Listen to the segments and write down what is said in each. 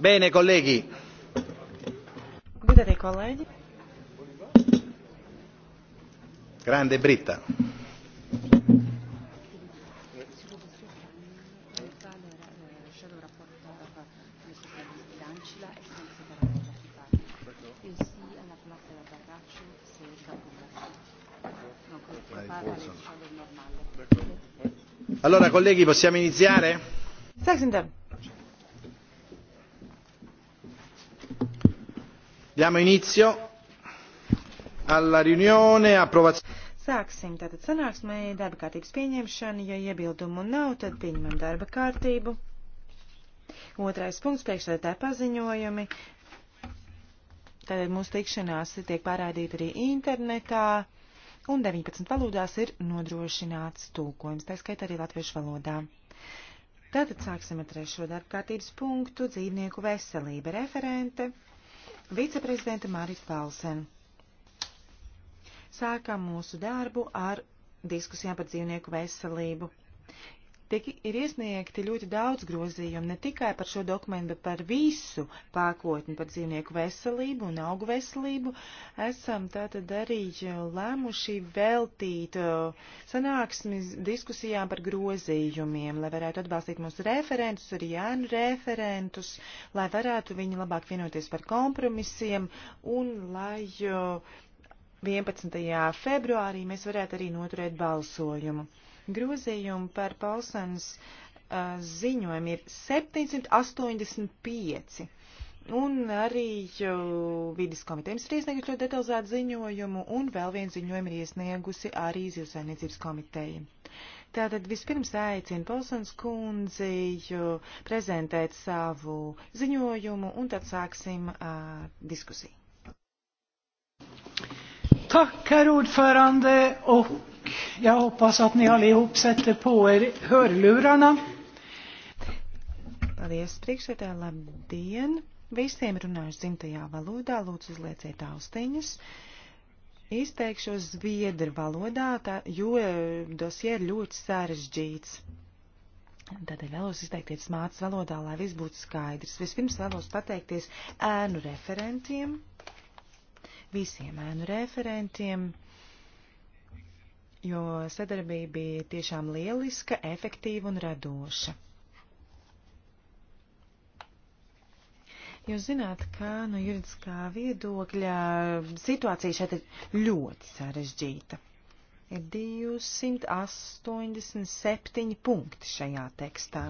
Bene, kolēģi. Gudatie kolēģi. Grande Brita. Allora colleghi possiamo iniziare? Sāksim darbu. Diamo inizio alla riunione approvazione. Sāksim tātad sanāksmē darba kārtības pieņemšanu. Ja iebildumu nav, tad pieņemam darba kārtību. Otrais punkts priekšsēdētāja paziņojumi. Tātad mūsu tikšanās tiek pārādīta arī internetā un 19 valodās ir nodrošināts tūkojums, tā skaitā arī latviešu valodā. Tātad sāksim ar trešo darba kārtības punktu - dzīvnieku veselība referente viceprezidenta Marita Palsen. Sākam mūsu darbu ar diskusijām par dzīvnieku veselību. Tiek ir iesniegti ļoti daudz grozījumu, ne tikai par šo dokumentu, bet par visu pakotni, par dzīvnieku veselību un augu veselību. Esam tātad arī lēmuši veltīt sanāksmi diskusijām par grozījumiem, lai varētu atbalstīt mūsu referentus, arī jēnu referentus, lai varētu viņi labāk vienoties par kompromisiem un lai 11. februārī mēs varētu arī noturēt balsojumu. Grozījumi par Paulsons uh, ziņojumu ir 785. Un arī vidas komitejas ir iesniegusi ļoti detalizētu ziņojumu, un vēl vienu ziņojumu ir iesniegusi arī zivsainiecības komiteja. Tātad vispirms aicinu Polsons kundzi prezentēt savu ziņojumu, un tad sāksim uh, diskusiju. Tack, herr ordförande, och Jag hoppas att ni allihop sätter på er hörlurarna. Paldies, priekšsēdē, labdien! Visiem runāšu dzimtajā valodā, lūdzu uzlieciet austiņas. Izteikšos zviedru valodā, tā, jo e, dosie ir ļoti sarežģīts. Tādēļ vēlos izteikties mācas valodā, lai viss būtu skaidrs. Vispirms vēlos pateikties ēnu referentiem, visiem ēnu referentiem jo sadarbība bija tiešām lieliska, efektīva un radoša. Jūs zināt, ka no juridiskā viedokļa situācija šeit ir ļoti sarežģīta. Ir 287 punkti šajā tekstā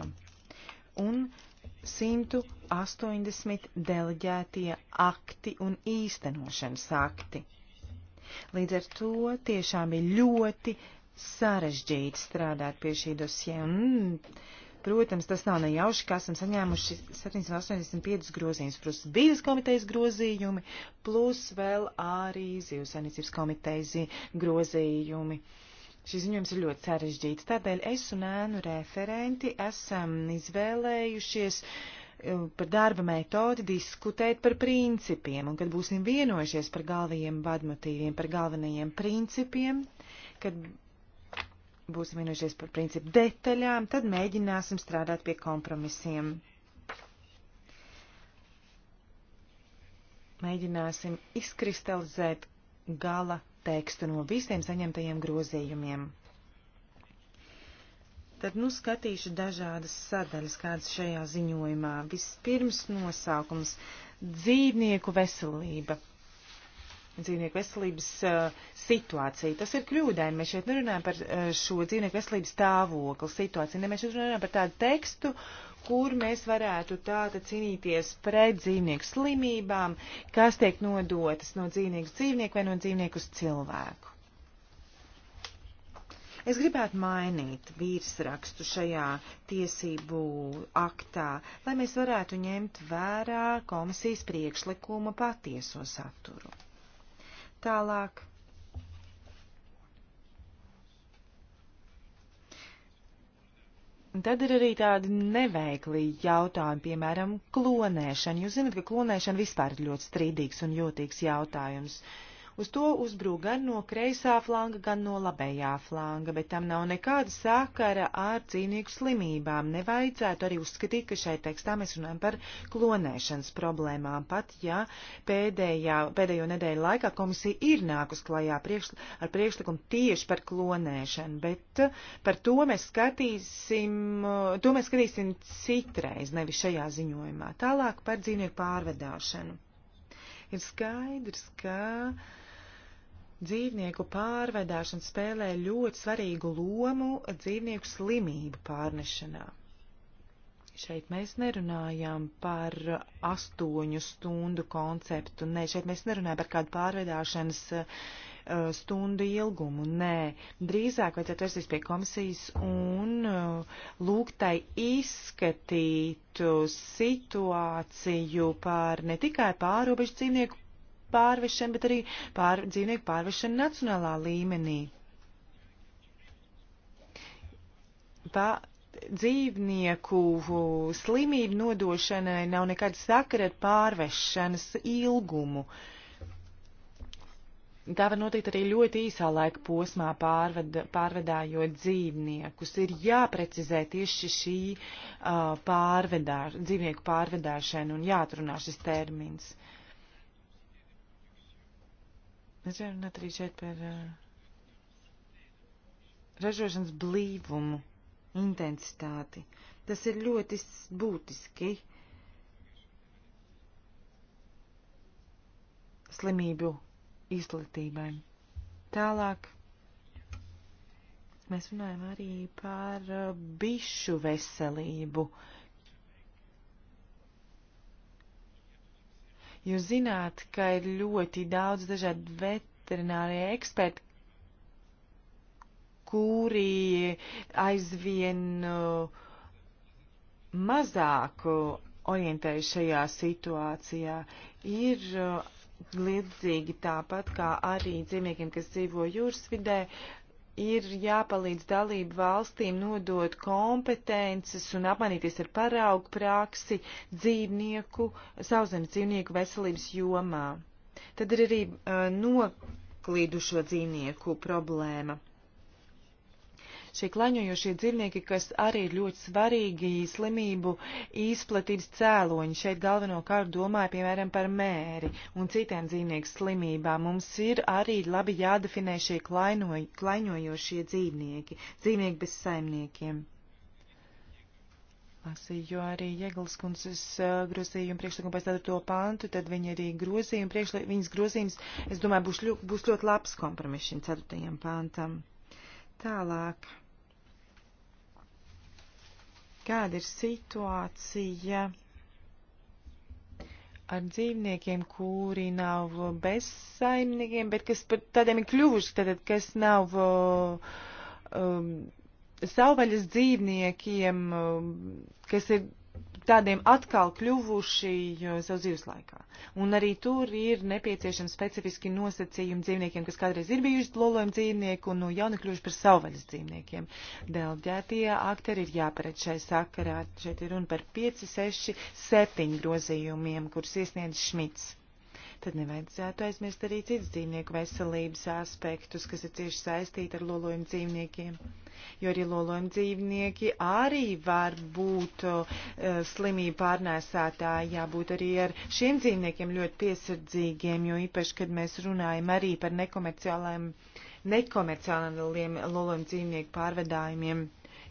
un 180 deleģētie akti un īstenošanas akti. Līdz ar to tiešām ir ļoti sarežģīti strādāt pie šī dosie. Un, protams, tas nav nejauši, ka esam saņēmuši 785 grozījumus, plus divas komitejas grozījumi, plus vēl arī zivsainicības komitejas grozījumi. Šis ziņojums ir ļoti sarežģīts, tādēļ es un ēnu referenti esam izvēlējušies uh, par darba metodi, diskutēt par principiem, un kad būsim vienojušies par galvenajiem vadmotīviem, par galvenajiem principiem, kad būsim vienojušies par principu detaļām, tad mēģināsim strādāt pie kompromisiem. Mēģināsim izkristalizēt gala tekstu no visiem saņemtajiem grozījumiem. Tad nu skatīšu dažādas sadaļas, kādas šajā ziņojumā. Vispirms nosaukums - dzīvnieku veselība. Dzīvnieku veselības uh, situācija. Tas ir kļūdaini. Mēs šeit nerunājam par uh, šo dzīvnieku veselības stāvokli, situāciju. Ne, mēs šeit runājam par tādu tekstu, kur mēs varētu tātad cīnīties pret dzīvnieku slimībām, kas tiek nodotas no dzīvnieku uz dzīvnieku vai no dzīvnieku uz cilvēku. Es gribētu mainīt virsrakstu šajā tiesību aktā, lai mēs varētu ņemt vērā komisijas priekšlikuma patieso saturu. Tālāk. Un tad ir arī tādi neveikli jautājumi, piemēram, klonēšana. Jūs zināt, ka klonēšana vispār ir ļoti strīdīgs un jūtīgs jautājums. Uh, Uz to uzbrūk gan no kreisā flanga, gan no labējā flanga, bet tam nav nekāda sākara ar dzīvnieku slimībām. Nevajadzētu arī uzskatīt, ka šai tekstā mēs runājam par klonēšanas problēmām, pat ja pēdējā, pēdējo nedēļu laikā komisija ir nākus klajā priekš, ar priekšlikumu tieši par klonēšanu, bet eh, par to mēs skatīsim, eh, to mēs skatīsim citreiz, nevis šajā ziņojumā. Tālāk par dzīvnieku pārvedāšanu. Ir skaidrs, ka uh, dzīvnieku pārvedāšana spēlē ļoti svarīgu lomu dzīvnieku slimību pārnešanā. Šeit mēs nerunājam par astoņu stundu konceptu, nē, šeit mēs nerunājam par kādu pārvedāšanas uh, stundu ilgumu, nē. Drīzāk vajadzētu vērsties pie komisijas un uh, lūgtai izskatīt uh, situāciju par ne tikai pārobežu dzīvnieku pārvešana, bet arī pār, dzīvnieku pārvešana nacionālā līmenī. Pa, dzīvnieku slimību nodošanai nav nekāda sakara ar pārvešanas ilgumu. Tā var notikt arī ļoti īsā laika posmā pārvada, pārvedājot dzīvniekus. Ir jāprecizē tieši šī uh, pārvedā, dzīvnieku pārvedāšana un jāatrunā šis termins. Uh, Ir jārunāt arī šeit par eh, ražošanas blīvumu, intensitāti. Tas ir ļoti būtiski slimību izplatībai. Tālāk mēs runājam arī par eh, bišu veselību. Uh, Jūs zināt, ka ir ļoti daudz dažādu veterinārie eksperti, kuri aizvien uh, mazāk orientējuši šajā situācijā. Ir uh, līdzīgi tāpat kā arī dzīvniekiem, kas dzīvo jūras vidē, uh, ir jāpalīdz dalību valstīm nodot kompetences un apmainīties ar paraugu praksi dzīvnieku, sauszemes dzīvnieku veselības jomā. Tad ir arī uh, noklīdušo dzīvnieku problēma šie klaņojošie dzīvnieki, kas arī ir ļoti svarīgi slimību izplatības cēloņi. Šeit galvenokārt domāju, piemēram, par mēri un citiem dzīvnieku slimībām. Mums ir arī labi jādefinē šie klaino, klaņojošie dzīvnieki, dzīvnieki bez saimniekiem. Lasīju arī Jēglas kundzes uh, grozījumu priekšlikumu pēc 4. pantu, tad viņa arī grozījumu priekšlikumu, viņas grozījums, es domāju, būs, ļu, būs ļoti labs kompromiss šim 4. pantam. Tālāk. Kāda ir situācija ar dzīvniekiem, kuri nav bezsaimniekiem, bet kas par tādiem ir kļuvuši, tātad, kas nav um, savvaļas dzīvniekiem, um, kas ir tādiem atkal kļuvuši uh, savu dzīves laikā. Un arī tur ir nepieciešami specifiski nosacījumi dzīvniekiem, kas kādreiz ir bijuši lolojumi dzīvnieki un no jauna kļuvuši par savvaļas dzīvniekiem. Delģētie aktori ir jāparedz šai sakarā. Šeit ir runa par 5, 6, 7 grozījumiem, kurus iesniedz Šmits tad nevajadzētu aizmirst arī citas dzīvnieku veselības aspektus, kas ir cieši saistīti ar lolojumu dzīvniekiem. Jo arī lolojumu dzīvnieki arī var būt uh, slimību pārnēsātāji, jābūt arī ar šiem dzīvniekiem ļoti piesardzīgiem, jo īpaši, kad mēs runājam arī par nekomerciāliem, nekomerciāliem lolojumu dzīvnieku pārvedājumiem,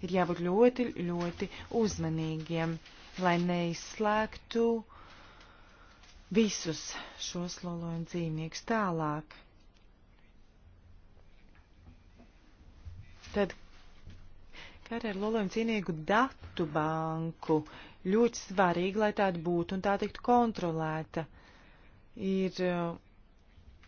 ir jābūt ļoti, ļoti uzmanīgiem, lai neizslēgtu uh, visus šos loloņu dzīvniekus tālāk. Tad, kā ar loloņu dzīvnieku datu banku, ļoti svarīgi, lai tāda būtu un tā tiktu kontrolēta, ir uh,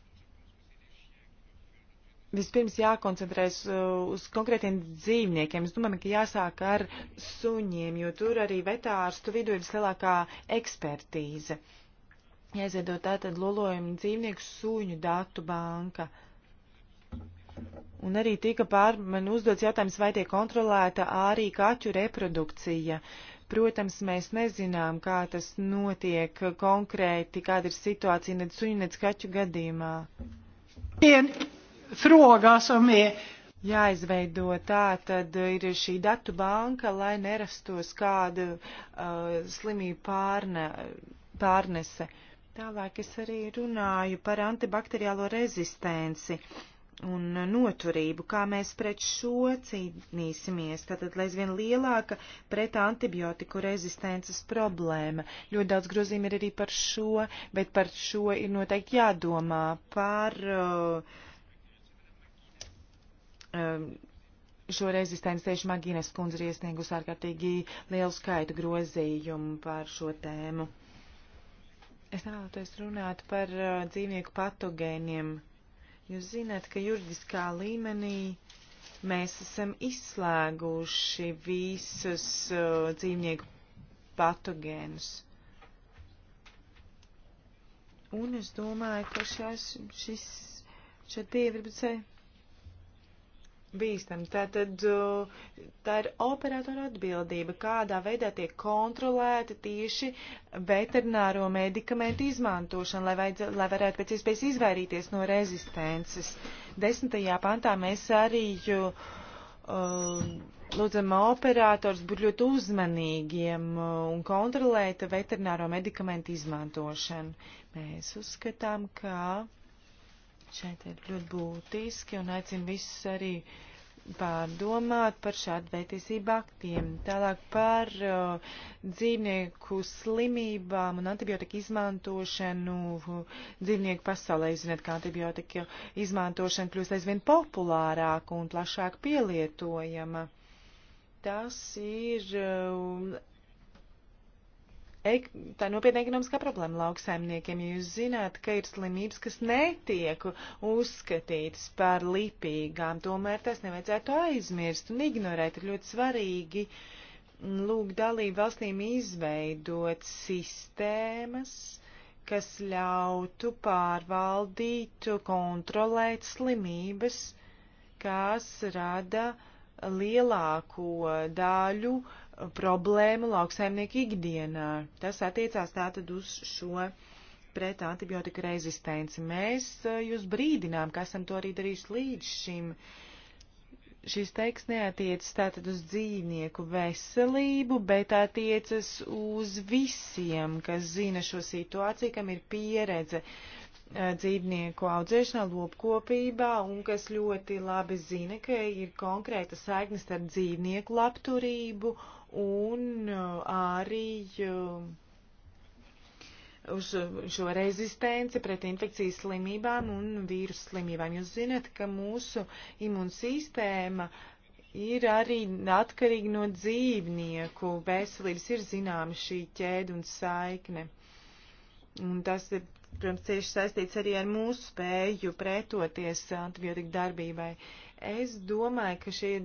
vispirms jākoncentrēs uh, uz konkrētiem dzīvniekiem. Es domāju, ka jāsāk ar suņiem, jo tur arī vetārstu vidū ir vislielākā ekspertīze. Ieziedo tātad lolojumu dzīvnieku suņu datu banka. Un arī tika pār man uzdots jautājums, vai tiek kontrolēta arī kaķu reprodukcija. Protams, mēs nezinām, kā tas notiek konkrēti, kāda ir situācija nec suņu, nec kaķu gadījumā. Jāizveido tā, tad ir šī datu banka, lai nerastos kāda uh, slimība pārne, pārnese. Uh, Tālāk es arī runāju par antibakteriālo rezistenci un noturību, kā mēs pret šo cīnīsimies. Tātad, lai zvien lielāka pret antibiotiku rezistences problēma. Ļoti daudz grozīm ir arī par šo, bet par šo ir noteikti jādomā par uh, um, šo rezistenci tieši Magīnes kundze ir iesniegusi ārkārtīgi lielu skaitu grozījumu par šo tēmu. Es vēlētos runāt par uh, dzīvnieku patogēniem. Jūs zināt, ka juridiskā līmenī mēs esam izslēguši visus uh, dzīvnieku patogēnus. Un es domāju, ka šās, šis, šie divi ir bīstami. Tātad uh, tā ir operatora atbildība, kādā veidā tiek kontrolēta tieši veterināro medikamentu izmantošana, lai, vajadz, lai varētu pēc iespējas izvairīties no rezistences. Desmitajā pantā mēs arī uh, lūdzam operators būt ļoti uzmanīgiem uh, un kontrolēt veterināro medikamentu izmantošanu. Mēs uzskatām, ka. Kā šeit ir ļoti būtiski un aicinu visus arī pārdomāt par šādu vērtīsību aktiem. Tālāk par uh, dzīvnieku slimībām un antibiotika izmantošanu dzīvnieku pasaulē. Jūs zināt, ka antibiotika izmantošana kļūst aizvien populārāka un plašāk pielietojama. Tas ir uh, ek, tā nopietna ekonomiskā problēma lauksaimniekiem, ja jūs zināt, ka ir slimības, kas netiek uzskatītas par lipīgām, tomēr tas nevajadzētu aizmirst un ignorēt, ir ļoti svarīgi. Mm, lūk, dalību valstīm izveidot sistēmas, kas ļautu pārvaldīt, kontrolēt slimības, kas rada lielāko daļu uh, problēmu lauksaimnieku ikdienā. Tas attiecās tātad uz šo pret antibiotika rezistenci. Mēs eh, jūs brīdinām, ka esam to arī darījuši līdz šim. Šis teiks neatiecas tātad uz dzīvnieku veselību, bet attiecas uz visiem, kas zina šo situāciju, kam ir pieredze eh, dzīvnieku audzēšanā, lopkopībā un kas ļoti labi zina, ka ir konkrēta saiknes ar dzīvnieku labturību un uh, arī uh, uz šo rezistenci pret infekcijas slimībām un vīrusu slimībām. Jūs zināt, ka mūsu imunsistēma ir arī atkarīga no dzīvnieku veselības, ir zināma šī ķēde un saikne. Un tas ir, protams, cieši saistīts arī ar mūsu spēju pretoties antibiotika darbībai. Uh, Es domāju, ka šie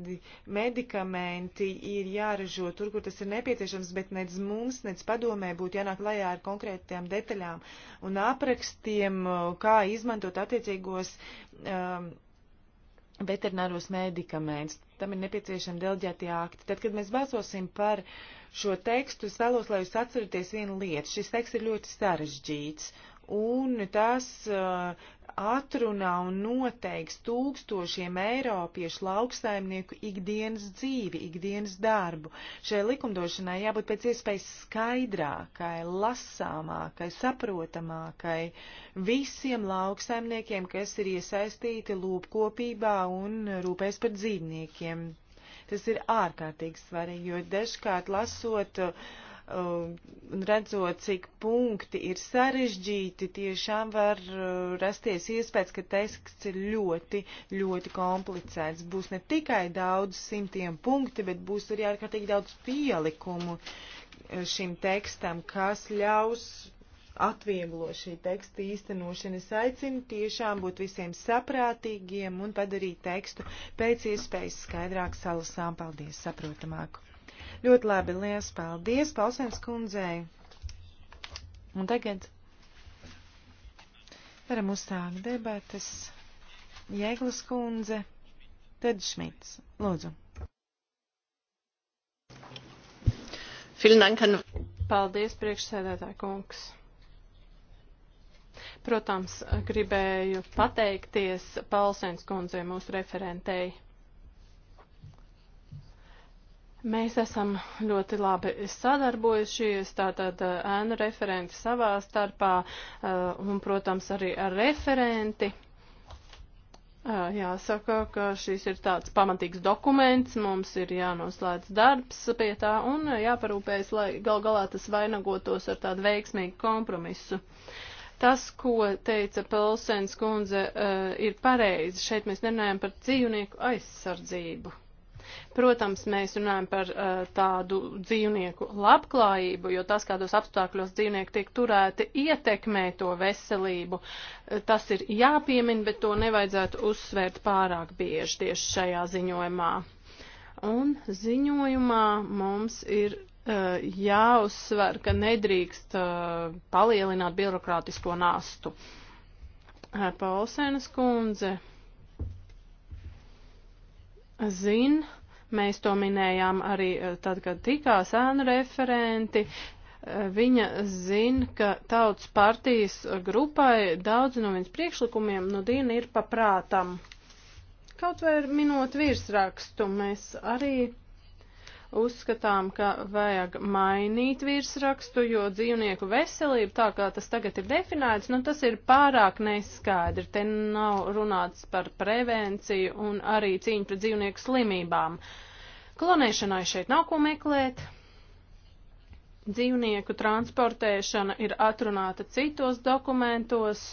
medikamenti ir jāražo tur, kur tas ir nepieciešams, bet nec mums, nec padomē būtu jānāk lajā ar konkrētajām detaļām un aprakstiem, kā izmantot attiecīgos um, veterināros medikamentus. Tam ir nepieciešami delģētie akti. Tad, kad mēs balsosim par šo tekstu, es vēlos, lai jūs atceraties vienu lietu. Šis teksts ir ļoti sarežģīts un tas uh, atrunā un noteiks tūkstošiem eiropiešu lauksaimnieku ikdienas dzīvi, ikdienas darbu. Šai likumdošanai jābūt pēc iespējas skaidrākai, lasāmākai, saprotamākai visiem lauksaimniekiem, kas ir iesaistīti lūpkopībā un rūpēs par dzīvniekiem. Tas ir ārkārtīgi svarīgi, jo dažkārt lasot uh, Uh, un redzot, cik punkti ir sarežģīti, tiešām var uh, rasties iespējas, ka teksts ir ļoti, ļoti komplicēts. Būs ne tikai daudz simtiem punkti, bet būs arī ārkārtīgi daudz pielikumu uh, šim tekstam, kas ļaus atvieglo šī teksta īstenošana. Es aicinu tiešām būt visiem saprātīgiem un padarīt tekstu pēc iespējas skaidrāk salasām. Paldies, saprotamāku! Ļoti labi, liels paldies Palsēns kundzei. Un tagad varam uzsākt debatas. Jēglas kundze, tad Šmits. Lūdzu. Paldies, priekšsēdētāji kungs. Protams, gribēju pateikties Palsēns kundzei mūsu referentei. Mēs esam ļoti labi sadarbojušies, tātad eh, ēnu referenti savā starpā eh, un, protams, arī ar referenti. Eh, jāsaka, ka šis ir tāds pamatīgs dokuments, mums ir jānoslēdz darbs pie tā un jāparūpējas, lai gal galā tas vainagotos ar tādu veiksmīgu kompromisu. Tas, ko teica Pelsens kundze, ir pareizi. Šeit mēs nerunājam par dzīvnieku aizsardzību. Protams, mēs runājam par uh, tādu dzīvnieku labklājību, jo tas, kādos apstākļos dzīvnieki tiek turēti, ietekmē to veselību. Uh, tas ir jāpiemina, bet to nevajadzētu uzsvērt pārāk bieži tieši šajā ziņojumā. Un ziņojumā mums ir uh, jāuzsver, ka nedrīkst uh, palielināt birokrātisko nastu. Uh, Paulsēnas kundze zina, Mēs to minējām arī eh, tad, kad tikās ēnu referenti. Eh, viņa zina, ka tautas partijas grupai daudz no viņas priekšlikumiem no nu, diena ir paprātam. Kaut vai ar minot virsrakstu mēs arī uzskatām, ka vajag mainīt virsrakstu, jo dzīvnieku veselība, tā kā tas tagad ir definēts, nu tas ir pārāk neskaidri. Te nav runāts par prevenciju un arī cīņu pret dzīvnieku slimībām. Klonēšanai šeit nav ko meklēt. Dzīvnieku transportēšana ir atrunāta citos dokumentos.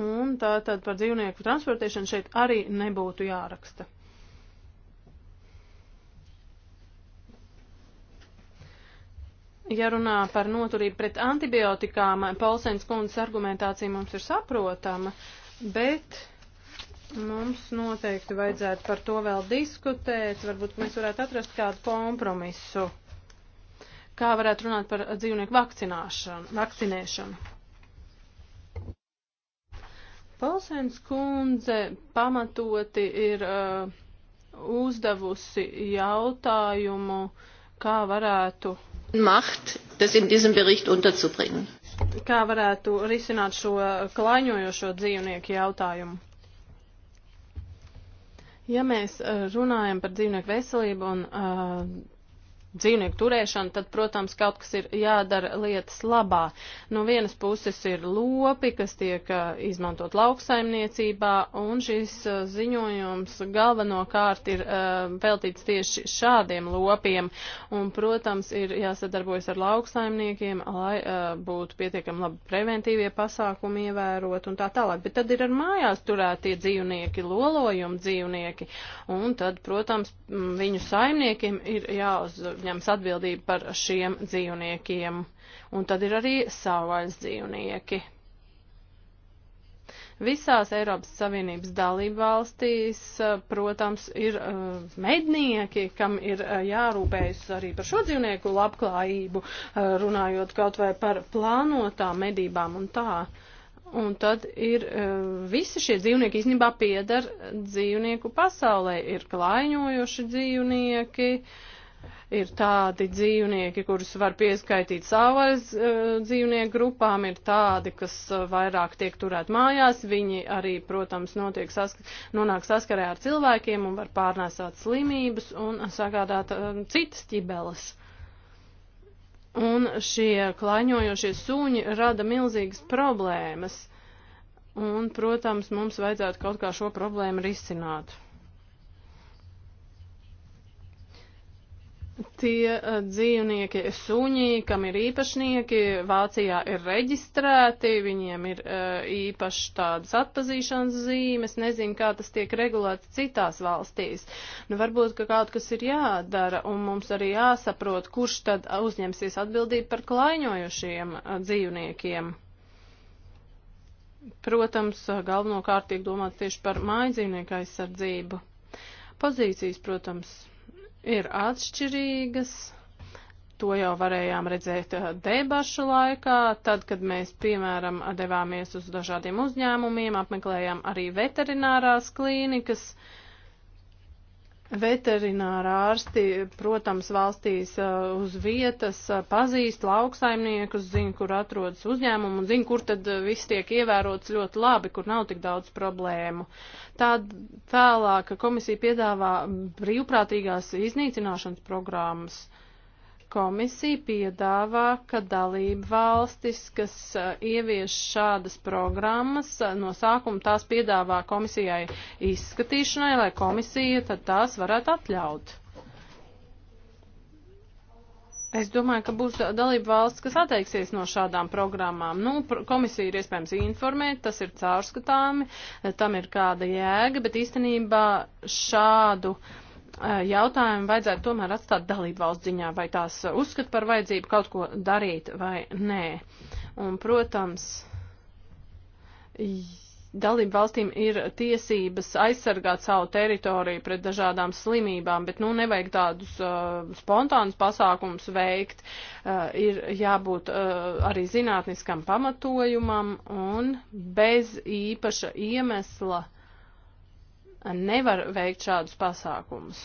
Un tā tad par dzīvnieku transportēšanu šeit arī nebūtu jāraksta. Ja runā par noturību pret antibiotikām, Paulsens kundzes argumentācija mums ir saprotama, bet mums noteikti vajadzētu par to vēl diskutēt, varbūt mēs varētu atrast kādu kompromisu, kā varētu runāt par dzīvnieku vakcinēšanu. Paulsens kundze pamatoti ir uh, uzdevusi jautājumu, kā varētu macht, das in diesem Bericht unterzubringen. Kā varētu risināt šo klaiņojošo dzīvnieku jautājumu? Ja mēs eh, runājam par dzīvnieku veselību un uh, dzīvnieku turēšanu, tad, protams, kaut kas ir jādara lietas labā. No vienas puses ir lopi, kas tiek izmantot lauksaimniecībā, un šis ziņojums galvenokārt ir veltīts tieši šādiem lopiem, un, protams, ir jāsadarbojas ar lauksaimniekiem, lai būtu pietiekami labi preventīvie pasākumi ievērot un tā tālāk. Bet tad ir ar mājās turētie dzīvnieki, lolojumi dzīvnieki, un tad, protams, viņu saimniekiem ir jāuz jāuzņems atbildība par šiem dzīvniekiem. Un tad ir arī savvaļas dzīvnieki. Visās Eiropas Savienības dalībvalstīs, eh, protams, ir uh, mednieki, kam ir uh, jārūpējas arī par šo dzīvnieku labklājību, uh, runājot kaut vai par plānotām medībām un tā. Un tad ir visi šie dzīvnieki īstenībā piedara dzīvnieku pasaulē. Ir klaiņojoši dzīvnieki, uh, Ir tādi dzīvnieki, kurus var pieskaitīt savas uh, dzīvnieku grupām, ir tādi, kas uh, vairāk tiek turēt mājās, viņi arī, protams, notiek sask nonāk saskarē ar cilvēkiem un var pārnēsāt slimības un sagādāt uh, citas ķibeles. Un šie klaņojošie suņi rada milzīgas problēmas. Un, protams, mums vajadzētu kaut kā šo problēmu risināt. tie eh, dzīvnieki, suņi, kam ir īpašnieki, Vācijā ir reģistrēti, viņiem ir eh, īpaši tādas atpazīšanas zīmes, nezinu, kā tas tiek regulēts citās valstīs. Nu, varbūt, ka kaut kas ir jādara, un mums arī jāsaprot, kurš tad uzņemsies atbildību par klaiņojušiem eh, dzīvniekiem. Protams, galvenokārt tiek domāts tieši par mājdzīvnieku aizsardzību. Pozīcijas, protams, ir atšķirīgas. To jau varējām redzēt eh, debašu laikā, tad, kad mēs, piemēram, devāmies uz dažādiem uzņēmumiem, apmeklējām arī veterinārās klīnikas. Uh, Veterinārā ārsti, protams, valstīs uz vietas pazīst lauksaimniekus, zina, kur atrodas uzņēmumu un zina, kur tad viss tiek ievērots ļoti labi, kur nav tik daudz problēmu. Tā tālāk komisija piedāvā brīvprātīgās iznīcināšanas programmas. Uh, Komisija piedāvā, ka dalība valstis, kas uh, ievieš šādas programmas, uh, no sākuma tās piedāvā komisijai izskatīšanai, lai komisija tad tās varētu atļaut. Es domāju, ka būs dalība valsts, kas atteiksies no šādām programmām. Nu, komisija ir iespējams informēt, tas ir caurskatāmi, tam ir kāda jēga, bet īstenībā šādu uh, Eh, jautājumu vajadzētu tomēr atstāt dalību valsts ziņā, vai tās eh, uzskata par vajadzību kaut ko darīt vai nē. Un, protams, dalību valstīm ir tiesības aizsargāt savu teritoriju pret dažādām slimībām, bet, nu, nevajag tādus uh, spontānus pasākumus veikt, uh, ir jābūt uh, arī zinātniskam pamatojumam un bez īpaša iemesla uh, nevar veikt šādus pasākumus.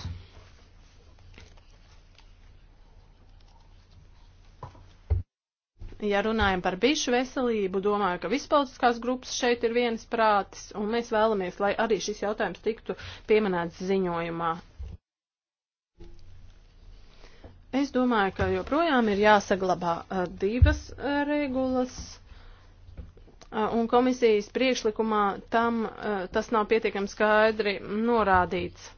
Ja runājam par bišu veselību, domāju, ka vispolitiskās grupas šeit ir vienas prātis, un mēs vēlamies, lai arī šis jautājums tiktu pieminēts ziņojumā. Es domāju, ka joprojām ir jāsaglabā divas regulas un komisijas priekšlikumā tam tas nav pietiekami skaidri norādīts.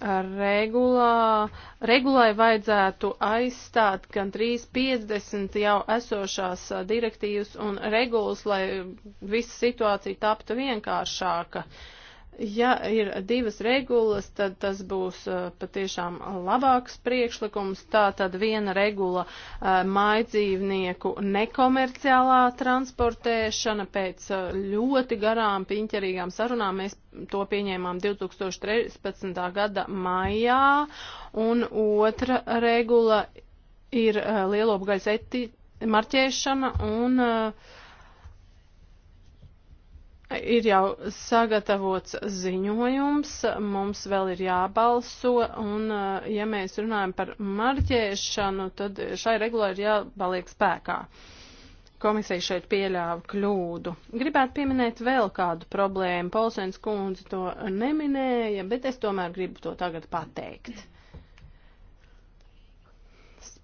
Regulā, regulai vajadzētu aizstāt gan 350 jau esošās direktīvas un regulas, lai visa situācija taptu vienkāršāka. Uh, Ja ir divas regulas, tad tas būs uh, patiešām labāks priekšlikums. Tā tad viena regula uh, mājdzīvnieku nekomerciālā transportēšana pēc uh, ļoti garām piņķerīgām sarunām. Mēs to pieņēmām 2013. gada maijā. Un otra regula ir lielopgaļas eti marķēšana un uh, ir jau sagatavots ziņojums, mums vēl ir jābalso, un eh, ja mēs runājam par marķēšanu, tad šai regulai ir jāpaliek spēkā. Komisija šeit pieļāva kļūdu. Gribētu pieminēt vēl kādu problēmu. Polsēns kundze to neminēja, bet es tomēr gribu to tagad pateikt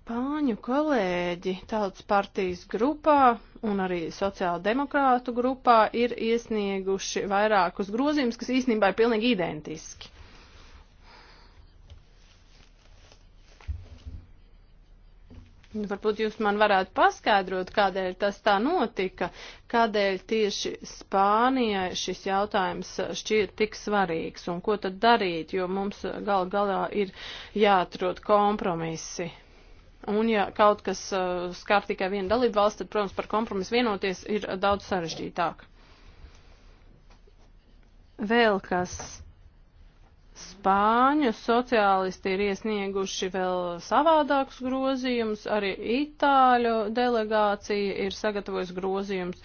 spāņu kolēģi tautas partijas grupā un arī sociāldemokrātu grupā ir iesnieguši vairākus grozījumus, kas īstenībā ir pilnīgi identiski. Varbūt jūs man varētu paskaidrot, kādēļ tas tā notika, kādēļ tieši Spānijai šis jautājums šķiet tik svarīgs un ko tad darīt, jo mums gal galā ir jāatrod kompromisi. Un ja kaut kas uh, skar tikai vienu dalību valsts, tad, protams, par kompromisu vienoties ir daudz sarežģītāk. Vēl kas. Spāņu sociālisti ir iesnieguši vēl savādākus grozījumus, arī Itāļu delegācija ir sagatavojusi grozījumus.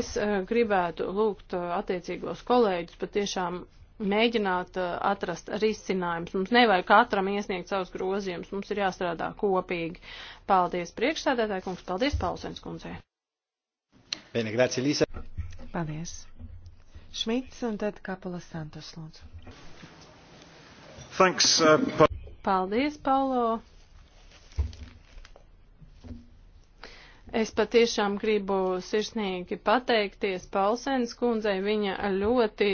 Es uh, gribētu lūgt uh, attiecīgos kolēģus patiešām mēģināt uh, atrast risinājumus. Mums nevajag katram iesniegt savus grozījumus, mums ir jāstrādā kopīgi. Paldies priekšsēdētāji kungs, paldies Pausens kundzē. Bene, grazie, Lisa. Paldies. Šmits un tad Kapula Santos, lūdzu. Thanks, uh, pa paldies, Paulo. Es patiešām gribu sirsnīgi pateikties Paulsens kundzei. Viņa ļoti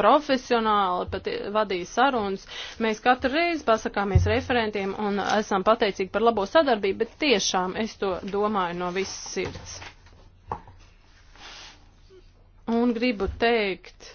profesionāli pati, vadīja sarunas. Mēs katru reizi pasakāmies referentiem un esam pateicīgi par labo sadarbību, bet tiešām es to domāju no visas sirds. Un gribu teikt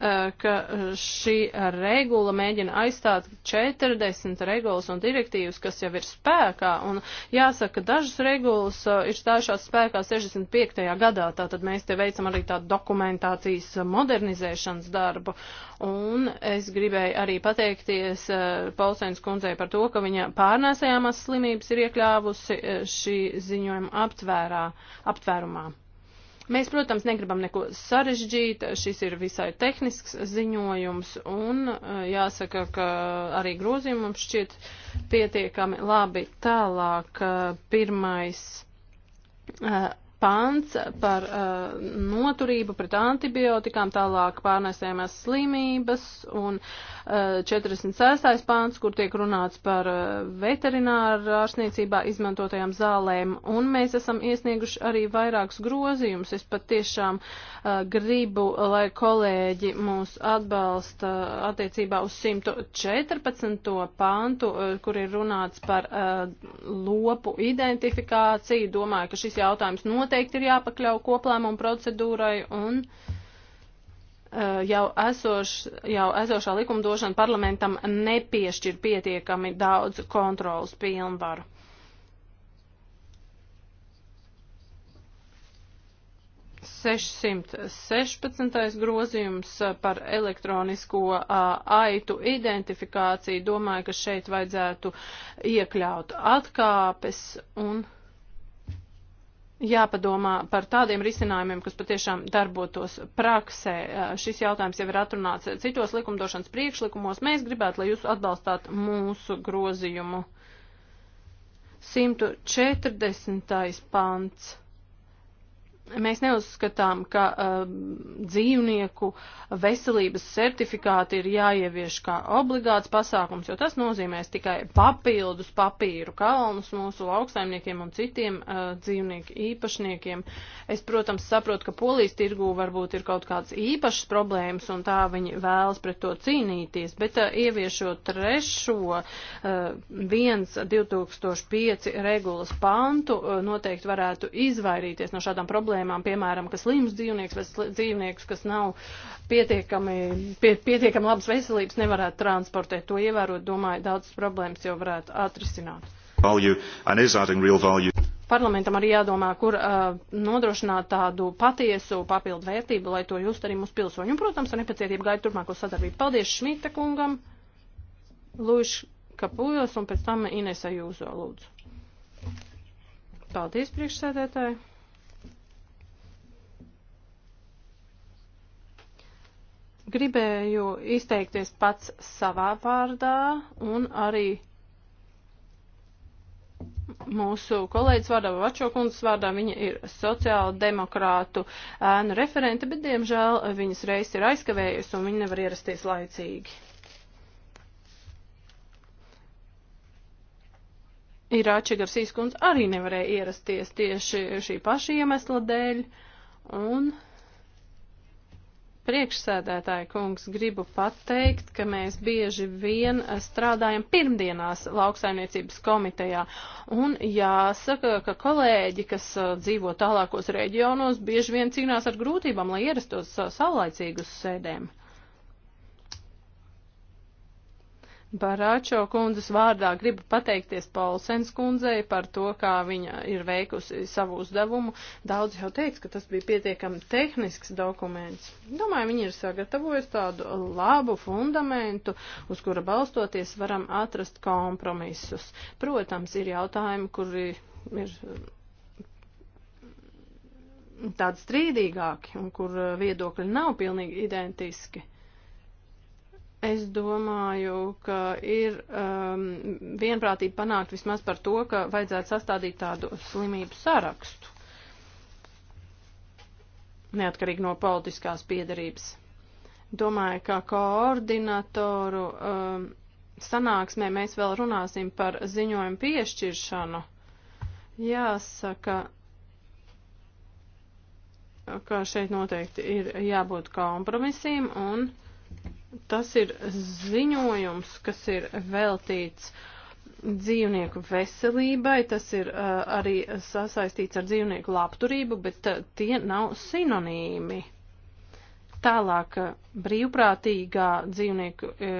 Eh, ka eh, šī regula mēģina aizstāt 40 regulas un direktīvas, kas jau ir spēkā, un jāsaka, dažas regulas eh, ir stājušās spēkā 65. gadā, tātad mēs te veicam arī tādu dokumentācijas modernizēšanas darbu, un es gribēju arī pateikties Paulsēnas kundzei par to, ka viņa pārnēsējāmās slimības ir iekļāvusi šī ziņojuma aptvērā, aptvērumā. Mēs, protams, negribam neko sarežģīt, šis ir visai tehnisks ziņojums un eh, jāsaka, ka arī grozījumi mums šķiet pietiekami labi. Tālāk eh, pirmais eh, pants par uh, noturību pret antibiotikām, tālāk pārnēsējumās slimības un uh, 46. pants, kur tiek runāts par uh, veterināru ārstniecībā izmantotajām zālēm. Un mēs esam iesnieguši arī vairākus grozījumus. Es pat tiešām uh, gribu, lai kolēģi mūs atbalsta attiecībā uz 114. pantu, uh, kur ir runāts par uh, lopu identifikāciju. Domāju, ka šis jautājums notiek noteikti ir jāpakļau koplēmumu procedūrai un e, jau, esoš, jau esošā likumdošana parlamentam nepiešķir pietiekami daudz kontrolas pilnvaru. grozījums par elektronisko aitu identifikāciju. Domāju, ka šeit vajadzētu iekļaut atkāpes un jāpadomā par tādiem risinājumiem, kas patiešām darbotos praksē. Šis jautājums jau ir atrunāts citos likumdošanas priekšlikumos. Mēs gribētu, lai jūs atbalstāt mūsu grozījumu. 140. pants. Mēs neuzskatām, ka uh, dzīvnieku veselības certifikāti ir jāievieš kā obligāts pasākums, jo tas nozīmēs tikai papildus papīru kalnus mūsu lauksaimniekiem un citiem uh, dzīvnieku īpašniekiem. Es, protams, saprotu, ka polijas tirgū varbūt ir kaut kādas īpašas problēmas un tā viņi vēlas pret to cīnīties, bet uh, ieviešot trešo uh, 1.2005 regulas pantu, uh, noteikti varētu izvairīties no šādām problēmām problēmām, piemēram, ka slims dzīvnieks vai dzīvnieks, kas nav pietiekami, pie, pietiekami labas veselības, nevarētu transportēt. To ievērot, domāju, daudzas problēmas jau varētu atrisināt. Value and is adding real value parlamentam arī jādomā, kur uh, nodrošināt tādu patiesu papildu vērtību, lai to just arī mūsu pilsoņi. Un, protams, ar nepacietību gaidu turpmāko sadarbību. Paldies Šmita kungam, Lūš Kapujos un pēc tam Inesa Jūzo lūdzu. Paldies, priekšsēdētāji. Gribēju izteikties pats savā vārdā un arī mūsu kolēģis vārdā Vačo kundzes vārdā, viņa ir sociāla demokrātu ēnu referente, bet diemžēl viņas reis ir aizkavējusi un viņa nevar ierasties laicīgi. Irāče Garsīs kundze arī nevarēja ierasties tieši šī paša iemesla dēļ, un Priekšsēdētāja kungs, gribu pateikt, ka mēs bieži vien strādājam pirmdienās lauksaimniecības komitejā. Un jāsaka, ka kolēģi, kas uh, dzīvo tālākos reģionos, bieži vien cīnās ar grūtībām, lai ierastos uh, saulaicīgi uz sēdēm. Barāčo kundzes vārdā gribu pateikties Paulsens kundzei par to, kā viņa ir veikusi savu uzdevumu. Daudz jau teica, ka tas bija pietiekami tehnisks dokuments. Domāju, viņi ir sagatavojusi tādu labu fundamentu, uz kura balstoties varam atrast kompromisus. Protams, ir jautājumi, kuri ir mm, tādi strīdīgāki un kur viedokļi nav pilnīgi identiski. Es domāju, ka ir um, vienprātība panākt vismaz par to, ka vajadzētu sastādīt tādu slimību sarakstu, neatkarīgi no politiskās piedarības. Domāju, ka koordinatoru um, sanāksmē mēs vēl runāsim par ziņojumu piešķiršanu. Jāsaka, ka šeit noteikti ir jābūt kompromisīm un. Uh, Tas ir ziņojums, kas ir veltīts dzīvnieku veselībai, tas ir uh, arī sasaistīts ar dzīvnieku labturību, bet uh, tie nav sinonīmi. Tālāk uh, brīvprātīgā dzīvnieku e,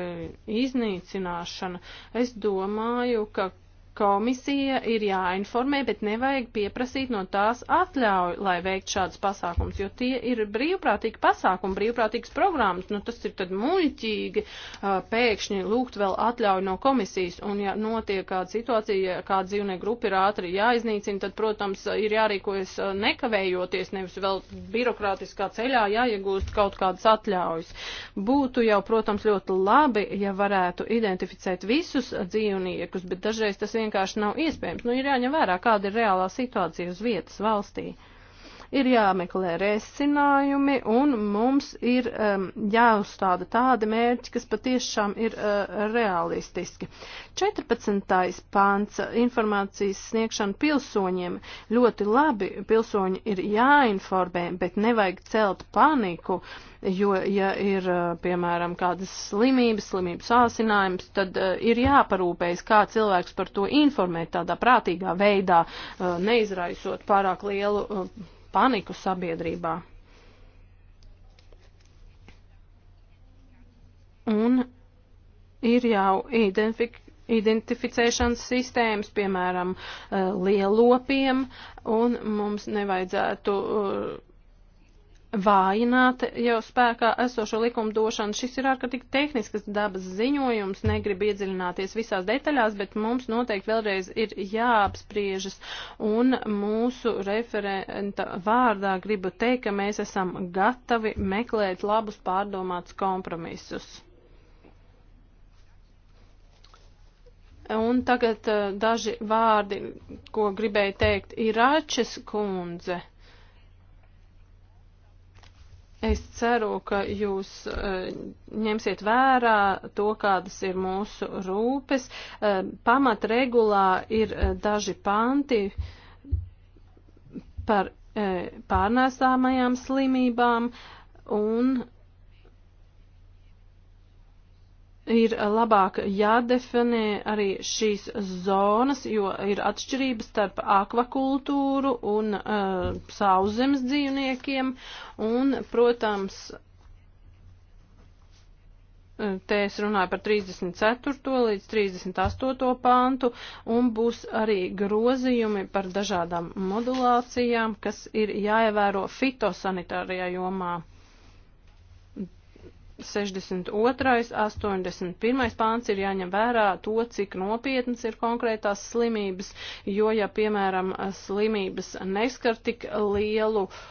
iznīcināšana. Es domāju, ka Komisija ir jāinformē, bet nevajag pieprasīt no tās atļauju, lai veikt šādus pasākumus, jo tie ir brīvprātīgi pasākumi, brīvprātīgas programmas. Nu, tas ir tad muļķīgi pēkšņi lūgt vēl atļauju no komisijas. Un ja notiek kāda situācija, kāda dzīvnieku grupa ir ātri jāiznīcina, tad, protams, ir jārīkojas nekavējoties, nevis vēl birokrātiskā ceļā jāiegūst kaut kādas atļaujas. Būtu jau, protams, ļoti labi, ja varētu identificēt visus dzīvniekus, bet dažreiz tas vienkārši vienkārši nav iespējams. Nu, ir jāņem vērā, kāda ir reālā situācija uz vietas valstī. Uh, ir jāmeklē risinājumi un mums ir um, jāuzstāda tādi mērķi, kas patiešām ir uh, realistiski. 14. pāns uh, informācijas sniegšana pilsoņiem ļoti labi pilsoņi ir jāinformē, bet nevajag celt paniku, jo, ja ir, uh, piemēram, kādas slimības, slimības āsinājums, tad uh, ir jāparūpējas, kā cilvēks par to informēt tādā prātīgā veidā, uh, neizraisot pārāk lielu uh, paniku sabiedrībā. Un ir jau identifikācija identificēšanas sistēmas, piemēram, eh, lielopiem, un mums nevajadzētu eh, vājināt jau spēkā esošo likumdošanu. Šis ir ārkārtīgi tehniskas dabas ziņojums, negrib iedziļināties visās detaļās, bet mums noteikti vēlreiz ir jāapspriežas. Un mūsu referenta vārdā gribu teikt, ka mēs esam gatavi meklēt labus pārdomātus kompromisus. Un tagad uh, daži vārdi, ko gribēju teikt, ir Račes kundze. Uh, Es ceru, ka jūs uh, ņemsiet vērā to, kādas ir mūsu rūpes. Uh, eh, pamat regulā ir uh, daži panti par pārnēsāmajām slimībām un ir labāk jādefinē arī šīs zonas, jo ir atšķirības starp akvakultūru un uh, sauszemes dzīvniekiem, un, protams, uh, Te es runāju par 34. līdz 38. pantu, un būs arī grozījumi par dažādām modulācijām, kas ir jāievēro fitosanitārijā jomā. 62. 81. pāns ir jāņem vērā to, cik nopietnas ir konkrētās slimības, jo, ja, piemēram, slimības neskar tik lielu uh,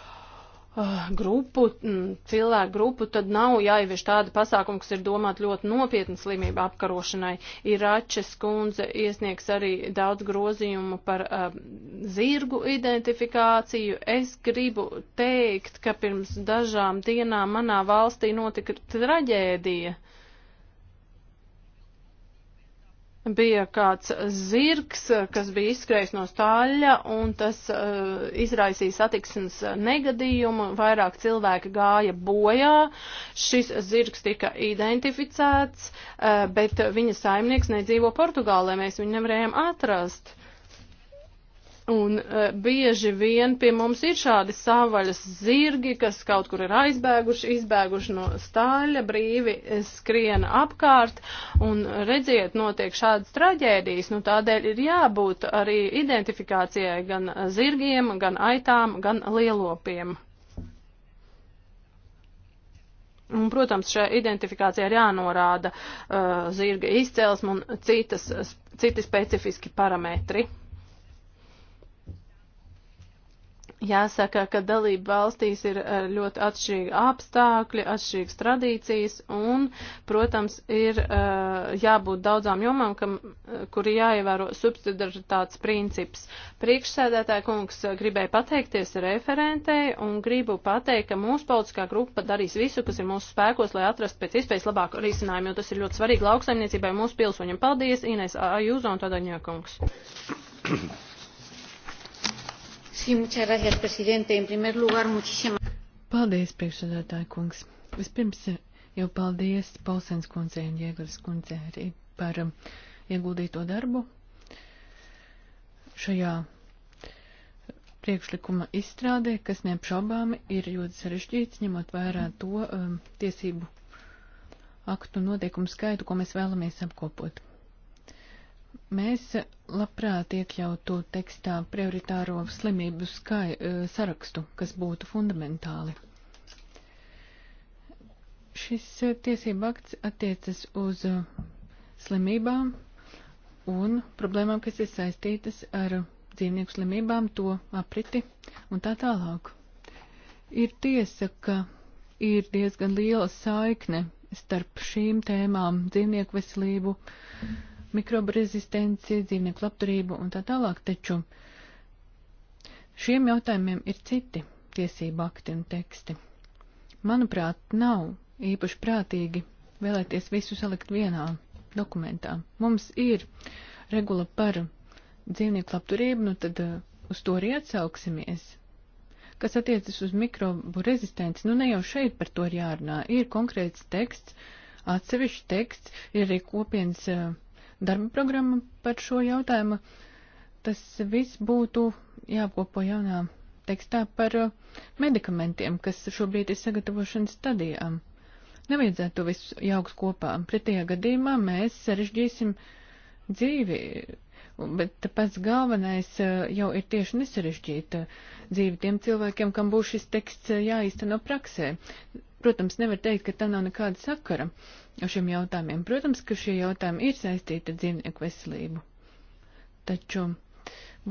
Ah, grupu, mm, cilvēku grupu, tad nav jāievieš tāda pasākuma, kas ir domāta ļoti nopietna slimība apkarošanai. Iračes kundze iesniegs arī daudz grozījumu par uh, zirgu identifikāciju. Es gribu teikt, ka pirms dažām dienām manā valstī notika traģēdija. Uh, bija kāds zirgs, kas bija izskrējis no staļļa, un tas uh, izraisīja satiksmes negadījumu, vairāk cilvēki gāja bojā, šis zirgs tika identificēts, uh, bet viņa saimnieks nedzīvo Portugālē, mēs viņu nevarējām atrast. Uh, Un uh, bieži vien pie mums ir šādi savaļas zirgi, kas kaut kur ir aizbēguši, izbēguši no staļa, brīvi skrien apkārt, un redziet, notiek šādas traģēdijas. Nu, tādēļ ir jābūt arī identifikācijai gan zirgiem, gan aitām, gan lielopiem. Un, protams, šajā identifikācijā ir jānorāda uh, zirga izcelsme un citas, citi specifiski parametri. Jāsaka, ka dalība valstīs ir eh, ļoti atšķirīgi apstākļi, atšķirīgas tradīcijas un, protams, ir eh, jābūt daudzām jomām, kam, eh, kur jāievēro subsidaritātes princips. Priekšsēdētāja kungs gribēja pateikties referentei un gribu pateikt, ka mūsu politiskā grupa darīs visu, kas ir mūsu spēkos, lai atrastu pēc iespējas labāku risinājumu, jo tas ir ļoti svarīgi lauksaimniecībai mūsu pilsoņiem. Paldies, Ines Ajūza un Tadaņā kungs. Sí, muchas gracias, presidente. En primer lugar, muchísimas. Paldies, priekšsēdētāji kungs. Vispirms jau paldies Pausens kundzei un Jēgars kundzei arī par um, ieguldīto darbu šajā priekšlikuma izstrādē, kas neapšaubāmi ir ļoti sarežģīts, ņemot vērā to um, tiesību aktu noteikumu skaitu, ko mēs vēlamies apkopot. Mēs labprāt iekļautu tekstā prioritāro slimību skai, e, sarakstu, kas būtu fundamentāli. Šis e, tiesība akts attiecas uz e, slimībām un problēmām, kas ir saistītas ar dzīvnieku slimībām, to apriti un tā tālāk. Ir tiesa, ka ir diezgan liela saikne starp šīm tēmām - dzīvnieku veselību. Mm mikrobu rezistenci, dzīvnieku labturību un tā tālāk, taču šiem jautājumiem ir citi tiesību akti un teksti. Manuprāt, nav īpaši prātīgi vēlēties visu salikt vienā dokumentā. Mums ir regula par dzīvnieku labturību, nu tad uh, uz to arī atsauksimies. Kas attiecas uz mikrobu rezistenci, nu ne jau šeit par to ir jārunā. Ir konkrēts teksts, atsevišķi teksts, ir arī kopienas uh, darba programma par šo jautājumu. Tas viss būtu jāapkopo jaunā tekstā par uh, medikamentiem, kas šobrīd ir sagatavošanas stadijām. Nevajadzētu to visu jaukt kopā. Pretējā gadījumā mēs sarežģīsim dzīvi, bet pats galvenais uh, jau ir tieši nesarežģīta dzīve tiem cilvēkiem, kam būs šis teksts uh, jāīsteno praksē. Protams, nevar teikt, ka tam nav nekāda sakara. Uh, šiem jautājumiem. Protams, ka šie jautājumi ir saistīti ar dzīvnieku veselību. Taču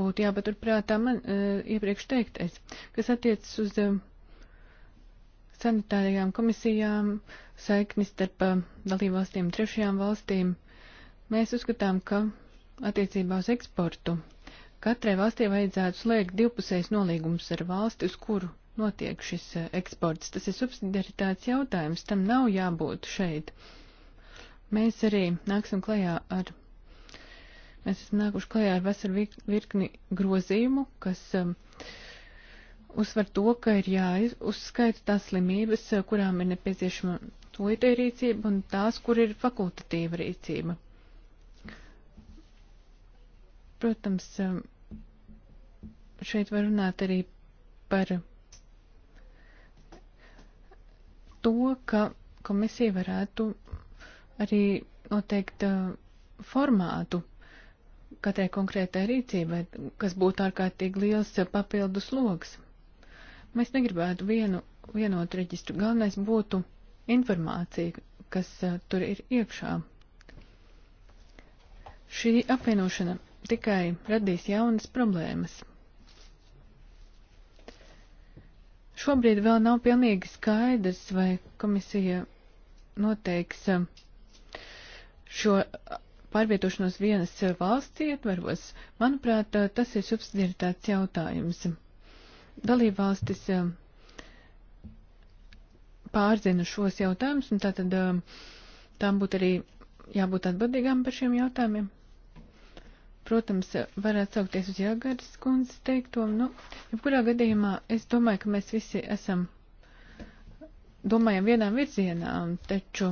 būtu jāpaturprātā man uh, iepriekš teiktais, kas attiecas uz uh, sanitārajām komisijām, saiknis starp uh, dalībvalstīm un trešajām valstīm. Mēs uzskatām, ka attiecībā uz eksportu katrai valstī vajadzētu slēgt divpusējs nolīgums ar valsti, uz kuru notiek šis eh, eksports. Tas ir subsidiaritātes jautājums, tam nav jābūt šeit. Mēs arī nāksim klajā ar, mēs esam nākuši klajā ar vasaru virkni grozījumu, kas um, uzsver to, ka ir jāuzskaita tās slimības, eh, kurām ir nepieciešama tūlītē rīcība un tās, kur ir fakultatīva rīcība. Protams, šeit var runāt arī par to, ka komisija varētu arī noteikt uh, formātu katrai konkrētai rīcībai, kas būtu ārkārtīgi liels uh, papildus loks. Mēs negribētu vienu vienotu reģistru. Galvenais būtu informācija, kas uh, tur ir iekšā. Šī apvienošana tikai radīs jaunas problēmas. Šobrīd vēl nav pilnīgi skaidrs, vai komisija noteiks eh, šo pārvietošanos vienas eh, valsts ietveros. Manuprāt, eh, tas ir subsidiaritāts jautājums. Dalībvalstis pārzina šos jautājumus, un tātad tām būtu arī jābūt atbildīgām par šiem jautājumiem. Protams, varētu saukties uz Jāgaras kundzes teikto. Nu, jebkurā gadījumā es domāju, ka mēs visi esam, domājam vienā virzienā, taču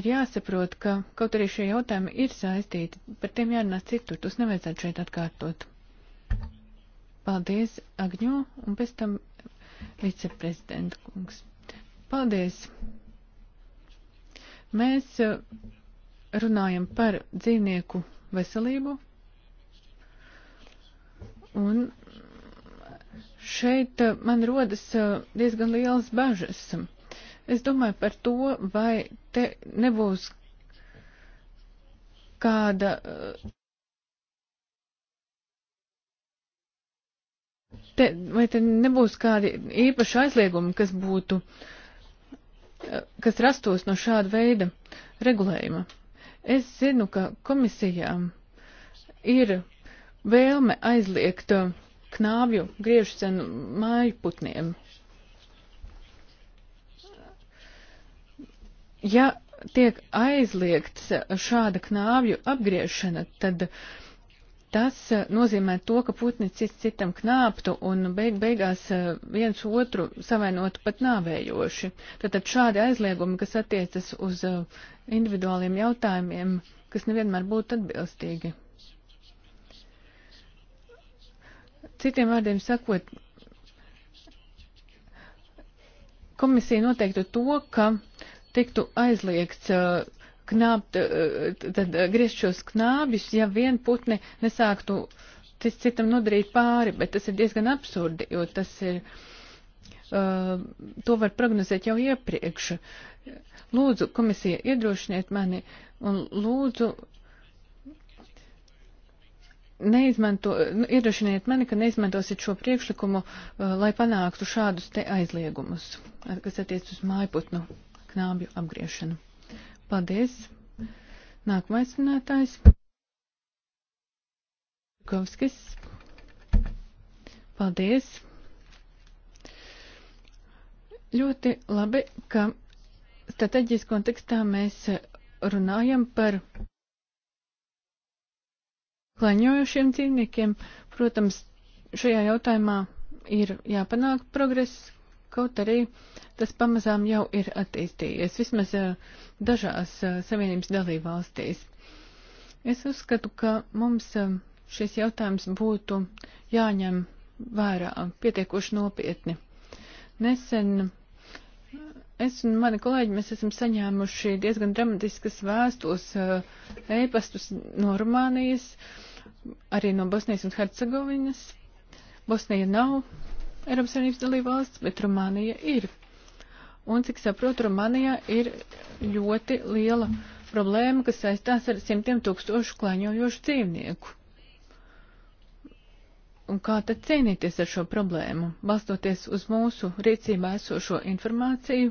ir jāsaprot, ka kaut arī šie jautājumi ir saistīti, par tiem jārunā citur, tos nevajadzētu šeit atkārtot. Paldies, Agņo, un pēc tam viceprezidenta kungs. Paldies! Mēs runājam par dzīvnieku veselību. Un šeit eh, man rodas eh, diezgan liels bažas. Es domāju par to, vai te nebūs kāda. Eh, te, vai te nebūs kādi īpaši aizliegumi, kas būtu, kas rastos no šāda veida regulējuma? Es zinu, ka komisijām ir vēlme aizliegt knābju griežcenu māju putniem. Ja tiek aizliegts šāda knābju apgriešana, tad uh, Tas eh, nozīmē to, ka putni cits citam knāptu un beig beigās eh, viens otru savainotu pat nāvējoši. Tātad šādi aizliegumi, kas attiecas uz eh, individuāliem jautājumiem, kas nevienmēr būtu atbilstīgi. Citiem vārdiem sakot, komisija noteiktu to, ka tiktu aizliegts uh, knābt, tad eh, griezt šos knābjus, ja vien putni nesāktu tas citam nodarīt pāri, bet tas ir diezgan absurdi, jo tas ir, uh, to var prognozēt jau iepriekš. Lūdzu, komisija, iedrošiniet mani un lūdzu, neizmanto, nu, iedrošiniet mani, ka neizmantosiet šo priekšlikumu, uh, lai panāktu šādus te aizliegumus, kas attiec uz mājputnu knābju apgriešanu. Paldies. Nākamais runātājs. Kovskis. Paldies. Ļoti labi, ka strateģijas kontekstā mēs runājam par klaņojošiem dzīvniekiem. Protams, šajā jautājumā ir jāpanāk progress, kaut arī tas pamazām jau ir attīstījies, vismaz eh, dažās eh, Savienības dalībvalstīs. Es uzskatu, ka mums eh, šis jautājums būtu jāņem vērā pietiekoši nopietni. Nesen es un mani kolēģi, mēs esam saņēmuši diezgan dramatiskas vēstos ēpastus no Rumānijas, arī no Bosnijas un Hercegovinas. Bosnija nav Eiropas Savienības dalība valsts, bet Rumānija ir. Un, cik saprotu, Rumānijā ir ļoti liela problēma, kas saistās ar simtiem tūkstošu klaņojošu dzīvnieku. Un kā tad cīnīties ar šo problēmu, balstoties uz mūsu rīcībā esošo informāciju?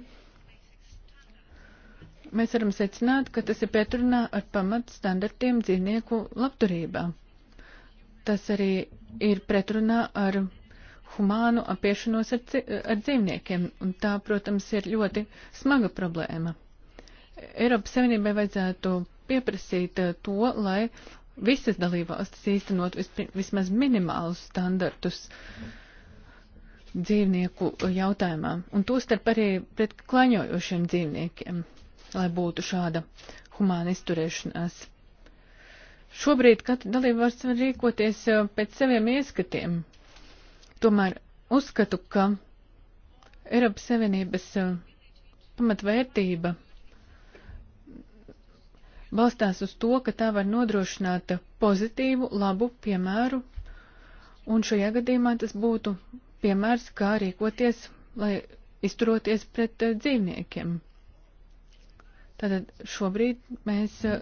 Mēs varam secināt, ka tas ir pretrunā ar pamat standartiem dzīvnieku labturībā. Tas arī ir pretrunā ar humānu apiešanos ar, ar dzīvniekiem, un tā, protams, ir ļoti smaga problēma. Eiropas Savienībai vajadzētu pieprasīt eh, to, lai visas dalībvalstis īstenot vismaz minimālus standartus dzīvnieku jautājumā, un tostarp arī pret klaņojošiem dzīvniekiem, lai būtu šāda humāna izturēšanās. Šobrīd katra dalībvalsts var rīkoties eh, pēc saviem ieskatiem, Tomēr uzskatu, ka Eiropas Savienības uh, pamatvērtība balstās uz to, ka tā var nodrošināt pozitīvu, labu piemēru, un šajā gadījumā tas būtu piemērs, kā rīkoties, lai izturoties pret uh, dzīvniekiem. Tātad šobrīd mēs uh,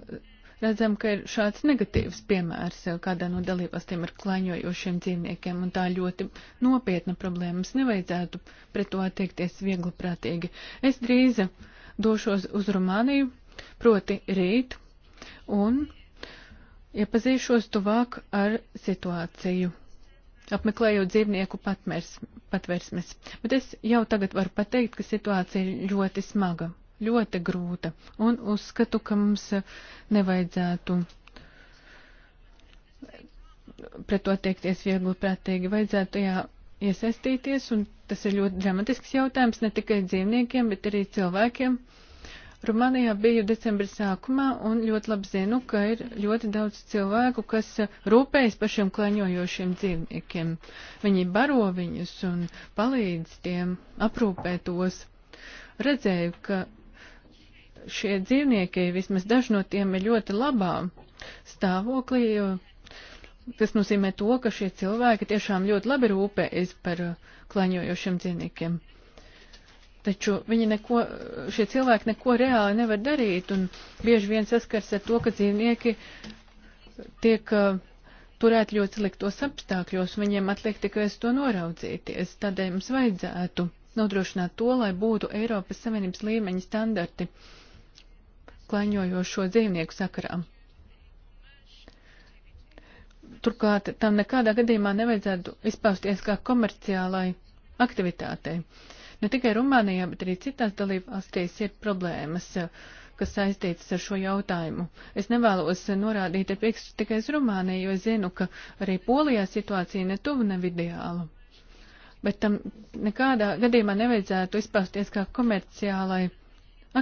redzam, ka ir šāds negatīvs piemērs, eh, kādā no dalībvalstīm ir klaņojošiem dzīvniekiem, un tā ļoti nopietna problēma. Mums nevajadzētu pret to attiekties viegliprātīgi. Es drīz došos uz Rumāniju, proti rīt, un iepazīšos tuvāk ar situāciju apmeklējot dzīvnieku patmers, patversmes, bet es jau tagad varu pateikt, ka situācija ir ļoti smaga ļoti grūta, un uzskatu, ka mums nevajadzētu pret to tiekties viegli prātīgi, vajadzētu tajā iesaistīties, un tas ir ļoti dramatisks jautājums ne tikai dzīvniekiem, bet arī cilvēkiem. Rumānijā biju decembra sākumā un ļoti labi zinu, ka ir ļoti daudz cilvēku, kas rūpējas par šiem klaņojošiem dzīvniekiem. Viņi baro viņus un palīdz tiem aprūpētos. Redzēju, ka šie dzīvnieki, vismaz daži no tiem, ir ļoti labā stāvoklī, jo tas nozīmē to, ka šie cilvēki tiešām ļoti labi rūpējas par uh, klaņojošiem dzīvniekiem. Taču viņi neko, šie cilvēki neko reāli nevar darīt, un bieži vien saskars ar to, ka dzīvnieki tiek uh, turēt ļoti sliktos apstākļos, viņiem atliek tikai uz to noraudzīties. Tādēļ mums vajadzētu nodrošināt to, lai būtu Eiropas Savienības līmeņa standarti. Uh, klaņojošo dzīvnieku sakarā. Turklāt tam nekādā gadījumā nevajadzētu izpausties kā komerciālai aktivitātei. Ne tikai Rumānijā, bet arī citās dalībvalstīs ir problēmas, kas saistītas ar šo jautājumu. Es nevēlos norādīt ar priekšstu tikai uz Rumāniju, jo es zinu, ka arī Polijā situācija netuvu nav ideāla. Bet tam nekādā gadījumā nevajadzētu izpausties kā komerciālai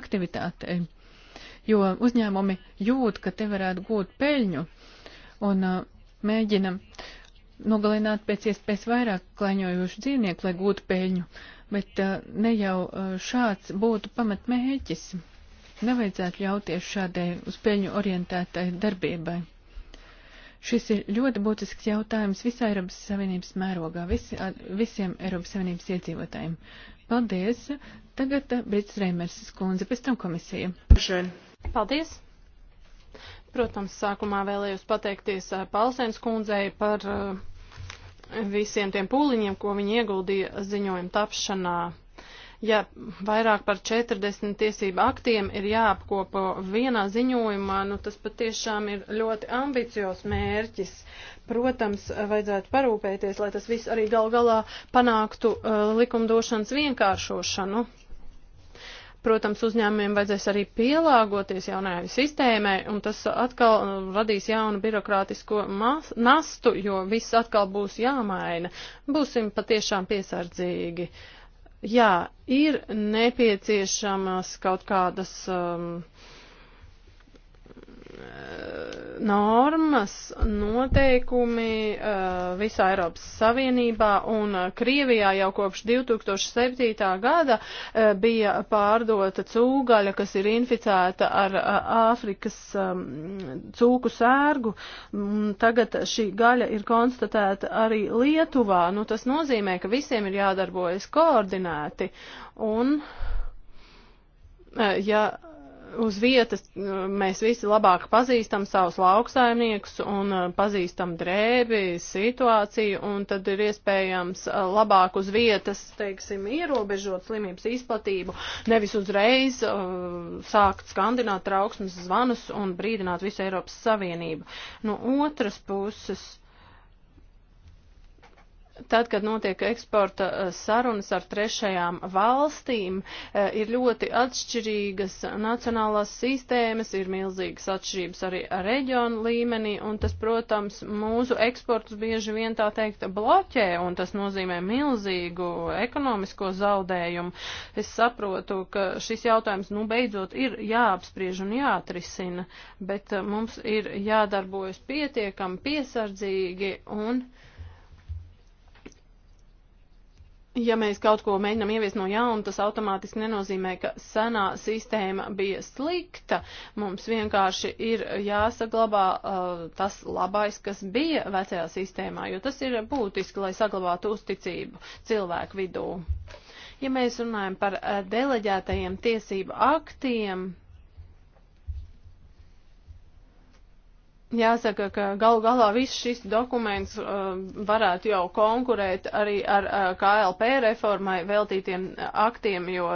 aktivitātei jo uzņēmumi jūt, ka te varētu gūt peļņu un uh, mēģina nogalināt pēc iespējas vairāk klaņojošu dzīvnieku, lai gūtu peļņu, bet uh, ne jau uh, šāds būtu pamatmēķis. Nevajadzētu ļauties šādai uz peļņu orientētai darbībai. Šis ir ļoti būtisks jautājums visā Eiropas Savienības mērogā, visi, visiem Eiropas Savienības iedzīvotājiem. Paldies! Tagad uh, Brits Reimers skundze, pēc tam komisija. Šodien. Paldies! Protams, sākumā vēlējos pateikties eh, Palsēns kundzei par eh, visiem tiem pūliņiem, ko viņi ieguldīja ziņojuma tapšanā. Ja vairāk par 40 tiesību aktiem ir jāapkopo vienā ziņojumā, nu tas patiešām ir ļoti ambicios mērķis. Protams, vajadzētu parūpēties, lai tas viss arī gal galā panāktu uh, likumdošanas vienkāršošanu. Protams, uzņēmumiem vajadzēs arī pielāgoties jaunajai sistēmai, un tas atkal uh, radīs jaunu birokrātisko nastu, jo viss atkal būs jāmaina. Būsim patiešām piesardzīgi. Jā, ir nepieciešamas kaut kādas. Um, Eh, normas, noteikumi eh, visā Eiropas Savienībā un eh, Krievijā jau kopš 2007. gada bija pārdota cūgaļa, kas ir inficēta ar Āfrikas ehm, cūku sērgu. Mm, tagad šī gaļa ir konstatēta arī Lietuvā. Nu, tas nozīmē, ka visiem ir jādarbojas koordinēti. Un, ja uz vietas mēs visi labāk pazīstam savus lauksaimniekus un pazīstam drēbi, situāciju, un tad ir iespējams labāk uz vietas, teiksim, ierobežot slimības izplatību, nevis uzreiz uh, sākt skandināt trauksmes zvanus un brīdināt visu Eiropas Savienību. No otras puses, tad, kad notiek eksporta eh, sarunas ar trešajām valstīm, eh, ir ļoti atšķirīgas nacionālās sistēmas, ir milzīgas atšķirības arī reģionu līmenī, un tas, protams, mūsu eksportus bieži vien tā teikt bloķē, un tas nozīmē milzīgu ekonomisko zaudējumu. Es saprotu, ka šis jautājums, nu, beidzot ir jāapspriež un jāatrisina, bet eh, mums ir jādarbojas pietiekami piesardzīgi un. Uh, ja mēs kaut ko mēģinām ieviest no jauna, tas automātiski nenozīmē, ka senā sistēma bija slikta. Mums vienkārši ir jāsaglabā uh, tas labais, kas bija vecajā sistēmā, jo tas ir būtiski, lai saglabātu uzticību cilvēku vidū. Ja mēs runājam par uh, deleģētajiem tiesību aktiem, Jāsaka, ka galu galā viss šis dokuments uh, varētu jau konkurēt arī ar uh, KLP reformai veltītiem aktiem, jo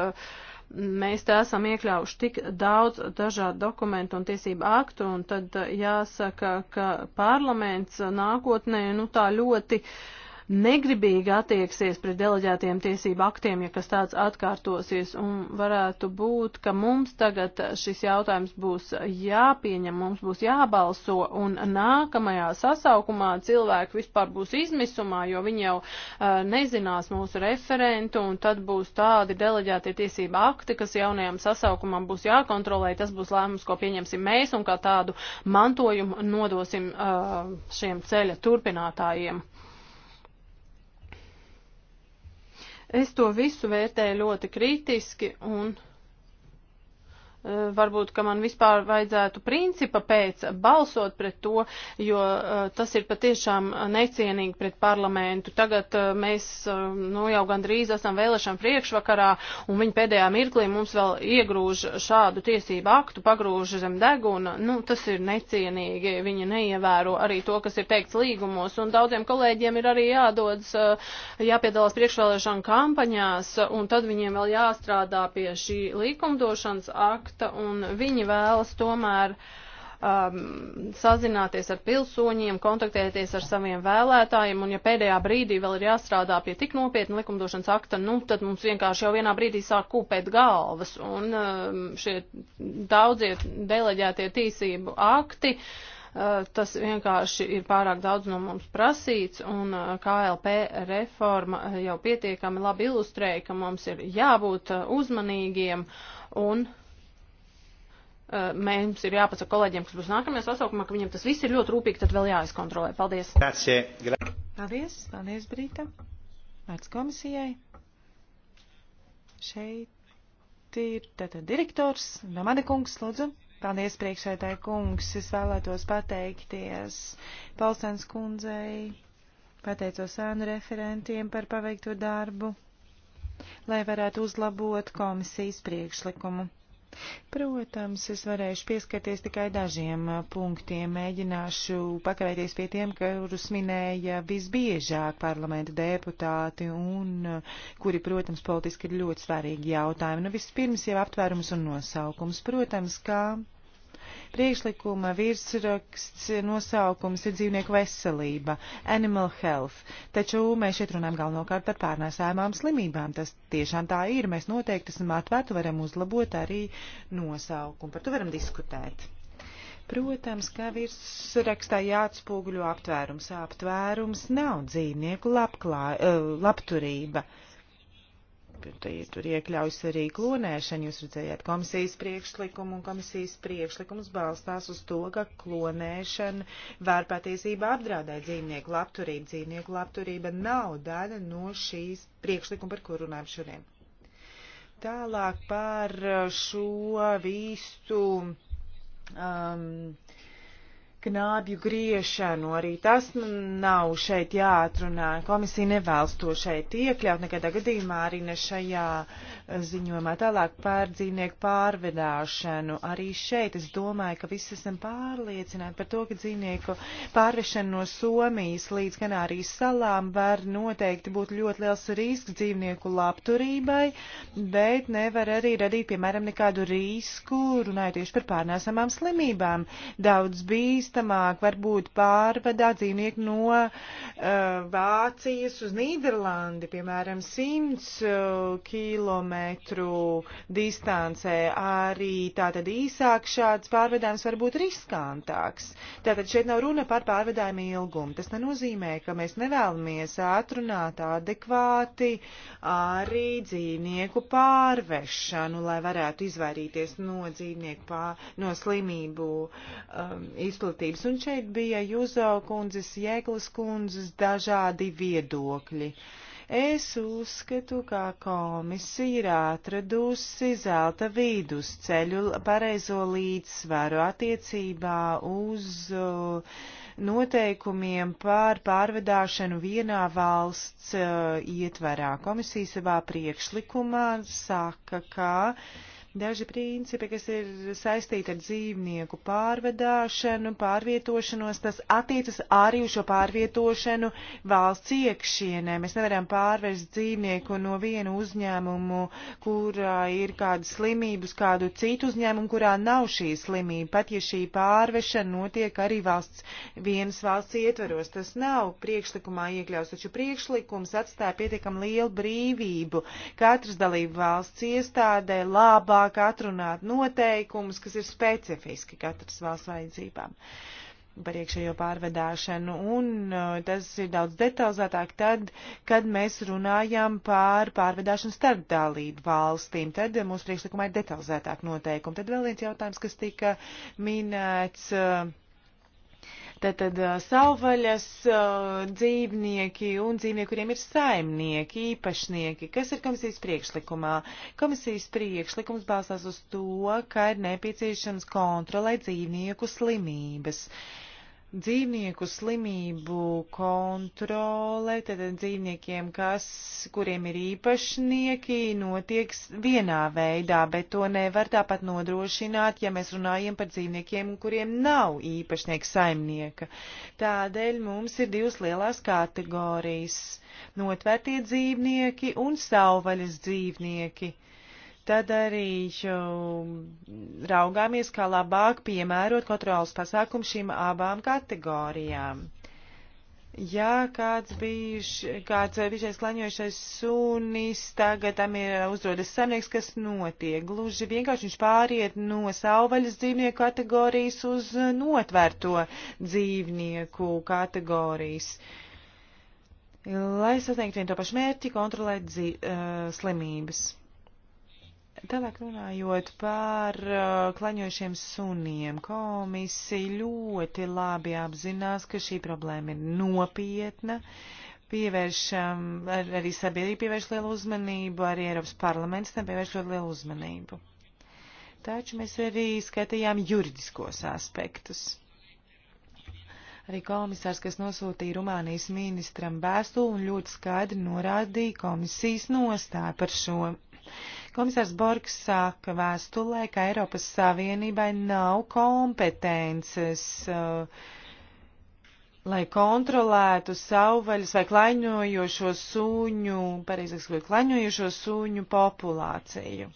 mēs te esam iekļauši tik daudz dažādu dokumentu un tiesību aktu, un tad uh, jāsaka, ka parlaments nākotnē, nu tā ļoti. Uh, negribīgi attieksies pret deleģētiem tiesību aktiem, ja kas tāds atkārtosies, un varētu būt, ka mums tagad šis jautājums būs jāpieņem, mums būs jābalso, un nākamajā sasaukumā cilvēki vispār būs izmisumā, jo viņi jau uh, nezinās mūsu referentu, un tad būs tādi deleģētie tiesība akti, kas jaunajam sasaukumam būs jākontrolē, tas būs lēmums, ko pieņemsim mēs, un kā tādu mantojumu nodosim uh, šiem ceļa turpinātājiem. Es to visu vērtēju ļoti kritiski un Eh, varbūt, ka man vispār vajadzētu principa pēc balsot pret to, jo eh, tas ir patiešām necienīgi pret parlamentu. Tagad eh, mēs nu, jau gandrīz esam vēlēšana priekšvakarā, un viņi pēdējā mirklī mums vēl iegrūž šādu tiesību aktu, pagrūž zem deguna. Nu, tas ir necienīgi. Viņi neievēro arī to, kas ir teikts līgumos, un daudziem kolēģiem ir arī jādodas, jāpiedalās priekšvēlēšana kampaņās, un tad viņiem vēl jāstrādā pie šī likumdošanas akta slikta, un viņi vēlas tomēr um, sazināties ar pilsoņiem, kontaktēties ar saviem vēlētājiem, un ja pēdējā brīdī vēl ir jāstrādā pie tik nopietna likumdošanas akta, nu, tad mums vienkārši jau vienā brīdī sāk kūpēt galvas, un um, šie daudzie deleģētie tīsību akti, uh, tas vienkārši ir pārāk daudz no mums prasīts, un uh, KLP reforma jau pietiekami labi ilustrēja, ka mums ir jābūt uh, uzmanīgiem un Mums ir jāpasaka kolēģiem, kas būs nākamajā sasaukumā, ka viņiem tas viss ir ļoti rūpīgi, tad vēl jāizkontrolē. Paldies. Paldies, paldies, Brīta. Vārds komisijai. Šeit ir tātad direktors, Namadekungs, lūdzu. Paldies, priekšētāji kungs. Es vēlētos pateikties Palsens kundzei, pateicos ēnu referentiem par paveikto darbu, lai varētu uzlabot komisijas priekšlikumu. Protams, es varēšu pieskarties tikai dažiem uh, punktiem. Mēģināšu pakavēties pie tiem, kurus minēja visbiežāk parlamenta deputāti un uh, kuri, protams, politiski ir ļoti svarīgi jautājumi. Nu, vispirms jau aptvērums un nosaukums. Protams, kā. Ka Priekšlikuma virsraksts nosaukums ir dzīvnieku veselība, animal health, taču mēs šeit runājam galvenokārt par pārnēsājumām slimībām. Tas tiešām tā ir, mēs noteikti esam atvērti, varam uzlabot arī nosaukumu, par to varam diskutēt. Protams, kā virsrakstā jāatspūguļo aptvērums. Aptvērums nav dzīvnieku labklā, eh, labturība. Uh, tur iekļaujas arī klonēšana. Jūs redzējāt komisijas priekšlikumu, un komisijas priekšlikums balstās uz to, ka klonēšana var patiesībā apdraudēt dzīvnieku labturību. Dzīvnieku labturība nav daļa no šīs priekšlikuma, par kur runājam šodien. Tālāk par šo visu. Um, knābju griešanu. Arī tas nu nav šeit jāatrunā. Komisija nevēlas to šeit iekļaut nekādā gadījumā, arī ne šajā eh, ziņojumā. Tālāk par dzīvnieku pārvedāšanu. Arī šeit es domāju, ka visi esam pārliecināti par to, ka dzīvnieku pārvešana no Somijas līdz Kanārijas salām var noteikti būt ļoti liels risks dzīvnieku labturībai, bet nevar arī radīt, piemēram, nekādu risku, runājot tieši par pārnēsamām slimībām. Daudz bīst bīstamāk varbūt pārvadāt dzīvnieku no uh, Vācijas uz Nīderlandi, piemēram, 100 eh, kilometru distancē. Arī tātad īsāk šāds pārvadājums var būt riskantāks. Tātad šeit nav runa par pārvadājumu ilgumu. Tas nenozīmē, ka mēs nevēlamies atrunāt adekvāti arī dzīvnieku pārvešanu, lai varētu izvairīties no dzīvnieku pārvešanu no slimību um, izplatīšanas kārtības. Un šeit bija Juzo kundzes, Jēglas kundzes dažādi viedokļi. Es uzskatu, ka komisija ir atradusi zelta vidusceļu pareizo līdzsvaru attiecībā uz uh, noteikumiem par pārvedāšanu vienā valsts uh, ietvarā. Komisija savā priekšlikumā saka, ka Daži principi, kas ir saistīti ar dzīvnieku pārvedāšanu, pārvietošanos, tas attiecas arī uz šo pārvietošanu valsts iekšienē. Mēs nevaram pārvest dzīvnieku no vienu uzņēmumu, kurā ir kāda slimība, uz kādu citu uzņēmumu, kurā nav šī slimība, pat ja šī pārvešana notiek arī valsts, vienas valsts ietveros. Tas nav priekšlikumā iekļaus, taču priekšlikums atstāja pietiekam lielu brīvību katras dalību valsts iestādē labāk labāk atrunāt noteikumus, kas ir specifiski katras valsts vajadzībām par iekšējo pārvedāšanu, un uh, tas ir daudz detalizētāk tad, kad mēs runājam par pārvedāšanu starp dalību valstīm. Tad uh, mūsu priekšlikumā ir detalizētāk noteikumi. Tad vēl viens jautājums, kas tika minēts. Uh, Tātad savvaļas dzīvnieki un dzīvnieki, kuriem ir saimnieki, īpašnieki. Kas ir komisijas priekšlikumā? Komisijas priekšlikums balstās uz to, ka ir nepieciešams kontrolēt dzīvnieku slimības. Uh, dzīvnieku slimību kontrole, tad dzīvniekiem, kas, kuriem ir īpašnieki, notiek vienā veidā, bet to nevar tāpat nodrošināt, ja mēs runājam par dzīvniekiem, kuriem nav īpašnieka saimnieka. Tādēļ mums ir divas lielās kategorijas - notvērtie dzīvnieki un savvaļas dzīvnieki. Uh, tad arī um, raugāmies, kā labāk piemērot kontrolas pasākumu šīm abām kategorijām. Ja kāds bijuši, kāds bijušais klaņojušais sunis, tagad tam ir uzrodas samnieks, kas notiek. Gluži vienkārši viņš pāriet no savvaļas dzīvnieku kategorijas uz notvērto dzīvnieku kategorijas. Lai sasniegtu vien to pašu mērķi, kontrolēt dzī, uh, slimības. Tālāk runājot par uh, klaņojušiem suniem, komisija ļoti labi apzinās, ka šī problēma ir nopietna. Pievēršam, ar, arī sabiedrība pievērš lielu uzmanību, arī Eiropas parlaments tam pievērš ļoti lielu uzmanību. Taču mēs arī skatījām juridiskos aspektus. Arī komisārs, kas nosūtīja Rumānijas ministram vēstuli un ļoti skaidri norādīja komisijas nostāju par šo Komisārs Borgs sāka vēstulē, ka Eiropas Savienībai nav kompetences, uh, lai kontrolētu savvaļas vai klaņojošo suņu, pareizāk sakot, klaņojošo suņu populāciju.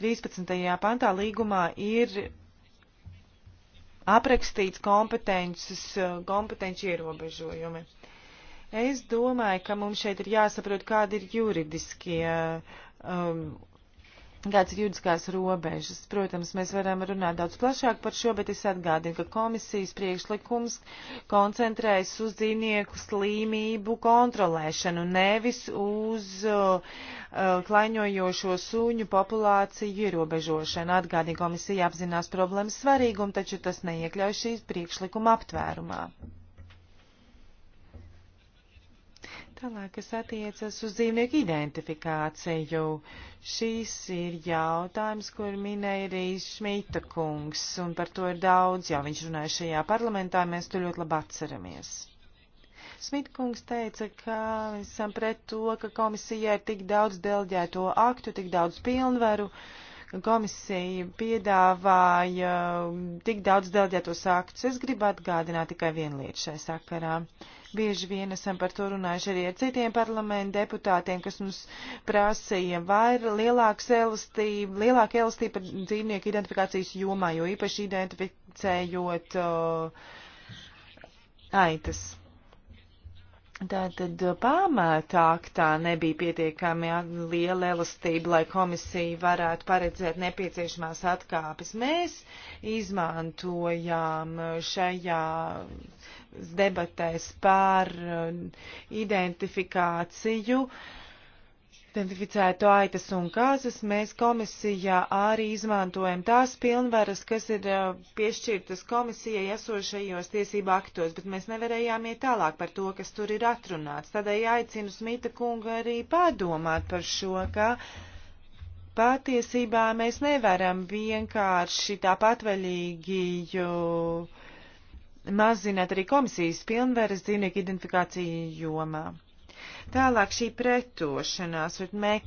13. pantā līgumā ir aprakstīts kompetences, uh, kompetenci ierobežojumi. Es domāju, ka mums šeit ir jāsaprot, kāda ir juridiskie, um, kāds ir juridiskās robežas. Protams, mēs varam runāt daudz plašāk par šo, bet es atgādinu, ka komisijas priekšlikums koncentrējas uz dzīvnieku slīmību kontrolēšanu, nevis uz uh, klaiņojošo suņu populāciju ierobežošanu. Atgādinu, komisija apzinās problēmas svarīgumu, taču tas neiekļauj šīs priekšlikuma aptvērumā. Tālāk, kas attiecas uz dzīvnieku identifikāciju. Šīs ir jautājums, kur minēja arī Šmita kungs, un par to ir daudz, jau viņš runāja šajā parlamentā, mēs to ļoti labi atceramies. Smita kungs teica, ka mēs esam pret to, ka komisija ir tik daudz delģēto aktu, tik daudz pilnvaru. Komisija piedāvāja um, tik daudz delģētos aktus. Es gribu atgādināt tikai vienu lietu šai sakarā. Uh, Bieži vien esam par to runājuši arī ar citiem parlamentu deputātiem, kas mums prasīja vair lielāku elastību, lielāku elastību par dzīvnieku identifikācijas jomā, jo īpaši identificējot uh, aitas. Tātad pamata aktā nebija pietiekami liela elastība, lai komisija varētu paredzēt nepieciešamās atkāpes. Mēs izmantojām šajā debatēs par um, identifikāciju, identificēto aitas un kāzas, mēs komisijā arī izmantojam tās pilnvaras, kas ir uh, piešķirtas komisijai esošajos tiesību aktos, bet mēs nevarējām iet tālāk par to, kas tur ir atrunāts. Tādēļ aicinu Smita kungu arī pārdomāt par šo, ka patiesībā mēs nevaram vienkārši tā patvaļīgi. Jo uh, mazināt arī komisijas pilnvaras dzīvnieku identifikāciju jomā. Tālāk šī pretošanās pret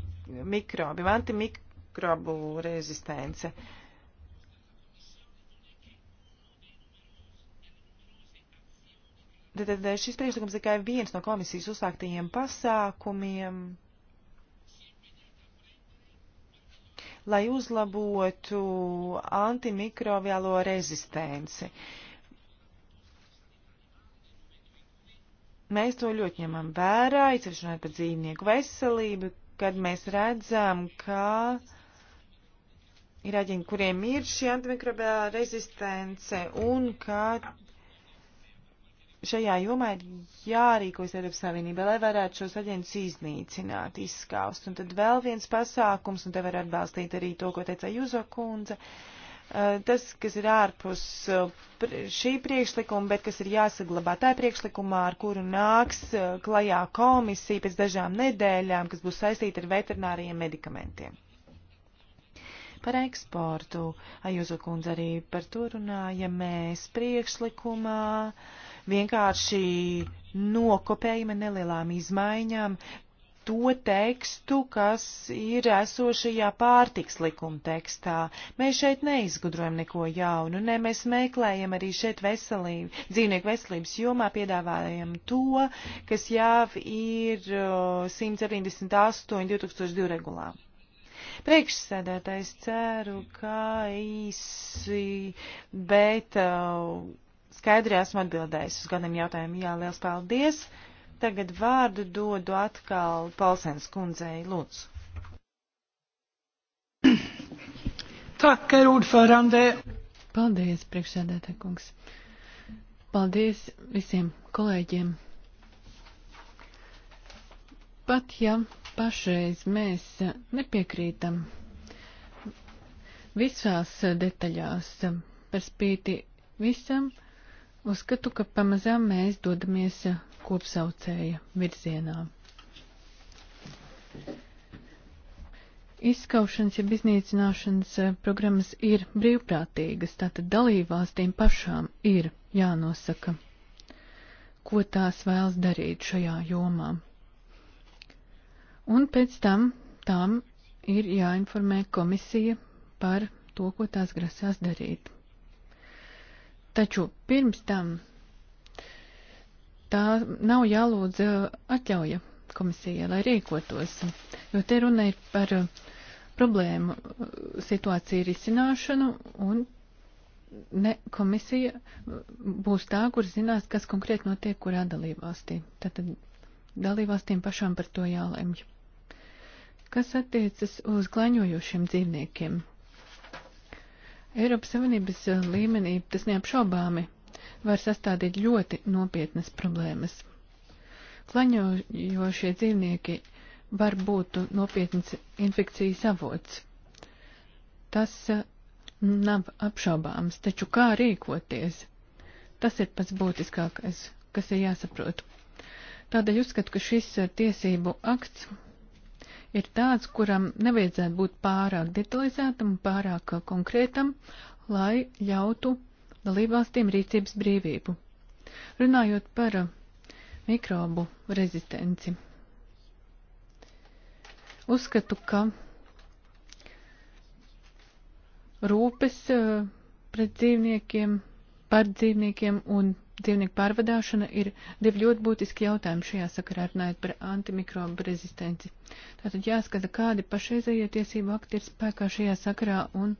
mikrobiem, antimikrobu rezistence. Tad, tad šis priekšlikums tikai viens no komisijas uzsāktajiem pasākumiem, lai uzlabotu antimikrobiālo rezistenci. Uh, mēs to ļoti ņemam vērā, izceļot par dzīvnieku veselību, kad mēs redzam, ka ir aģenti, kuriem ir šī antimikrobiāla rezistence un ka šajā jomā ir jārīkojas Eiropas Savienībai, lai varētu šos aģentus iznīcināt, izskaust. Un tad vēl viens pasākums, un te var atbalstīt arī to, ko teica Juzo kundze. Uh, Eh, tas, kas ir ārpus eh, šī priekšlikuma, bet kas ir jāsaglabā tā priekšlikumā, ar kuru nāks eh, klajā komisija pēc dažām nedēļām, kas būs saistīta ar veterināriem medikamentiem. Par eksportu, Ajuzo kundze arī par to runāja, mēs priekšlikumā vienkārši nokopējam nelielām izmaiņām to tekstu, kas ir esošajā pārtiks likuma tekstā. Mēs šeit neizgudrojam neko jaunu, ne mēs meklējam arī šeit veselību, dzīvnieku veselības jomā piedāvājam to, kas jau ir 178 2002 regulā. Priekšsēdētājs ceru, ka īsi, bet uh, skaidri esmu atbildējis uz ganiem jautājumiem. Jā, liels paldies! Tagad vārdu dodu atkal Palsens kundzei. Lūdzu. Tak, herr ordförande. Paldies, priekšsēdētāj kungs. Paldies visiem kolēģiem. Pat ja pašreiz mēs nepiekrītam visās detaļās par spīti visam, uzskatu, ka pamazām mēs dodamies kopsaucēja virzienā. Izskaušanas, jeb ja iznīcināšanas eh, programmas ir brīvprātīgas, tātad dalībvalstīm pašām ir jānosaka, ko tās vēlas darīt šajā jomā. Un pēc tam tām ir jāinformē komisija par to, ko tās grasās darīt. Taču pirms tam tā nav jālūdz atļauja komisijai, lai rīkotos, jo te runa ir par problēmu situāciju risināšanu un ne komisija būs tā, kur zinās, kas konkrēti notiek kurā dalībvalstī. Tātad dalībvalstīm pašām par to jālemj. Kas attiecas uz klaņojošiem dzīvniekiem? Eiropas Savienības līmenī tas neapšaubāmi var sastādīt ļoti nopietnas problēmas. Klaņojošie dzīvnieki var būt nopietns infekcijas avots. Tas e, nav apšaubāms, taču kā rīkoties? Tas ir pats būtiskākais, kas ir jāsaprot. Tādēļ uzskatu, ka šis e, tiesību akts ir tāds, kuram nevajadzētu būt pārāk detalizētam, pārāk e, konkrētam, lai ļautu dalībvalstīm rīcības brīvību. Runājot par uh, mikrobu rezistenci. Uzskatu, ka rūpes uh, pret dzīvniekiem, par dzīvniekiem un dzīvnieku pārvadāšana ir divi ļoti būtiski jautājumi šajā sakarā runājot par antimikrobu rezistenci. Tātad jāskata, kādi pašreizējie tiesību akti ir spēkā šajā sakarā un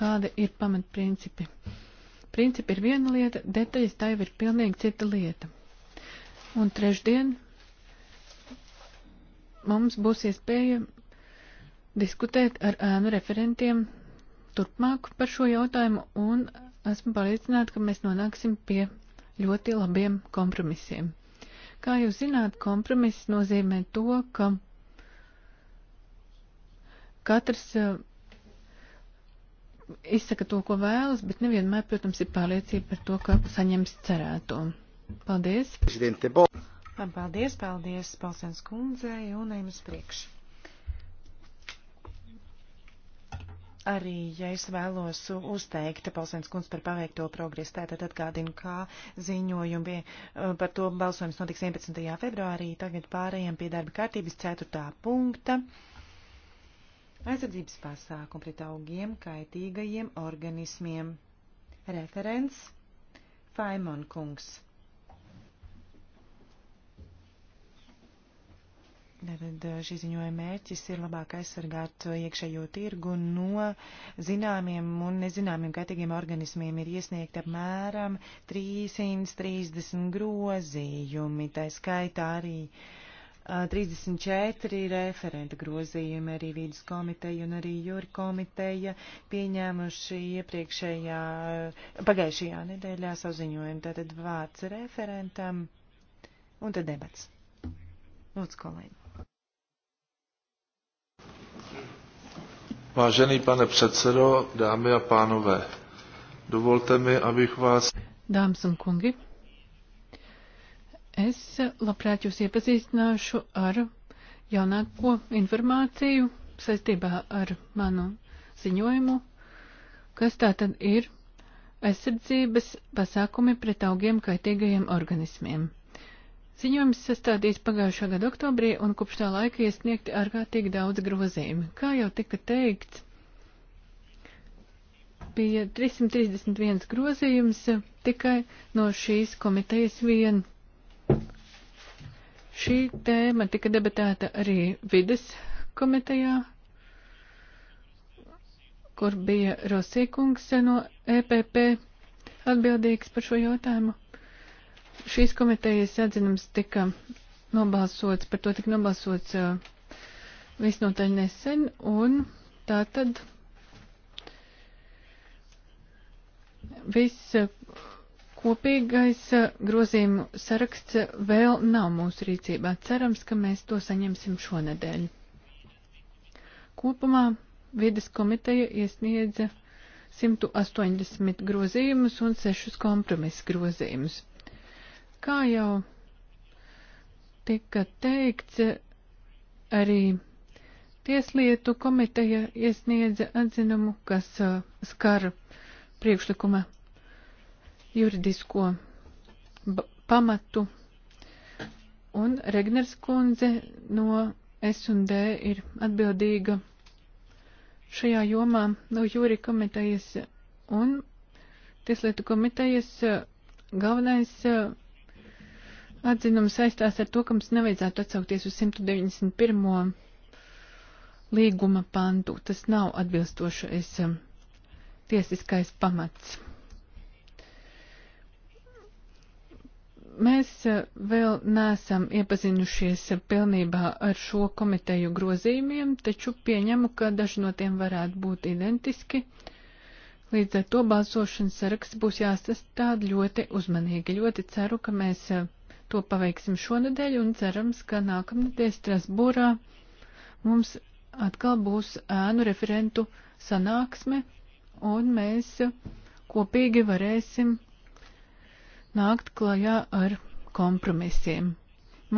kāda ir pamatprincipi. principi principi ir viena lieta, detaļas tā jau ir pilnīgi cita lieta. Un trešdien mums būs iespēja diskutēt ar ēnu referentiem turpmāk par šo jautājumu, un esmu pārliecināta, ka mēs nonāksim pie ļoti labiem kompromisiem. Kā jūs zināt, kompromiss nozīmē to, ka katrs izsaka to, ko vēlas, bet nevienmēr, protams, ir pārliecība par to, ka saņems cerēto. Paldies! Paldies, paldies, Palsens kundzei un Eimas priekš. Arī, ja es vēlos uzteikt Palsens kundz par paveikto progresu, tātad atgādinu, kā ziņojumi bija eh, par to balsojums notiks 11. februārī, tagad pārējiem pie darba kārtības 4. punkta. Aizsardzības pasākumu pret augiem kaitīgajiem organismiem. Referents Faimon kungs. Tātad eh, šī ziņojuma mērķis ir labāk aizsargāt iekšējo tirgu no zināmiem un nezināmiem kaitīgiem organismiem. Ir iesniegt apmēram 330 grozījumi, tā skaitā arī uh, 34 eh, referenta grozījumi arī vīdas komiteja un arī jūra komiteja pieņēmuši iepriekšējā, pagājušajā nedēļā saziņojumu. Tātad vārds referentam un tad debats. Lūdzu, kolēģi. Vážený pane předsedo, dámy a pánové, dovolte mi, abych vás... Dámy a kungi, Es labprāt jūs iepazīstināšu ar jaunāko informāciju saistībā ar manu ziņojumu, kas tā tad ir aizsardzības pasākumi pret augiem kaitīgajiem organismiem. Ziņojums sastādīs pagājušā gada oktobrī un kopš tā laika iesniegti ārkārtīgi daudz grozījumi. Kā jau tika teikts, bija 331 grozījums tikai no šīs komitejas vien Šī tēma tika debatēta arī vides komitejā, kur bija Rosīkungs no EPP atbildīgs par šo jautājumu. Šīs komitejas atzinums tika nobalsots, par to tika nobalsots uh, visnotaļ nesen, un tā tad viss uh, kopīgais eh, grozījumu saraksts eh, vēl nav mūsu rīcībā. Cerams, ka mēs to saņemsim šonadēļ. Kopumā vides komiteja iesniedza 180 grozījumus un 6 kompromisu grozījumus. Kā jau tika teikts, eh, arī Tieslietu komiteja iesniedza atzinumu, kas skar priekšlikuma juridisko pamatu. Un Regners kundze no S&D ir atbildīga šajā jomā no jūri komitejas un tieslietu komitejas eh, galvenais eh, atzinums saistās ar to, ka mums nevajadzētu atsaukties uz 191. līguma pantu. Tas nav atbilstoši es eh, tiesiskais pamats. Mēs eh, vēl neesam iepazinušies pilnībā ar šo komiteju grozījumiem, taču pieņemu, ka daži no tiem varētu būt identiski. Līdz ar to balsošanas saraksts būs jāsastād ļoti uzmanīgi. Ļoti ceru, ka mēs eh, to paveiksim šonadēļ un cerams, ka nākamnedēļ Strasbūrā mums atkal būs ēnu referentu sanāksme un mēs eh, kopīgi varēsim nākt klajā ar kompromisiem.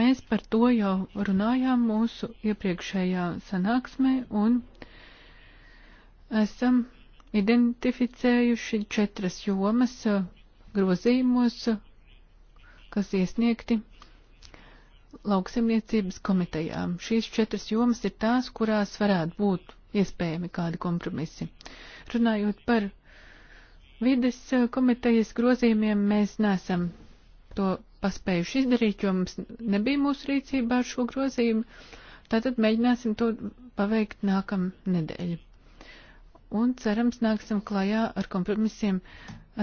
Mēs par to jau runājām mūsu iepriekšējā sanāksmē un esam identificējuši četras jomas eh, grozījumos, kas iesniegti lauksemniecības komitejām. Šīs četras jomas ir tās, kurās varētu būt iespējami kādi kompromisi. Runājot par Vides eh, komitejas grozījumiem mēs nesam to paspējuši izdarīt, jo mums nebija mūsu rīcībā ar šo grozījumu. Tātad mēģināsim to paveikt nākam nedēļa. Un cerams nāksim klajā ar kompromisiem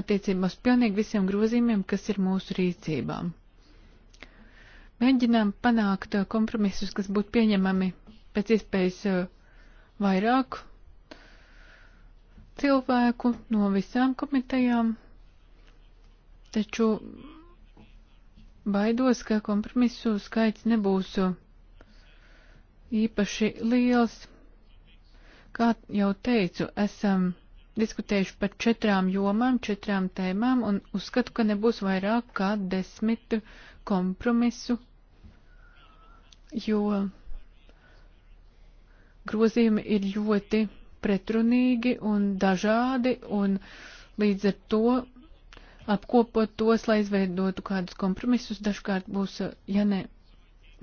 attiecībā uz pilnīgi visiem grozījumiem, kas ir mūsu rīcībām. Mēģinām panākt eh, kompromisus, kas būtu pieņemami pēc iespējas eh, vairāk cilvēku no visām komitejām, taču baidos, ka kompromisu skaits nebūs īpaši liels. Kā jau teicu, esam diskutējuši par četrām jomām, četrām tēmām, un uzskatu, ka nebūs vairāk kā desmit kompromisu, jo grozījumi ir ļoti pretrunīgi un dažādi, un līdz ar to apkopot tos, lai izveidotu kādus kompromisus, dažkārt būs, ja ne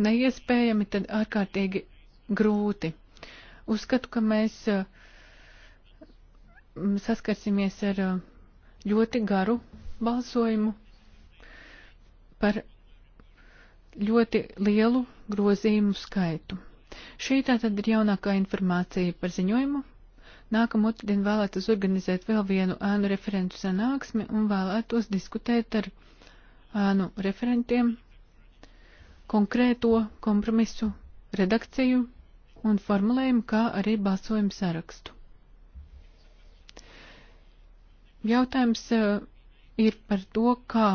neiespējami, tad ārkārtīgi grūti. Uzskatu, ka mēs saskarsimies ar ļoti garu balsojumu par ļoti lielu grozījumu skaitu. Šī tātad ir jaunākā informācija par ziņojumu, Nākamā otrdien vēlētos organizēt vēl vienu ēnu referentu sanāksmi un vēlētos diskutēt ar ēnu referentiem konkrēto kompromisu redakciju un formulējumu, kā arī balsojumu sarakstu. Jautājums eh, ir par to, kā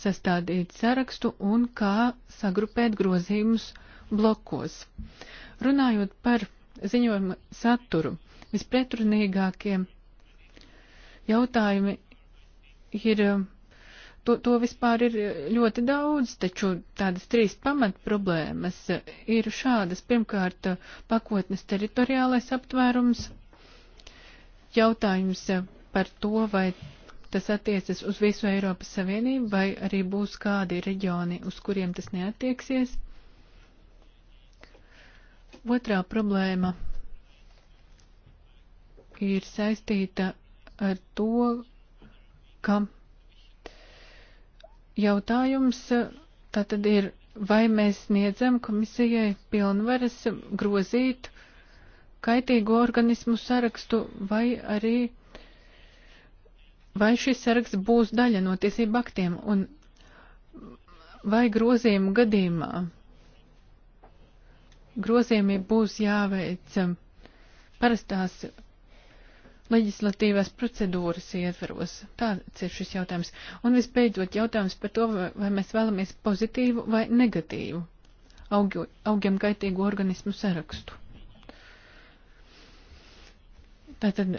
sastādīt sarakstu un kā sagrupēt grozījumus blokos. Runājot par ziņojuma saturu, vispretrunīgākie jautājumi ir, to, to vispār ir ļoti daudz, taču tādas trīs pamat problēmas ir šādas. Pirmkārt, pakotnes teritoriālais aptvērums, jautājums par to, vai tas attiecas uz visu Eiropas Savienību, vai arī būs kādi reģioni, uz kuriem tas neatieksies. Otrā problēma ir saistīta ar to, ka jautājums eh, tātad ir, vai mēs sniedzam komisijai pilnvaras grozīt kaitīgo organismu sarakstu, vai arī, vai šis saraksts būs daļa no tiesību aktiem, un vai grozījumu gadījumā grozījumi būs jāveic parastās leģislatīvās procedūras ietvaros. Tāds ir šis jautājums. Un visbeidzot jautājums par to, vai mēs vēlamies pozitīvu vai negatīvu augju, augiem kaitīgu organismu sarakstu. Tātad,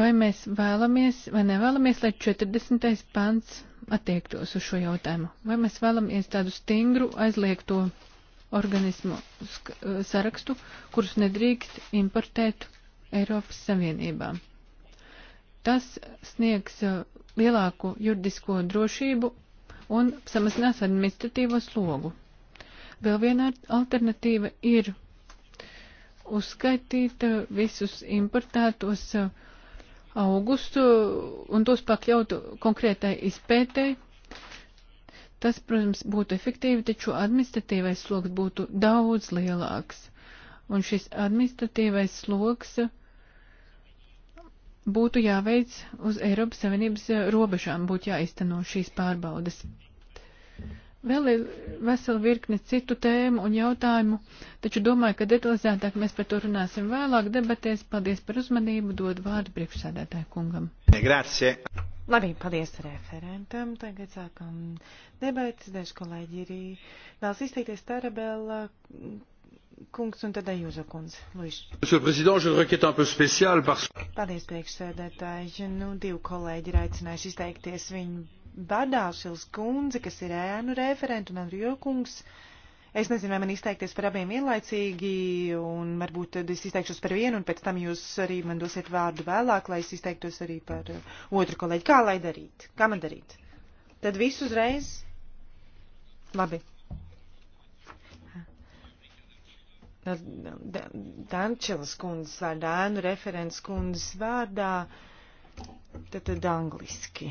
vai mēs vēlamies vai nevēlamies, lai 40. pants attiektos uz šo jautājumu? Vai mēs vēlamies tādu stingru aizliegto organismu sarakstu, kurus nedrīkst importēt Eiropas Savienībā. Tas sniegs uh, lielāku juridisko drošību un samazinās administratīvo slogu. Vēl viena alternatīva ir uzskaitīt uh, visus importētos uh, augustu un tos pakļautu konkrētai izpētēji. Tas, protams, būtu efektīvi, taču administratīvais sloks būtu daudz lielāks. Un šis administratīvais sloks uh, būtu jāveic uz Eiropas Savienības eh, robežām, būtu jāizteno šīs pārbaudas. Vēl ir vesela virkne citu tēmu un jautājumu, taču domāju, ka detalizētāk mēs par to runāsim vēlāk debatēs. Paldies par uzmanību, dod vārdu priekšsēdētāju kungam. Grazie. Labi, paldies referentam. Tagad sākam debatas. Daži kolēģi arī vēlas izteikties Tarabela kungs un tad Ajūza kundze. Paldies, priekšsēdētāji. Nu, divi kolēģi ir aicinājuši izteikties. Viņu badāšils kundze, kas ir ēnu referenta un Andrijo kungs. Es nezinu, vai man izteikties par abiem vienlaicīgi, un varbūt tad es izteikšos par vienu, un pēc tam jūs arī man dosiet vārdu vēlāk, lai es izteiktos arī par uh, otru kolēģi. Kā lai darīt? Kā man darīt? Tad visu uzreiz? Labi. Dančelas kundzes vārdā, ēnu referents kundzes vārdā, tad, tad angliski.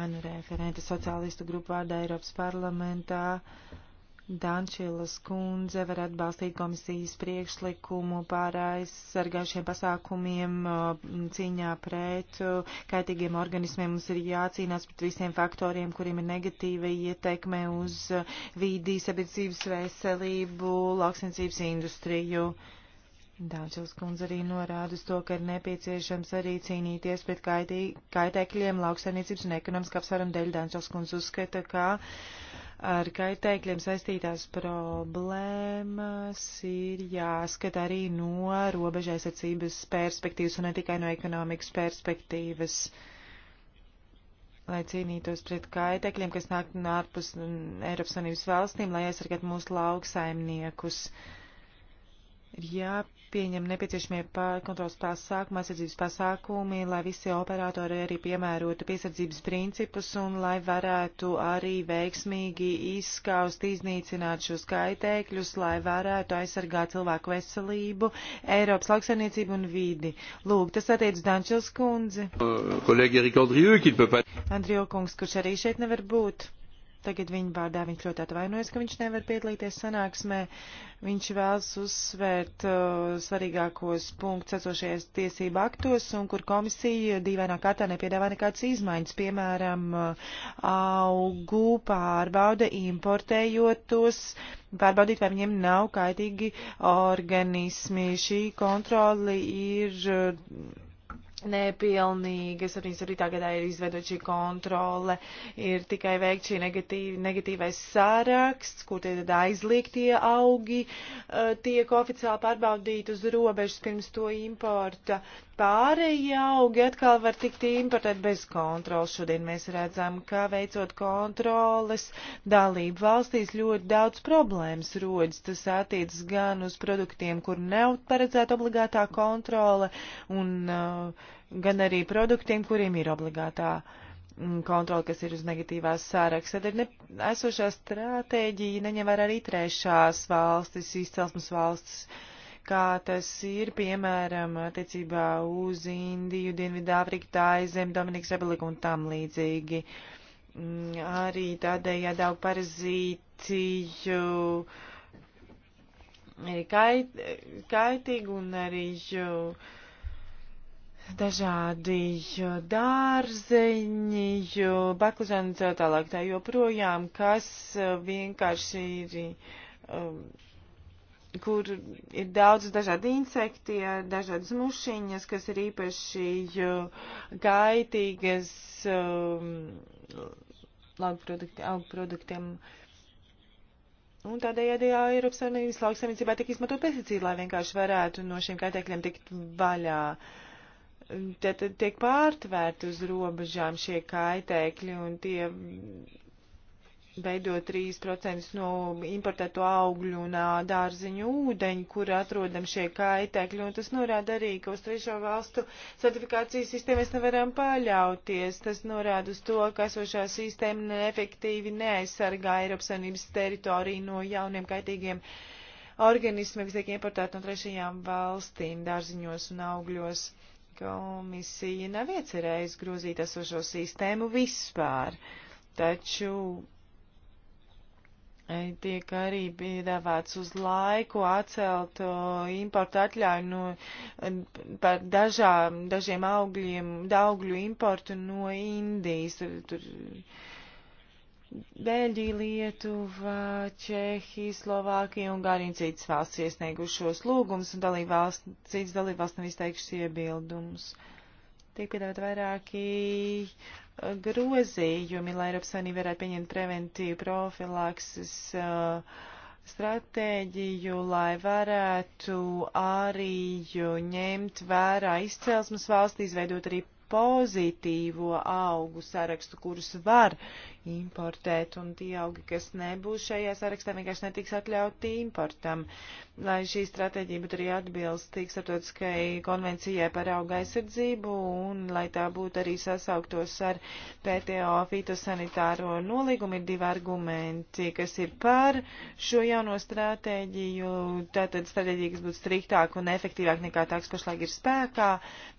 Ēnu referente sociālistu grupu vārdā Eiropas parlamentā. Uh, Dančielas kundze var atbalstīt komisijas priekšlikumu par aizsargājušiem pasākumiem uh, cīņā pret uh, kaitīgiem organismiem. Mums ir jācīnās pret visiem faktoriem, kuriem ir negatīva ietekme uz uh, vīdī, sabiedrības veselību, lauksensības industriju. Dāčils kundze arī norāda uz to, ka ir nepieciešams arī cīnīties pret kaitī, kaitēkļiem lauksainīcības un ekonomiskā apsvērumu dēļ. Dāčils kundze uzskata, ka uh, ar kaitēkļiem saistītās problēmas ir jāskat arī no robežaizsardzības perspektīvas un ne tikai no ekonomikas perspektīvas, lai cīnītos pret kaitēkļiem, kas nāk no ārpus Eiropas Savienības valstīm, lai aizsargātu mūsu lauksaimniekus. Uh, ir jāpieņem nepieciešamie kontrols pasākumi, aizsardzības pasākumi, lai visi operatori arī piemērotu piesardzības principus un lai varētu arī veiksmīgi izskaust, iznīcināt šos kaitēkļus, lai varētu aizsargāt cilvēku veselību, Eiropas lauksaimniecību un vidi. Lūk, tas attiec Dančils kundzi. Kolēģi Erika Andriju, Andriju kungs, kurš arī šeit nevar būt. Tagad viņa vārdā viņš ļoti atvainojas, ka viņš nevar piedalīties sanāksmē. Viņš vēlas uzsvērt uh, svarīgākos punktus esošajās tiesību aktos, un kur komisija dīvainā kārtā nepiedāvā nekādas izmaiņas, piemēram, uh, augu pārbauda importējot tos, pārbaudīt, vai viņiem nav kaitīgi organismi. Šī kontroli ir. Uh, nepilnīga. 77. gadā ir izveidot šī kontrole, ir tikai veikt šī negatīv, negatīvais sāraksts, kur tie tad aizliegtie augi eh, tiek oficiāli pārbaudīti uz robežas pirms to importa. Pārējie augi atkal var tikt importēt bez kontrolas. Šodien mēs redzam, ka veicot kontroles dalību valstīs ļoti daudz problēmas rodas. Tas attiecas gan uz produktiem, kur nav paredzēta obligātā kontrole un uh, gan arī produktiem, kuriem ir obligātā mm, kontrola, kas ir uz negatīvās sāraksta. Tad ir ne, esošā stratēģija, neņem vērā arī trešās valstis, izcelsmes valstis, kā tas ir, piemēram, attiecībā uz Indiju, Dienvidāfriku, Taizem, Dominikas Republiku un tam līdzīgi. Mm, arī tādējādi daudz parazīciju ir kait, kaitīgi un arī. Uh, dažādi dārzeņi, baklažani tā tālāk tā joprojām, kas e, vienkārši ir, e, um, kur ir daudz dažādi insekti, dažādas mušiņas, kas ir īpaši gaitīgas e, um, laukprodukti, augproduktiem. Un tādējādi jā, Eiropas Savienības lauksaimniecībā tiek izmantot pesticīdi, lai vienkārši varētu no šiem kaitēkļiem tikt vaļā. Uh, tad tiek pārtvērti uz robežām šie kaitēkļi un tie veido 3% no importēto augļu un dārziņu ūdeņu, kur atrodam šie kaitēkļi, un tas norāda arī, ka uz trešo valstu certifikācijas sistēmas nevaram paļauties. Tas norāda uz to, ka esošā sistēma neefektīvi neaizsargā Eiropas Savienības teritoriju no jauniem kaitīgiem organismiem, kas tiek importēti no trešajām valstīm dārziņos un augļos. Komisija nav iecerējusi grozīt esošo sistēmu vispār, taču eh, tiek arī piedāvāts uz laiku atcelt eh, importu atļauju no, eh, par dažā, dažiem augļiem, augļu importu no Indijas. Tur, tur, Beļģija, Lietuva, Čehija, Slovākija, Ungārija un citas valsts iesniegušos lūgumus, un dalībvalsts, citas dalībvalsts nav izteikušas iebildumus. Tiek piedāvāt vairāki uh, grozījumi, lai Eiropas Savienība varētu pieņemt preventīvu profilakses uh, stratēģiju, lai varētu arī ņemt vērā izcelsmes valsti, izveidot arī pozitīvo augu sarakstu, kurus var importēt, un tie augi, kas nebūs šajā sarakstā, vienkārši netiks atļauti importam. Lai šī stratēģija būtu arī atbilstīga starptautiskai konvencijai par auga aizsardzību, un lai tā būtu arī sasauktos ar PTO fitosanitāro nolīgumu, ir divi argumenti, kas ir par šo jauno stratēģiju. Tātad stratēģija, kas būtu striktāk un efektīvāk nekā tā, kas pašlaik ir spēkā,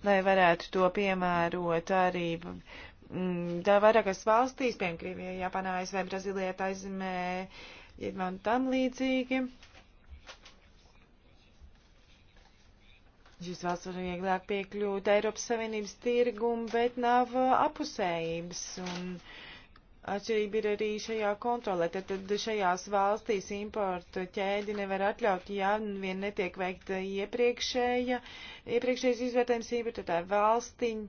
lai varētu to piemērot piemērot arī mm, vairākas valstīs, piemēram, Krievijā, Japānā, ASV, Brazīlijā, Taizemē, un tam līdzīgi. Šis valsts var vieglāk piekļūt Eiropas Savienības tirgumu, bet nav uh, apusējības. Un atšķirība ir arī šajā kontrolē. Tad, tad šajās valstīs importu ķēdi nevar atļaut, ja vien netiek veikta iepriekšēja, iepriekšējais izvērtējums importētāju valstiņu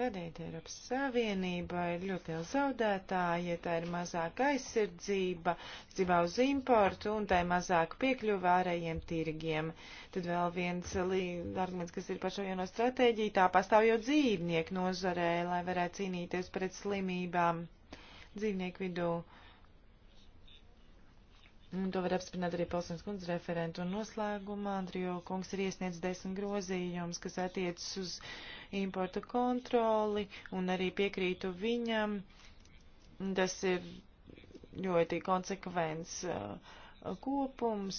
Tādēļ Eiropas Savienība ir ļoti liela zaudētāja, tā ir mazāka aizsardzība, dzīvā uz importu un tā ir mazāka piekļuva ārējiem tirgiem. Tad vēl viens arguments, kas ir par šo jauno stratēģiju, tā pastāv jau dzīvnieku nozarē, lai varētu cīnīties pret slimībām dzīvnieku vidū. Un to var apstiprināt arī Pilsons kundze referentu un noslēgumā. Andrijo kungs ir iesniedz desmit grozījumus, kas attiecas uz importu kontroli, un arī piekrītu viņam, tas ir ļoti konsekvents uh, kopums,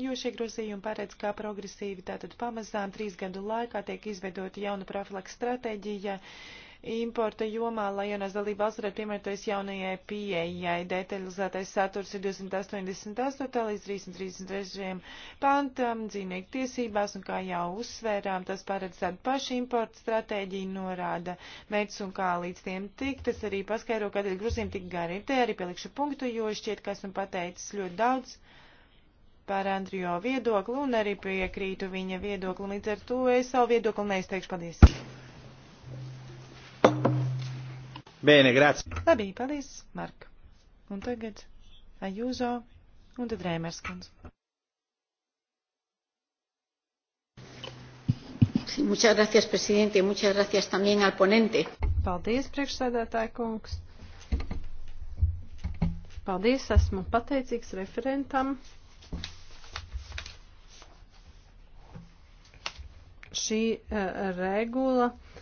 jo šie grozījumi paredz, kā progresīvi tātad pamazām trīs gadu laikā tiek izveidota jauna profilaks stratēģija, uh, importa jomā, lai jaunās dalībās varētu piemērtoties jaunajai pieejai. Detalizētais saturs ir 288. līdz 333. pantam dzīvnieku tiesībās, un kā jau uzsvērām, tas paredz tādu pašu importa stratēģiju, norāda mērķus un kā līdz tiem tik. Tas arī paskaidro, kādēļ grozījumi tik gari ir. Te arī pielikšu punktu, jo šķiet, ka esmu pateicis ļoti daudz par Andrijo viedokli un arī piekrītu viņa viedokli. Līdz ar to es savu viedokli neizteikšu. Paldies! Bene, grazie. Labi, paldies, Mark. Un tagad Ajūzo un tad Rēmers kundze. Sí, muchas gracias, presidente. Muchas gracias también al ponente. Paldies, priekšsēdētāja kungs. Paldies, esmu pateicīgs referentam. Šī uh, regula. Uh,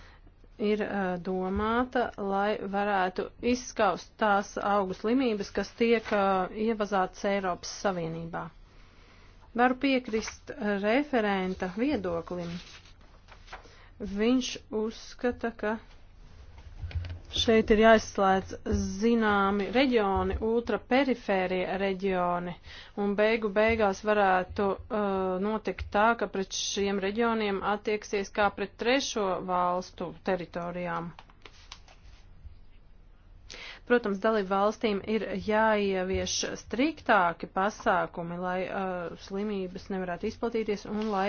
ir uh, domāta, lai varētu izskaust tās augu slimības, kas tiek uh, ievazātas Eiropas Savienībā. Varu piekrist referenta viedoklim. Viņš uzskata, ka Šeit ir jāizslēdz zināmi reģioni, ultraperifērie reģioni, un beigu beigās varētu uh, notikt tā, ka pret šiem reģioniem attieksies kā pret trešo valstu teritorijām. Protams, dalību valstīm ir jāievieš striktāki pasākumi, lai uh, slimības nevarētu izplatīties un lai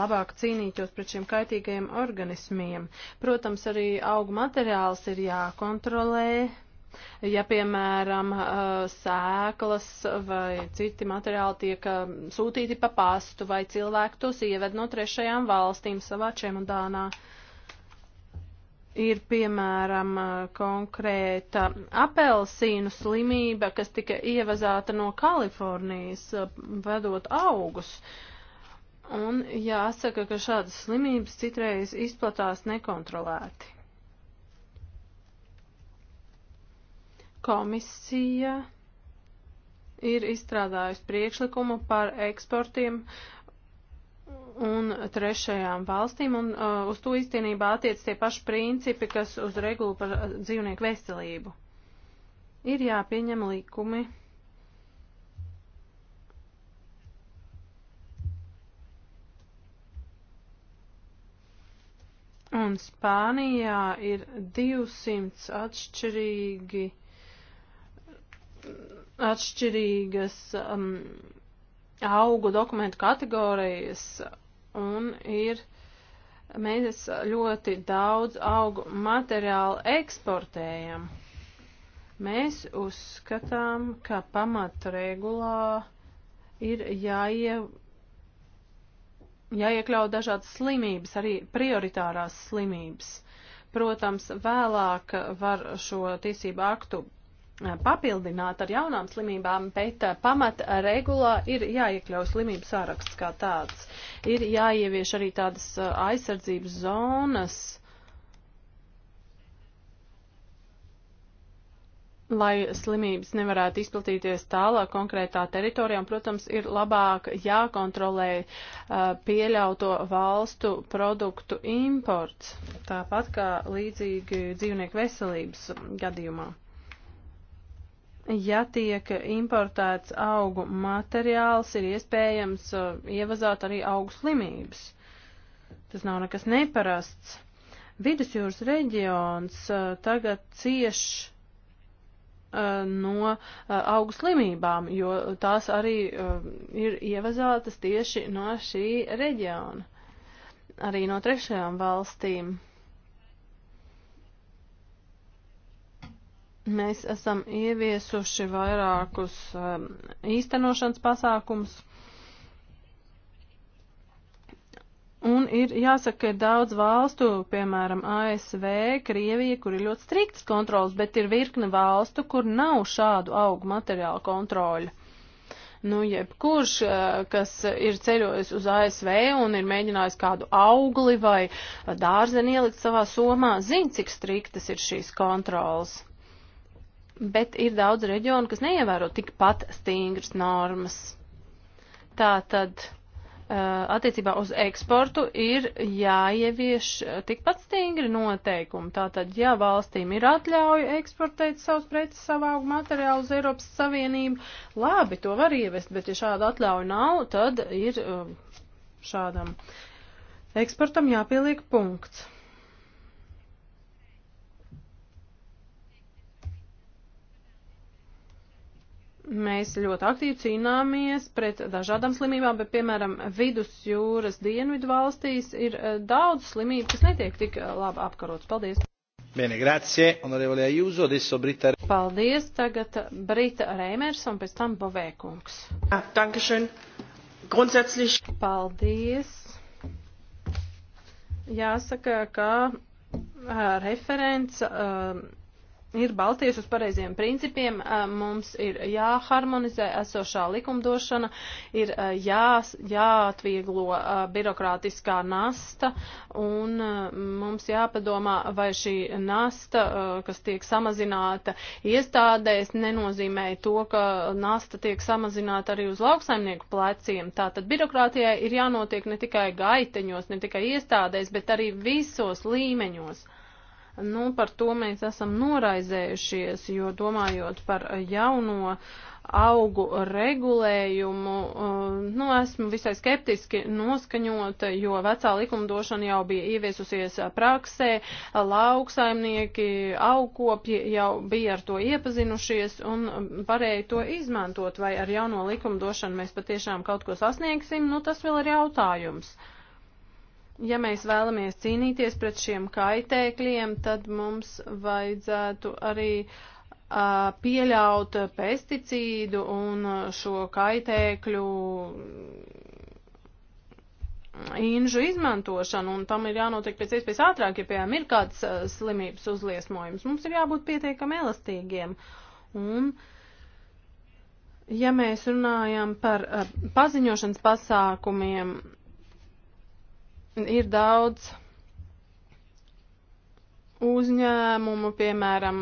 labāk cīnītos pret šiem kaitīgajiem organismiem. Protams, arī augu materiāls ir jākontrolē, Ja, piemēram, uh, sēklas vai citi materiāli tiek uh, sūtīti pa pastu vai cilvēki tos ieved no trešajām valstīm savā čemodānā, ir piemēram konkrēta apelsīnu slimība, kas tika ievazāta no Kalifornijas, vedot augus. Un jāsaka, ka šādas slimības citreiz izplatās nekontrolēti. Komisija ir izstrādājusi priekšlikumu par eksportiem un trešajām valstīm, un uh, uz to īstenībā attiec tie paši principi, kas uz regulu par uh, dzīvnieku veselību. Ir jāpieņem likumi. Un Spānijā ir 200 atšķirīgi, atšķirīgas um, augu dokumentu kategorijas un ir mēs ļoti daudz augu materiālu eksportējam. Mēs uzskatām, ka pamatregulā ir jāie, jāiekļaut dažādas slimības, arī prioritārās slimības. Protams, vēlāk var šo tiesību aktu Eh, papildināt ar jaunām slimībām, bet eh, pamat regulā ir jāiekļaus slimības sāraksts kā tāds. Ir jāievieš arī tādas eh, aizsardzības zonas, lai slimības nevarētu izplatīties tālāk konkrētā teritorijā, un, protams, ir labāk jākontrolē pieļauto valstu produktu imports, tāpat kā līdzīgi dzīvnieku veselības gadījumā ja tiek importēts augu materiāls, ir iespējams uh, ievazāt arī augu slimības. Tas nav nekas neparasts. Vidusjūras reģions uh, tagad cieš uh, no augu slimībām, jo tās arī ir ievazātas tieši no šī reģiona, arī no trešajām valstīm. Mēs esam ieviesuši vairākus um, īstenošanas pasākums. Un ir jāsaka, ka ir daudz valstu, piemēram, ASV, Krievija, kur ir ļoti striktas kontrolas, bet ir virkne valstu, kur nav šādu augu materiālu kontroļu. Nu, jebkurš, uh, kas ir ceļojis uz ASV un ir mēģinājis kādu augli vai dārzeni ielikt savā somā, zina, cik striktas ir šīs kontrolas bet ir daudz reģionu, kas neievēro tikpat stingras normas. Tā tad eh, attiecībā uz eksportu ir jāievieš eh, tikpat stingri noteikumi. Tātad, ja valstīm ir atļauja eksportēt savus preces savāgu materiālu uz Eiropas Savienību, labi, to var ievest, bet ja šāda atļauja nav, tad ir eh, šādam eksportam jāpieliek punkts. Mēs ļoti aktīvi cīnāmies pret dažādām slimībām, bet, piemēram, vidusjūras dienvidu valstīs ir eh, daudz slimību, kas netiek tik eh, labi apkarotas. Paldies! Bene, grazie, onorevole Ajuso, adesso Brita. Paldies, tagad Brita Reimers un pēc tam Bovēkungs. Dankeschön. Grundsätzlich. Paldies. Jāsaka, ka eh, referents. Uh, ir balties uz pareiziem principiem, eh, mums ir jāharmonizē esošā likumdošana, ir eh, jā, jāatvieglo eh, birokrātiskā nasta un mums jāpadomā, vai šī nasta, kas tiek samazināta iestādēs, nenozīmē to, ka nasta tiek samazināta arī uz lauksaimnieku pleciem. Tātad birokrātijai ir jānotiek ne tikai gaiteņos, ne tikai iestādēs, bet arī visos līmeņos. Nu, par to mēs esam noraizējušies, jo domājot par jauno augu regulējumu, uh, nu, esmu visai skeptiski noskaņota, jo vecā likumdošana jau bija ieviesusies praksē, lauksaimnieki, augkopji jau bija ar to iepazinušies un varēja to izmantot, vai ar jauno likumdošanu mēs patiešām kaut ko sasniegsim, nu, tas vēl ir jautājums ja mēs vēlamies cīnīties pret šiem kaitēkļiem, tad mums vajadzētu arī a, pieļaut pesticīdu un šo kaitēkļu inžu izmantošanu, un tam ir jānotiek pēc iespējas ātrāk, ja, piemēram, ir kāds slimības uzliesmojums. Mums ir jābūt pietiekami elastīgiem. Un, ja mēs runājam par paziņošanas pasākumiem, ir daudz uzņēmumu, piemēram,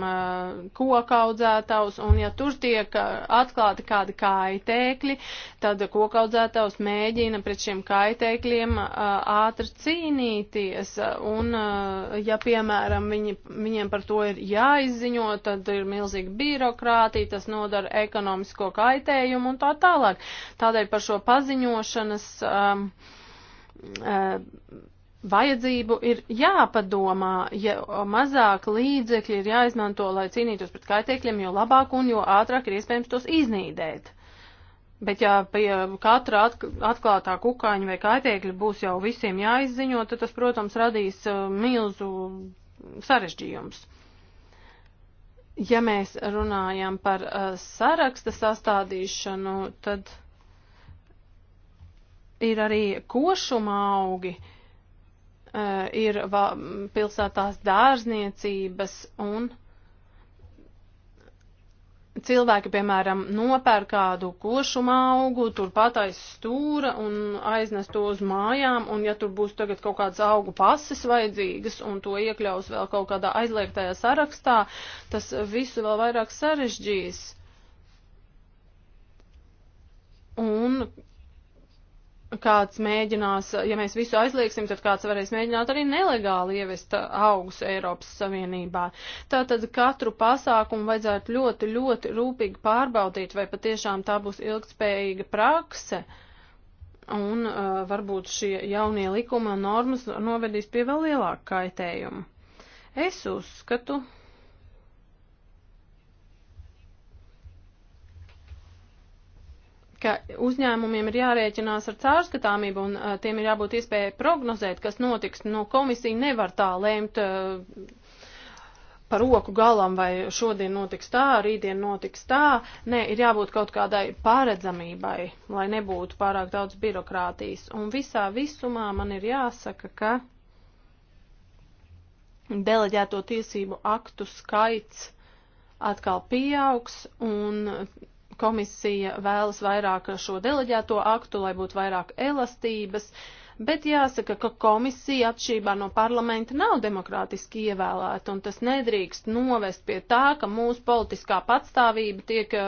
kokaudzētājs, un ja tur tiek uh, atklāti kādi kaitēkļi, tad kokaudzētājs mēģina pret šiem kaitēkļiem uh, ātri cīnīties, un uh, ja, piemēram, viņi, viņiem par to ir jāizziņo, tad ir milzīga birokrātija, tas nodara ekonomisko kaitējumu un tā tālāk. Tādēļ par šo paziņošanas um, Eh, vajadzību ir jāpadomā, ja mazāk līdzekļi ir jāizmanto, lai cīnītos pret kaitēkļiem, jo labāk un jo ātrāk ir iespējams tos iznīdēt. Bet ja pie katra atklātā kukaiņa vai kaitēkļa būs jau visiem jāizziņo, tad tas, protams, radīs eh, milzu sarežģījums. Ja mēs runājam par eh, saraksta sastādīšanu, tad ir arī košuma augi, e, ir pilsētās dārzniecības un cilvēki, piemēram, nopēr kādu košuma augu, turpat aiz stūra un aiznes to uz mājām, un ja tur būs tagad kaut kāds augu pases vajadzīgas un to iekļaus vēl kaut kādā aizliegtajā sarakstā, tas visu vēl vairāk sarežģīs. Un kāds mēģinās, ja mēs visu aizliegsim, tad kāds varēs mēģināt arī nelegāli ievest augus Eiropas Savienībā. Tātad katru pasākumu vajadzētu ļoti, ļoti rūpīgi pārbaudīt, vai patiešām tā būs ilgspējīga prakse. Un uh, varbūt šie jaunie likuma normas novedīs pie vēl lielāka kaitējuma. Es uzskatu, ka uzņēmumiem ir jārēķinās ar caurskatāmību un uh, tiem ir jābūt iespēja prognozēt, kas notiks. No nu, komisija nevar tā lēmt uh, par roku galam, vai šodien notiks tā, rītdien notiks tā. Nē, ir jābūt kaut kādai pāredzamībai, lai nebūtu pārāk daudz birokrātijas. Un visā visumā man ir jāsaka, ka deleģēto tiesību aktu skaits atkal pieaugs un komisija vēlas vairāk šo deleģēto aktu, lai būtu vairāk elastības, bet jāsaka, ka komisija atšķībā no parlamenta nav demokrātiski ievēlēta, un tas nedrīkst novest pie tā, ka mūsu politiskā patstāvība tiek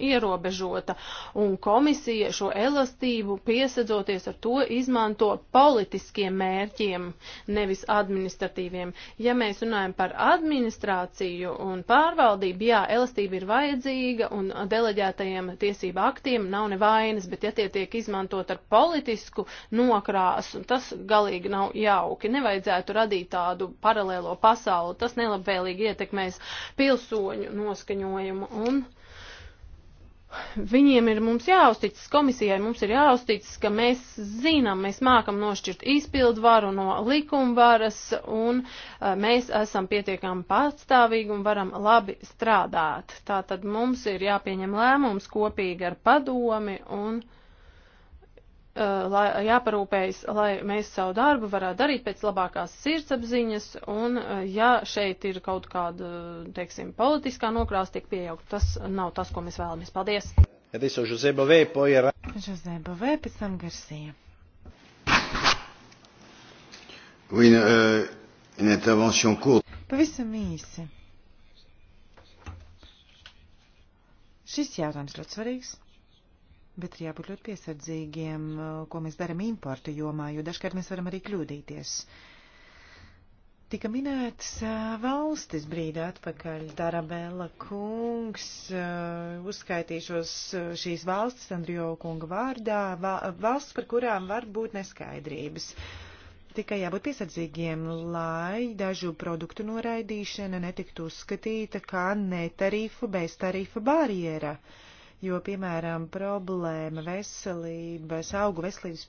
ierobežota, un komisija šo elastību piesadzoties ar to izmanto politiskiem mērķiem, nevis administratīviem. Ja mēs runājam par administrāciju un pārvaldību, jā, elastība ir vajadzīga, un deleģētajiem tiesību aktiem nav nevainas, bet ja tie tiek izmantot ar politisku nokrāsu, tas galīgi nav jauki. Nevajadzētu radīt tādu paralēlo pasauli, tas nelabvēlīgi ietekmēs pilsoņu noskaņojumu. Un Viņiem ir mums jāuzticas komisijai, mums ir jāuzticas, ka mēs zinām, mēs mākam nošķirt izpildvaru no likumvaras un uh, mēs esam pietiekami patstāvīgi un varam labi strādāt. Tātad mums ir jāpieņem lēmums kopīgi ar padomi un. Uh, Uh, lai, jāparūpējas, lai mēs savu darbu varētu darīt pēc labākās sirdsapziņas, un uh, ja šeit ir kaut kāda, teiksim, politiskā nokrāsta tiek pieaugt, tas nav tas, ko mēs vēlamies. Paldies! E adesso José Bové, poi era... José Bové, pēc tam Garcia. Oui, une, euh, une intervention courte. Pavisam īsi. Šis jautājums ļoti svarīgs. Bet ir jābūt ļoti piesardzīgiem, uh, ko mēs darām importu jomā, jo dažkārt mēs varam arī kļūdīties. Tika minētas uh, valstis brīdi atpakaļ. Tarabela kungs uh, uzskaitīšos šīs valstis Andrijo kunga vārdā, valsts, par kurām var būt neskaidrības. Tikai jābūt piesardzīgiem, lai dažu produktu noraidīšana netiktu uzskatīta kā netarifu bez tarifa barjera. Uh, jo, piemēram, problēma veselības, augu veselības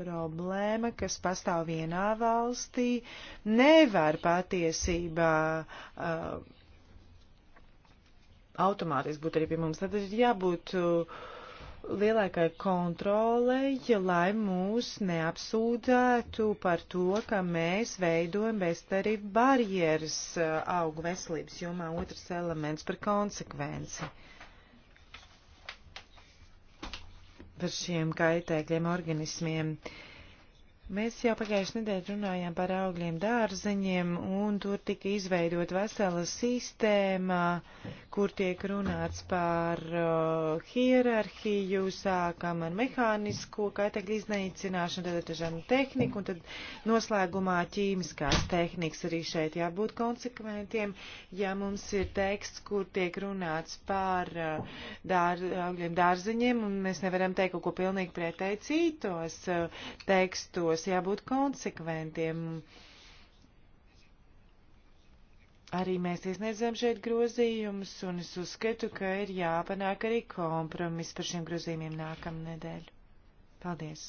problēma, kas pastāv vienā valstī, nevar patiesībā uh, automātiski būt arī pie mums. Tad ir jābūt uh, lielākai kontrolei, lai mūs neapsūdzētu par to, ka mēs veidojam bestari barjeras uh, augu veselības jomā. Otrs elements par konsekvenci. Uh, par šiem kaitēkļiem organismiem. Uh, Mēs jau pagājušajā nedēļā runājām par augļiem dārzeņiem, un tur tika izveidot vesela sistēma, kur tiek runāts par uh, hierarhiju, sākam ar mehānisko kaitekļu iznīcināšanu, tad ar dažādu tehniku, un tad noslēgumā ķīmiskās tehnikas arī šeit jābūt konsekventiem. Ja mums ir teksts, kur tiek runāts par uh, dār, augļiem dārzeņiem, un mēs nevaram teikt kaut ko pilnīgi pretēji citos uh, tekstos, būs jābūt konsekventiem. Arī mēs iesniedzām šeit grozījumus, un es uzskatu, ka ir jāpanāk arī kompromis par šiem grozījumiem nākamnedēļ. Paldies!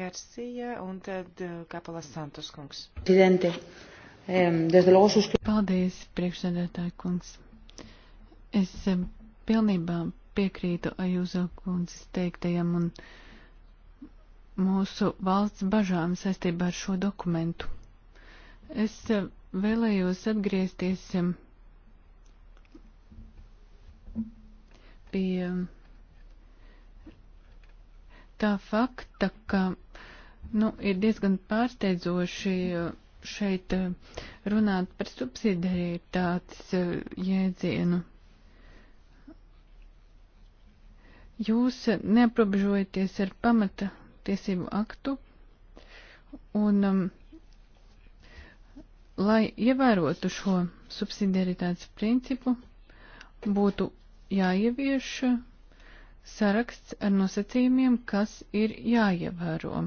Garcia un tad uh, Kapalas Santos kungs. Presidente, desde luego suskrīt. Paldies, priekšsēdētāji kungs. Es pilnībā piekrītu Ajūzo kundzes teiktajam un mūsu valsts bažām saistībā ar šo dokumentu. Es eh, vēlējos atgriezties eh, pie tā fakta, ka nu, ir diezgan pārsteidzoši eh, šeit runāt par subsidiaritātes jēdzienu. Jūs neaprobežojaties ar pamata tiesību aktu. Un, um, lai ievērotu šo subsidiaritātes principu, būtu jāievieš saraksts ar nosacījumiem, kas ir jāievēro.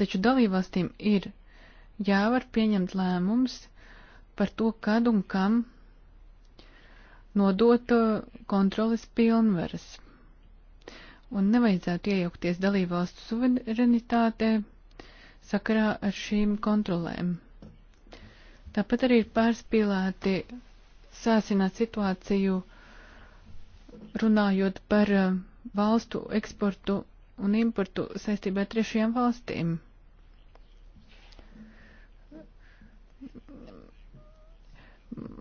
Taču dalībvalstīm ir jāvar pieņemt lēmums par to, kad un kam nodot uh, kontrolas pilnvaras un nevajadzētu iejaukties dalībvalstu suverenitātē sakarā ar šīm kontrolēm. Tāpat arī ir pārspīlēti sāsināt situāciju runājot par eh, valstu eksportu un importu saistībā ar trešajām valstīm.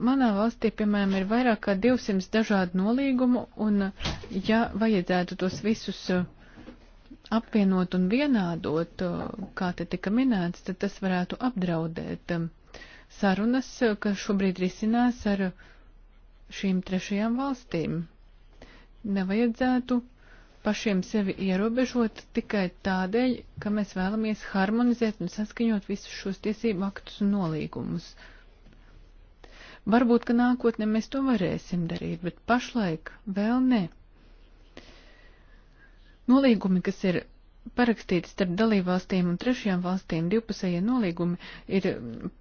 manā valstī, piemēram, ir vairāk kā 200 dažādu nolīgumu, un ja vajadzētu tos visus uh, apvienot un vienādot, uh, kā te tika minēts, tad tas varētu apdraudēt um, sarunas, uh, kas šobrīd risinās ar šīm trešajām valstīm. Nevajadzētu pašiem sevi ierobežot tikai tādēļ, ka mēs vēlamies harmonizēt un saskaņot visus šos tiesību aktus un nolīgumus. Uh, Varbūt, ka nākotnē mēs to varēsim darīt, bet pašlaik vēl ne. Nolīgumi, kas ir parakstīti starp dalībvalstīm un trešajām valstīm, divpusējie nolīgumi ir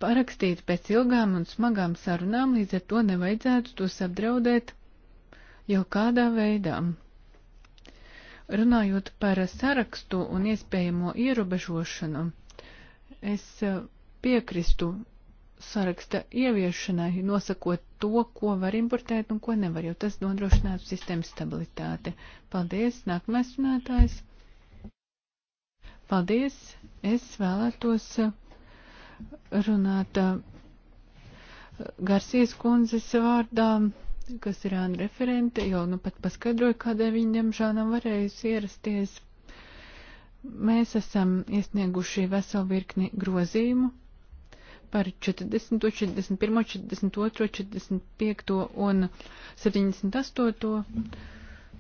parakstīti pēc ilgām un smagām sarunām, līdz ar to nevajadzētu tos apdraudēt jau kādā veidā. Runājot par sarakstu un iespējamo ierobežošanu, es eh, piekristu saraksta ieviešanai, nosakot to, ko var importēt un ko nevar, jo tas nodrošinātu sistēmas stabilitāti. Paldies, nākamais runātājs. Paldies, es vēlētos runāt eh, Garsies kundzes vārdā, kas ir Āna referente, jau nu pat paskaidroju, kādēļ viņa diemžēl nav varējusi ierasties. Mēs esam iesnieguši veselu virkni grozījumu par 40, 41, 42, 45 un 78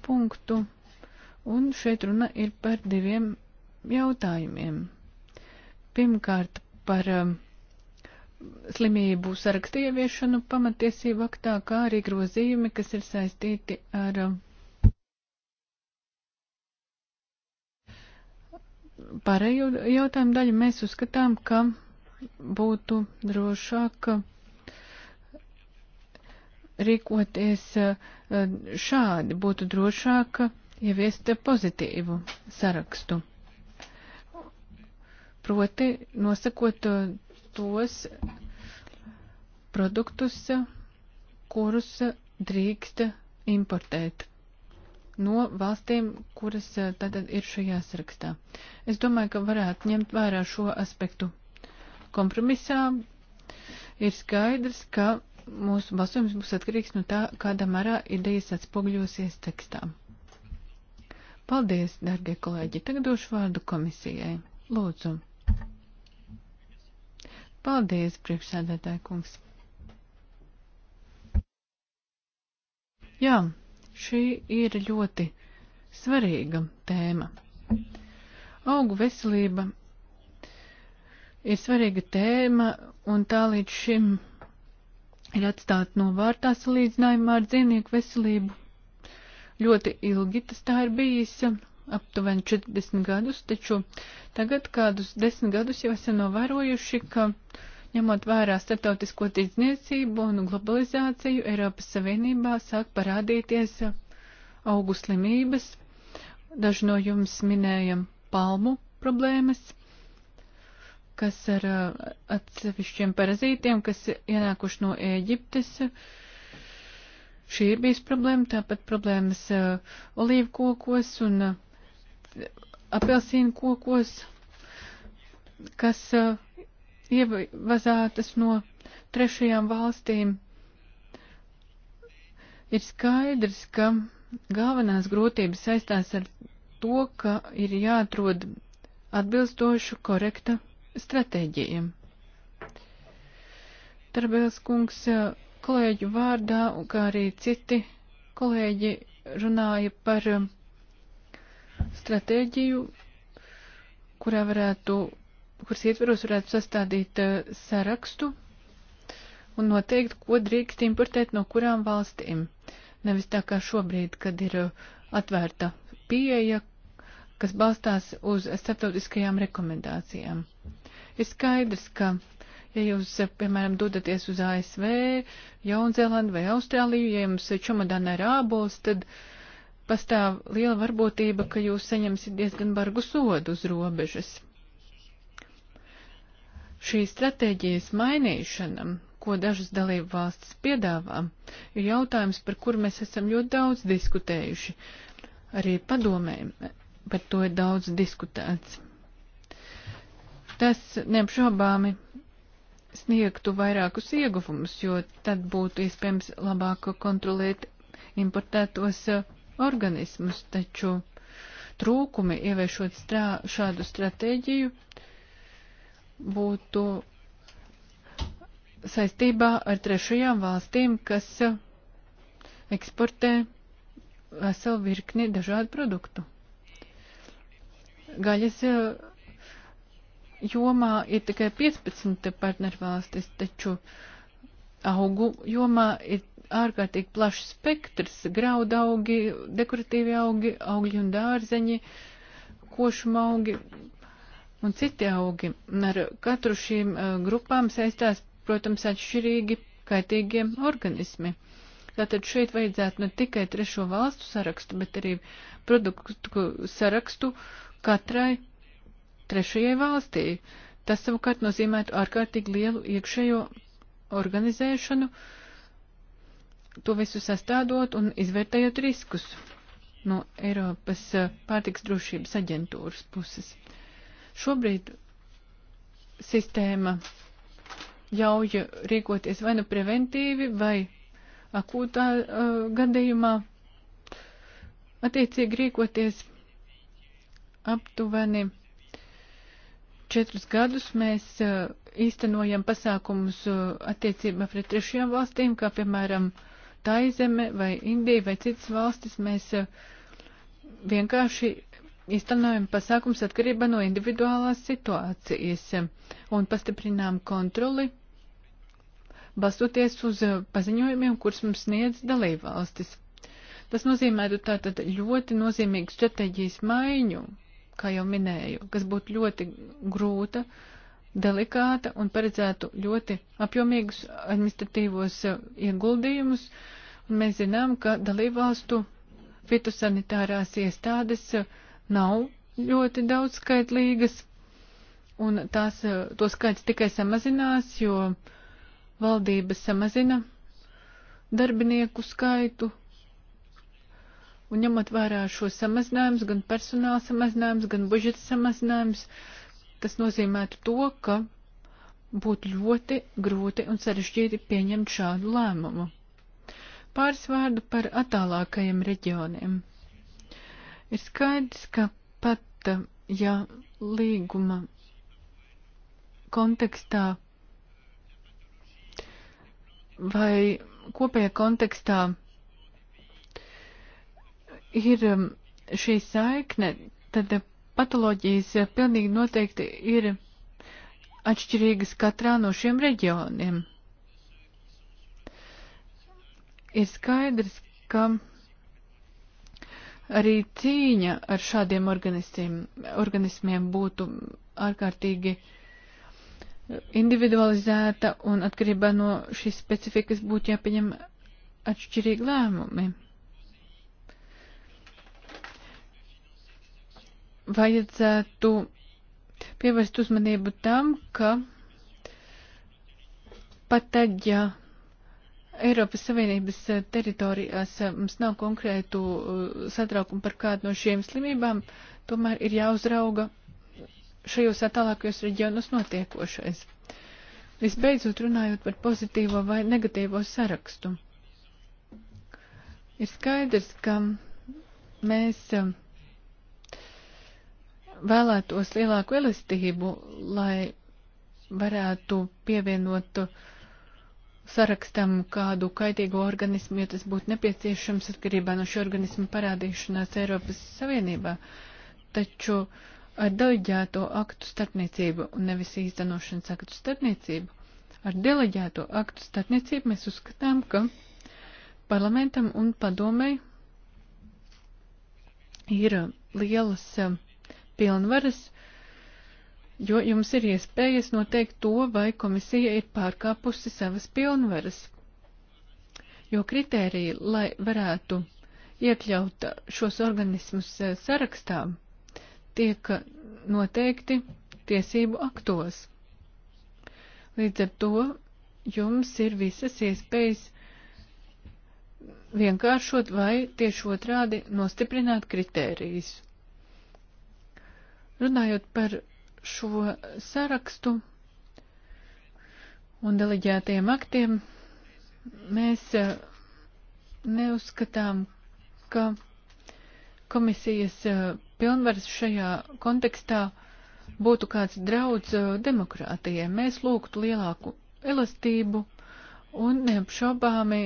punktu. Un šeit runa ir par diviem jautājumiem. Pirmkārt, par um, slimību sarakstu ieviešanu pamatiesību aktā, kā arī grozījumi, kas ir saistīti ar um, pārējo jautājumu daļu. Mēs uzskatām, ka būtu drošāk rīkoties eh, šādi, būtu drošāk ieviest pozitīvu sarakstu. Proti nosakot eh, tos produktus, kurus drīkst importēt no valstīm, kuras tātad eh, ir šajā sarakstā. Es domāju, ka varētu ņemt vērā šo aspektu kompromisā ir skaidrs, ka mūsu balsojums būs atkarīgs no tā, kādā mērā idejas atspogļosies tekstā. Paldies, darbie kolēģi. Tagad došu vārdu komisijai. Lūdzu. Paldies, priekšsēdētāji kungs. Jā, šī ir ļoti svarīga tēma. Augu veselība ir svarīga tēma, un tā līdz šim ir atstāta novārtā salīdzinājumā ar dzīvnieku veselību. Ļoti ilgi tas tā ir bijis, aptuveni 40 gadus, taču tagad kādus 10 gadus jau esam novērojuši, ka ņemot vērā starptautisko tirdzniecību un globalizāciju, Eiropas Savienībā sāk parādīties augu slimības. Daži no jums minēja palmu problēmas kas ar uh, atsevišķiem parazītiem, kas ienākuši no Ēģiptes. Šī ir bijis problēma, tāpat problēmas uh, olīvu kokos un uh, apelsīnu kokos, kas ievazātas no trešajām valstīm. Ir skaidrs, ka galvenās grūtības saistās ar to, ka ir jāatrod atbilstoša, korekta stratēģijiem. Tarbēls kungs eh, kolēģu vārdā, kā arī citi kolēģi runāja par eh, stratēģiju, kurā varētu, kuras ietveros varētu sastādīt eh, sarakstu un noteikt, ko drīkst importēt no kurām valstīm. Nevis tā kā šobrīd, kad ir atvērta pieeja, kas balstās uz starptautiskajām rekomendācijām. Ir skaidrs, ka, ja jūs, piemēram, dodaties uz ASV, Jaunzēlandu vai Austrāliju, ja jums čomadānā ir ābols, tad pastāv liela varbotība, ka jūs saņemsiet diezgan bargu sodu uz robežas. Šī stratēģijas mainīšana, ko dažas dalību valstis piedāvā, ir jautājums, par kur mēs esam ļoti daudz diskutējuši. Arī padomē par to ir daudz diskutēts. Tas neapšaubāmi sniegtu vairākus ieguvumus, jo tad būtu iespējams labāk kontrolēt importētos eh, organismus, taču trūkumi ieviešot strā, šādu stratēģiju būtu saistībā ar trešajām valstīm, kas eh, eksportē veselu virkni dažādu produktu. Gaļas eh, jomā ir tikai 15 partnervalstis, taču augu jomā ir ārkārtīgi plašs spektrs - grauda augi, dekoratīvi augi, augļi un dārzeņi, košuma augi un citi augi. Ar katru šīm eh, grupām saistās, protams, atšķirīgi kaitīgie organismi. Tātad šeit vajadzētu ne tikai trešo valstu sarakstu, bet arī produktu sarakstu katrai trešajai valstī. Tas savukārt nozīmētu ārkārtīgi lielu iekšējo organizēšanu, to visu sastādot un izvērtējot riskus no Eiropas pārtiks drošības aģentūras puses. Šobrīd sistēma ļauj rīkoties vai nu preventīvi, vai akūtā uh, gadījumā, attiecīgi rīkoties aptuveni četrus gadus mēs eh, īstenojam pasākumus eh, attiecībā pret trešajām valstīm, kā piemēram Taizeme vai Indija vai citas valstis. Mēs eh, vienkārši īstenojam pasākums atkarībā no individuālās situācijas un pastiprinām kontroli, balstoties uz paziņojumiem, kurus mums sniedz dalībvalstis. Tas nozīmētu tātad ļoti nozīmīgu stratēģijas maiņu kā jau minēju, kas būtu ļoti grūta, delikāta un paredzētu ļoti apjomīgus administratīvos eh, ieguldījumus. Un mēs zinām, ka dalībvalstu fitosanitārās iestādes eh, nav ļoti daudz skaitlīgas, un tās, eh, to skaits tikai samazinās, jo valdības samazina darbinieku skaitu, Un ņemot vērā šo samazinājumus, gan personāla samazinājumus, gan budžeta samazinājumus, tas nozīmētu to, ka būtu ļoti grūti un sarežģīti pieņemt šādu lēmumu. Pāris vārdu par attālākajiem reģioniem. Ir skaidrs, ka pat uh, ja līguma kontekstā vai kopējā kontekstā ir um, šī saikne, tad patoloģijas pilnīgi noteikti ir atšķirīgas katrā no šiem reģioniem. Ir skaidrs, ka arī cīņa ar šādiem organismiem, organismiem būtu ārkārtīgi individualizēta un atkarībā no šīs specifikas būtu jāpieņem atšķirīgi lēmumi. vajadzētu pievērst uzmanību tam, ka pat tad, ja Eiropas Savienības teritorijās mums nav konkrētu uh, satraukumu par kādu no šiem slimībām, tomēr ir jāuzrauga šajos attālākajos reģionos notiekošais. Visbeidzot, runājot par pozitīvo vai negatīvo sarakstu, ir skaidrs, ka mēs um, vēlētos lielāku elastību, lai varētu pievienot sarakstam kādu kaitīgo organismu, ja tas būtu nepieciešams atkarībā no šī organisma parādīšanās Eiropas Savienībā, taču ar deleģēto aktu starpniecību un nevis īstenošanas aktu starpniecību. Ar deleģēto aktu starpniecību mēs uzskatām, ka parlamentam un padomei ir lielas uh, pilnvaras, jo jums ir iespējas noteikt to, vai komisija ir pārkāpusi savas pilnvaras. Jo kritēriji, lai varētu iekļaut šos organismus eh, sarakstā, tiek noteikti tiesību aktos. Līdz ar to jums ir visas iespējas vienkāršot vai tieši otrādi nostiprināt kritērijus. Runājot par šo sarakstu un deleģētajiem aktiem, mēs eh, neuzskatām, ka komisijas eh, pilnvaras šajā kontekstā būtu kāds draudz eh, demokrātijai. Mēs lūgtu lielāku elastību un neapšaubāmi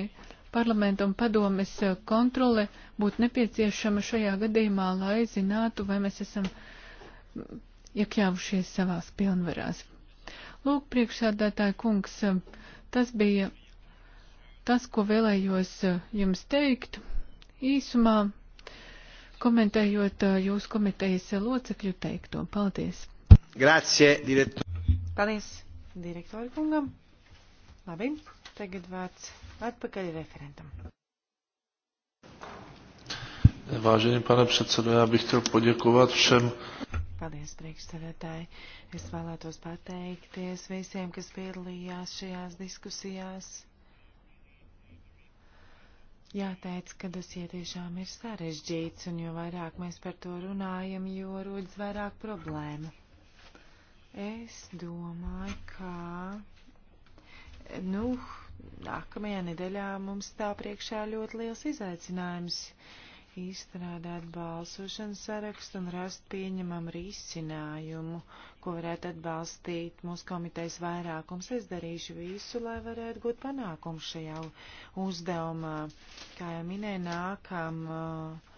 parlamenta un padomes kontrole būtu nepieciešama šajā gadījumā, lai zinātu, vai mēs esam uh, iekļāvušies savās pilnvarās. Lūk, priekšsādātāja kungs, tas bija tas, ko vēlējos eh, jums teikt īsumā, komentējot eh, jūsu komitejas locekļu teikto. Paldies! Grazie, direktor! Paldies, direktori kungam! Labi, tagad vārds atpakaļ referentam. Vážený pane předsedo, já bych chtěl poděkovat všem Paldies, priekšsēdētāji. Es vēlētos pateikties visiem, kas piedalījās šajās diskusijās. Jāteic, ka tas tiešām ir sarežģīts, un jo vairāk mēs par to runājam, jo rodas vairāk problēma. Es domāju, ka, nu, nākamajā nedēļā mums tā priekšā ļoti liels izaicinājums. Uh, izstrādāt balsošanas sarakstu un rast pieņemam risinājumu, ko varētu atbalstīt mūsu komitejas vairākums. Es darīšu visu, lai varētu gūt panākumu šajā uzdevumā. Kā jau minēju, nākam. Uh,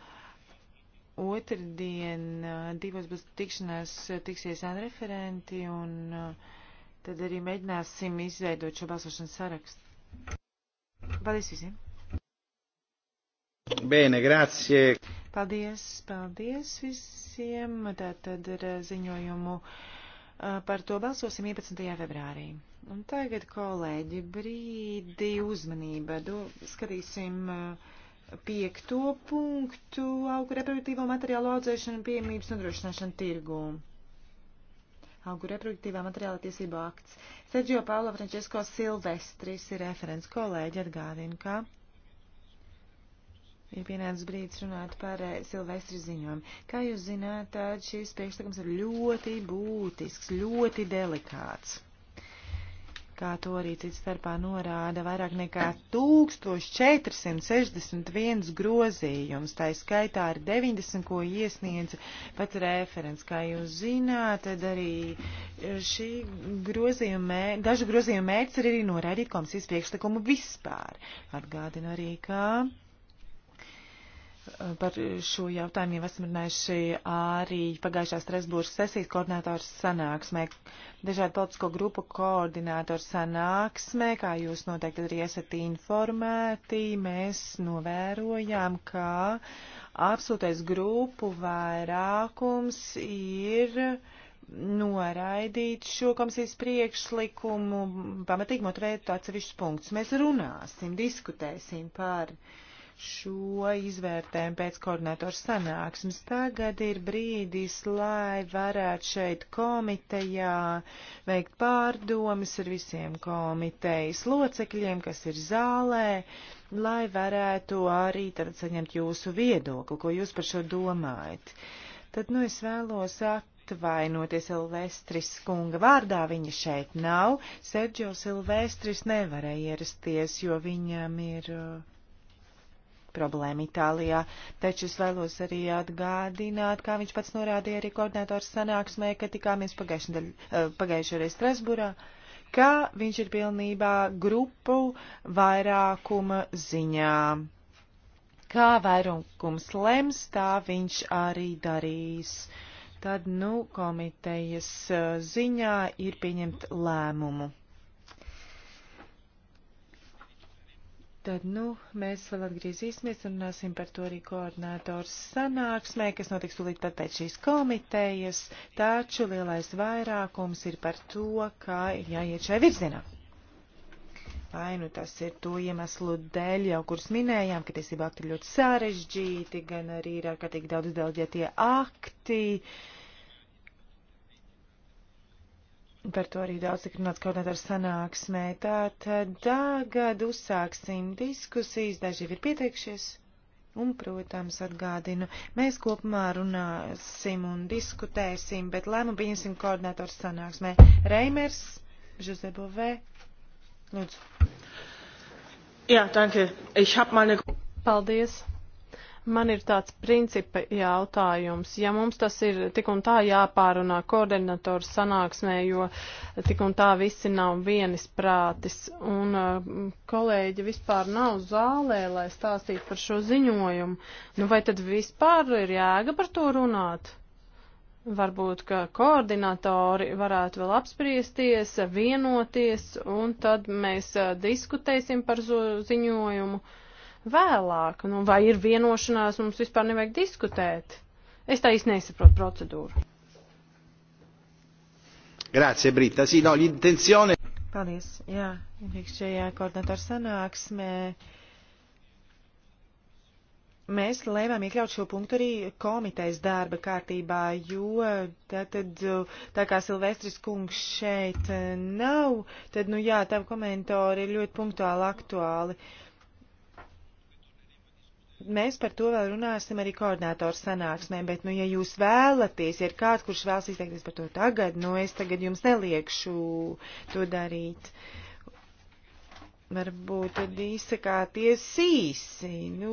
Otradien uh, divas būs tikšanās, uh, tiksies ar referenti un uh, tad arī mēģināsim izveidot šo balsošanas sarakstu. Paldies visiem! Bene, grazie. Paldies, paldies visiem. Tātad ar ziņojumu par to balsosim 11. februārī. Un tagad, kolēģi, brīdi uzmanība. Do, skatīsim piekto punktu augu reproduktīvo materiālu audzēšanu piemības nodrošināšanu tirgū. Augu reproduktīvā materiāla tiesība akts. Sergio Paolo Francesco Silvestris ir referents kolēģi atgādina, ka Ir pienācis brīdis runāt par eh, Silvestri ziņojumu. Kā jūs zināt, tad šis priekšlikums ir ļoti būtisks, ļoti delikāts. Kā to arī cits starpā norāda, vairāk nekā 1461 grozījums, tā skaitā ar 90, ko iesniedz pats referents. Kā jūs zināt, tad arī eh, šī grozījuma, dažu grozījumu mērķis ir arī noraidīt komisijas priekšlikumu vispār. Atgādina arī, ka. Kā Par šo jautājumu jau esam runājuši arī pagājušās Strasbūras sesijas koordinātors sanāksmē. Dažādu politisko grupu koordinātors sanāksmē, kā jūs noteikti arī esat informēti, mēs novērojām, ka absolūtais grupu vairākums ir noraidīt šo komisijas priekšlikumu, pamatīgi motivēt atsevišķus punktus. Mēs runāsim, diskutēsim par. Uh, šo izvērtējumu pēc koordinatoru sanāksmes. Tagad ir brīdis, lai varētu šeit komitejā veikt pārdomas ar visiem komitejas locekļiem, kas ir zālē, lai varētu arī tad saņemt jūsu viedokli, ko jūs par šo domājat. Tad, nu, es vēlos atvainoties Silvestris kunga vārdā, viņa šeit nav. Sergio Silvestris nevarēja ierasties, jo viņam ir. Uh, problēma Itālijā, taču es vēlos arī atgādināt, kā viņš pats norādīja arī koordinātors sanāksmē, ka tikāmies eh, pagājušajā reizē Strasburā, ka viņš ir pilnībā grupu vairākuma ziņā. Kā vairākums lems, tā viņš arī darīs. Tad, nu, komitejas eh, ziņā ir pieņemt lēmumu. Tad, nu, mēs vēl atgriezīsimies un runāsim par to arī koordinātors sanāksmē, kas notiks tūlīt pat pēc šīs komitejas, taču lielais vairākums ir par to, kā jāiet šai virzienā. Vai nu tas ir to iemeslu dēļ, jau kurus minējām, ka tiesība akti ir ļoti sarežģīti, gan arī ir ārkārtīgi daudz delģētie akti. Uh, Par to arī daudz tika runāts koordinatoru sanāksmē. Tātad tagad uzsāksim diskusijas, daži ir pieteikšies. Un, protams, atgādinu, mēs kopumā runāsim un diskutēsim, bet lēmu pieņemsim koordinatoru sanāksmē. Reimers, Žuzebovē, lūdzu. Jā, danke. Ich hab meine... Paldies. Man ir tāds principa jautājums. Ja mums tas ir tik un tā jāpārunā koordinatoru sanāksmē, jo tik un tā visi nav vienis prātis, un uh, kolēģi vispār nav zālē, lai stāstītu par šo ziņojumu, nu vai tad vispār ir jēga par to runāt? Varbūt, ka koordinatori varētu vēl apspriesties, vienoties, un tad mēs uh, diskutēsim par ziņojumu. Uh, vēlāk. Nu, vai ir vienošanās, mums vispār nevajag diskutēt. Es tā īsti nesaprotu procedūru. Grazie, Brita. Sì, no, l'intenzione... Paldies. Jā, iekšējā koordinatora sanāksmē. Mēs lēmām iekļaut šo punktu arī komitejas darba kārtībā, jo tātad, tā kā Silvestris kungs šeit nav, tad, nu jā, tavu komentāri ir ļoti punktuāli aktuāli. Uh, Mēs par to vēl runāsim arī koordinātoru sanāksmē, bet, nu, ja jūs vēlaties, ja ir kāds, kurš vēlas izteikties par to tagad, nu, es tagad jums neliekšu to darīt. Varbūt tad izsakāties īsi, nu,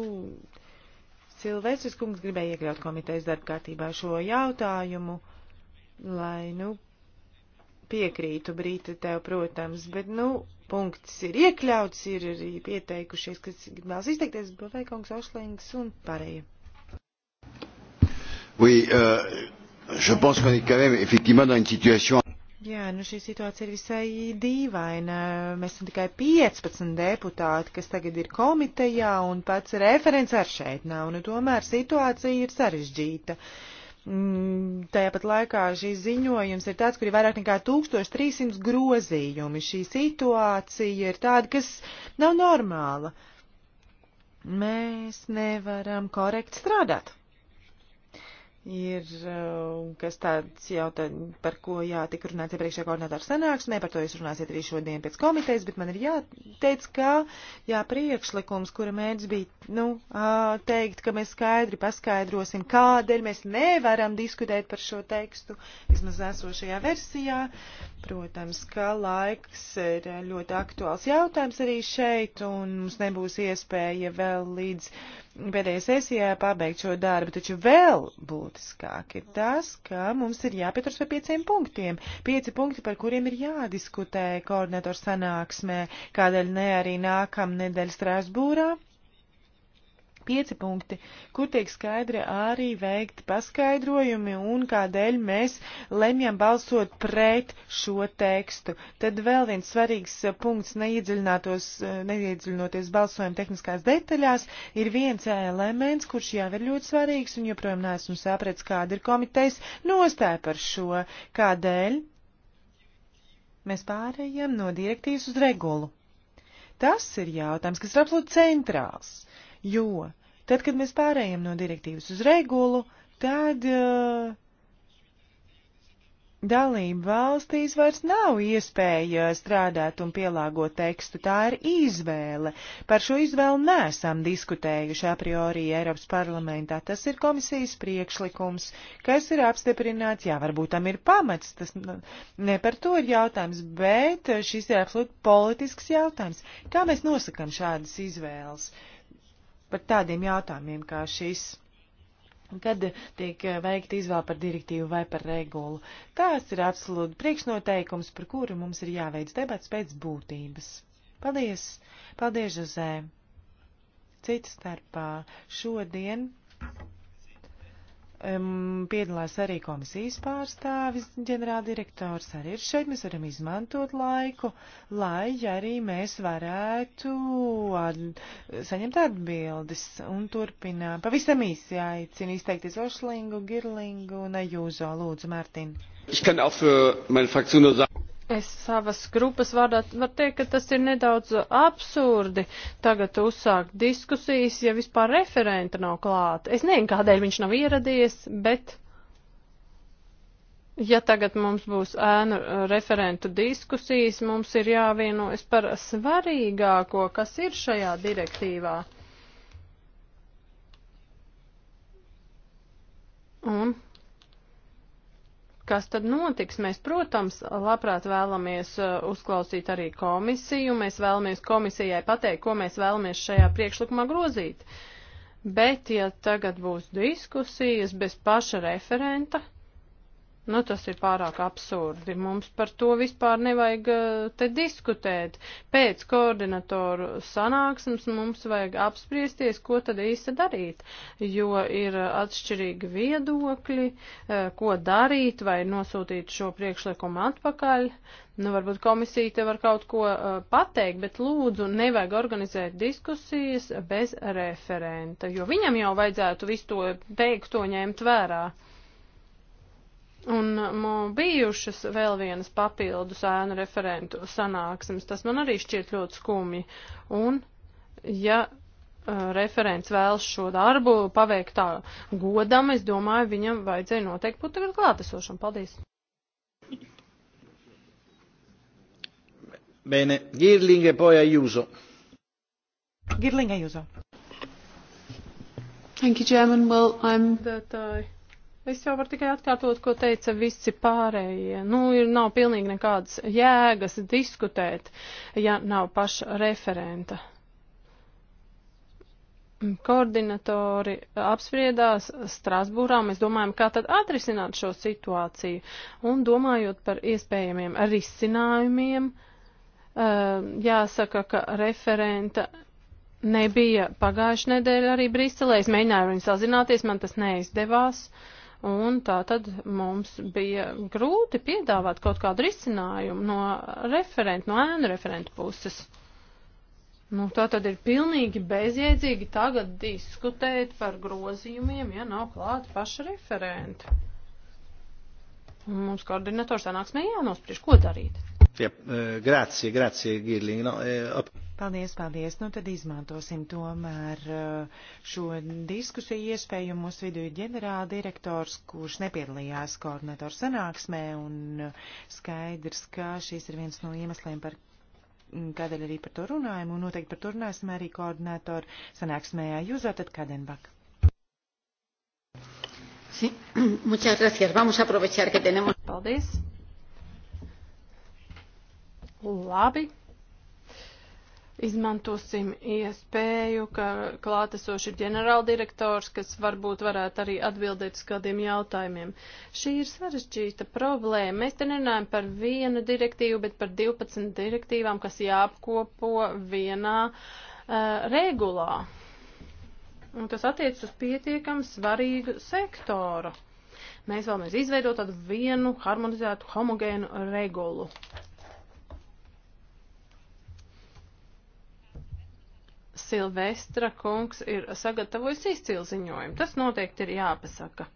Silvestris kungs gribēja iekļaut komitejas darba kārtībā šo jautājumu, lai, nu, piekrītu Brīta tev, protams, bet, nu, punkts ir iekļauts, ir arī pieteikušies, kas vēlas izteikties, Baveikungs, Ošlings un pārējie. Oui, euh, je pense qu'on est quand même effectivement dans une situation. Jā, nu šī situācija ir visai dīvaina. Mēs esam tikai 15 deputāti, kas tagad ir komitejā, un pats referents ar šeit nav, un nu, tomēr situācija ir sarežģīta. Uh, Mm, tāpat laikā šīs ziņojums ir tāds, kur ir vairāk nekā 1300 grozījumi. Šī situācija ir tāda, kas nav normāla. Mēs nevaram korekti strādāt ir uh, kas tāds jau tad, par ko jātika runāts iepriekšējā koordinātāra sanāksmē, par to jūs runāsiet arī šodien pēc komitejas, bet man ir jāteic, ka jā, priekšlikums, kura mērķis bija, nu, teikt, ka mēs skaidri paskaidrosim, kādēļ mēs nevaram diskutēt par šo tekstu, vismaz esošajā versijā. Protams, ka laiks ir ļoti aktuāls jautājums arī šeit, un mums nebūs iespēja vēl līdz pēdējā sesijā pabeigt šo darbu, taču vēl būtiskāk ir tas, ka mums ir jāpieturas pie pieciem punktiem. Pieci punkti, par kuriem ir jādiskutē koordinatoru sanāksmē, kādēļ ne arī nākamnedēļ Strāsbūrā. Pieci punkti, kur tiek skaidri arī veikti paskaidrojumi un kādēļ mēs lemjam balsot pret šo tekstu. Tad vēl viens svarīgs eh, punkts, eh, neiedziļinoties balsojuma tehniskās detaļās, ir viens eh, elements, kurš jau ir ļoti svarīgs un joprojām neesmu sapratis, kāda ir komitejas nostāja par šo, kādēļ mēs pārējām no direktīvas uz regulu. Tas ir jautājums, kas ir absolūti centrāls jo tad, kad mēs pārējām no direktīvas uz regulu, tad uh, dalību valstīs vairs nav iespēja strādāt un pielāgot tekstu, tā ir izvēle. Par šo izvēlu nesam diskutējuši a priori Eiropas parlamentā. Tas ir komisijas priekšlikums, kas ir apstiprināts, jā, varbūt tam ir pamats, tas ne par to ir jautājums, bet šis ir absolūti politisks jautājums. Kā mēs nosakam šādas izvēles? Uh, par tādiem jautājumiem kā šis kad tiek veikta izvēle par direktīvu vai par regulu. Tās ir absolūti priekšnoteikums, par kuru mums ir jāveic debats pēc būtības. Paldies! Paldies, Žozē! Cita starpā šodien um, piedalās arī komisijas pārstāvis, ģenerāldirektors arī ir šeit. Mēs varam izmantot laiku, lai arī mēs varētu ar, saņemt atbildes un turpināt. Pavisam īsi aicinu izteikties Ošlingu, Girlingu un Ajūzo. Lūdzu, Mārtiņ. Es savas grupas vārdā varu teikt, ka tas ir nedaudz absurdi tagad uzsākt diskusijas, ja vispār referenta nav klāta. Es nezinu, kādēļ viņš nav ieradies, bet ja tagad mums būs ēnu referentu diskusijas, mums ir jāvienojas par svarīgāko, kas ir šajā direktīvā. Un kas tad notiks? Mēs, protams, labprāt vēlamies uh, uzklausīt arī komisiju, mēs vēlamies komisijai pateikt, ko mēs vēlamies šajā priekšlikumā grozīt. Bet, ja tagad būs diskusijas bez paša referenta, Nu, tas ir pārāk absurdi. Mums par to vispār nevajag eh, te diskutēt. Pēc koordinatoru sanāksmes mums vajag apspriesties, ko tad īsti darīt, jo ir atšķirīgi viedokļi, eh, ko darīt vai nosūtīt šo priekšlikumu atpakaļ. Nu, varbūt komisija te var kaut ko uh, pateikt, bet lūdzu, nevajag organizēt diskusijas bez referenta, jo viņam jau vajadzētu visu to teikt, to ņemt vērā. Uh, Un bijušas vēl vienas papildus ēnu referentu sanāksmes, tas man arī šķiet ļoti skumji. Un, ja referents vēlas šo darbu paveikt tā godam, es domāju, viņam vajadzēja noteikti būt tagad klātesošam. Paldies! Bene, Girlinga e poi Ayuso. Girlinga Ayuso. Thank you, Chairman. Well, I'm... That, uh... Es jau varu tikai atkārtot, ko teica visi pārējie. Nu, ir nav pilnīgi nekādas jēgas diskutēt, ja nav paša referenta. Koordinatori apspriedās Strasbūrā, mēs domājam, kā tad atrisināt šo situāciju un domājot par iespējamiem risinājumiem, eh, jāsaka, ka referenta nebija pagājušajā nedēļā arī Briselē. Es mēģināju viņu sazināties, man tas neizdevās. Uh, un tā tad mums bija grūti piedāvāt kaut kādu risinājumu no referentu, no ēnu referentu puses. Nu, tā tad ir pilnīgi bezjēdzīgi tagad diskutēt par grozījumiem, ja nav klāta paša referenta. Un mums koordinators sanāksmē jānospriež, ko darīt. Ja, eh, grācie, grācie, Girling. No, ap... Eh, paldies, paldies. Nu tad izmantosim tomēr eh, šo diskusiju iespēju. Mūsu vidū ir ģenerāla direktors, kurš nepiedalījās koordinatoru sanāksmē, un skaidrs, ka šis ir viens no iemesliem, par kādēļ arī par to runājam, un noteikti par to runāsim arī koordinatoru sanāksmējā. Jūs atat Kadenbak. Sí, muchas gracias. Vamos a aprovechar que tenemos. Paldies. Labi. Izmantosim iespēju, ka klātesoši ir ģenerāldirektors, kas varbūt varētu arī atbildēt uz kādiem jautājumiem. Šī ir sarežģīta problēma. Mēs te nerunājam par vienu direktīvu, bet par 12 direktīvām, kas jāapkopo vienā uh, regulā. Un tas attiec uz pietiekam svarīgu sektoru. Mēs vēlamies izveidot tādu vienu harmonizētu homogēnu regulu. Silvestra kungs ir sagatavojis izcilu ziņojumu. Tas noteikti ir jāpasaka.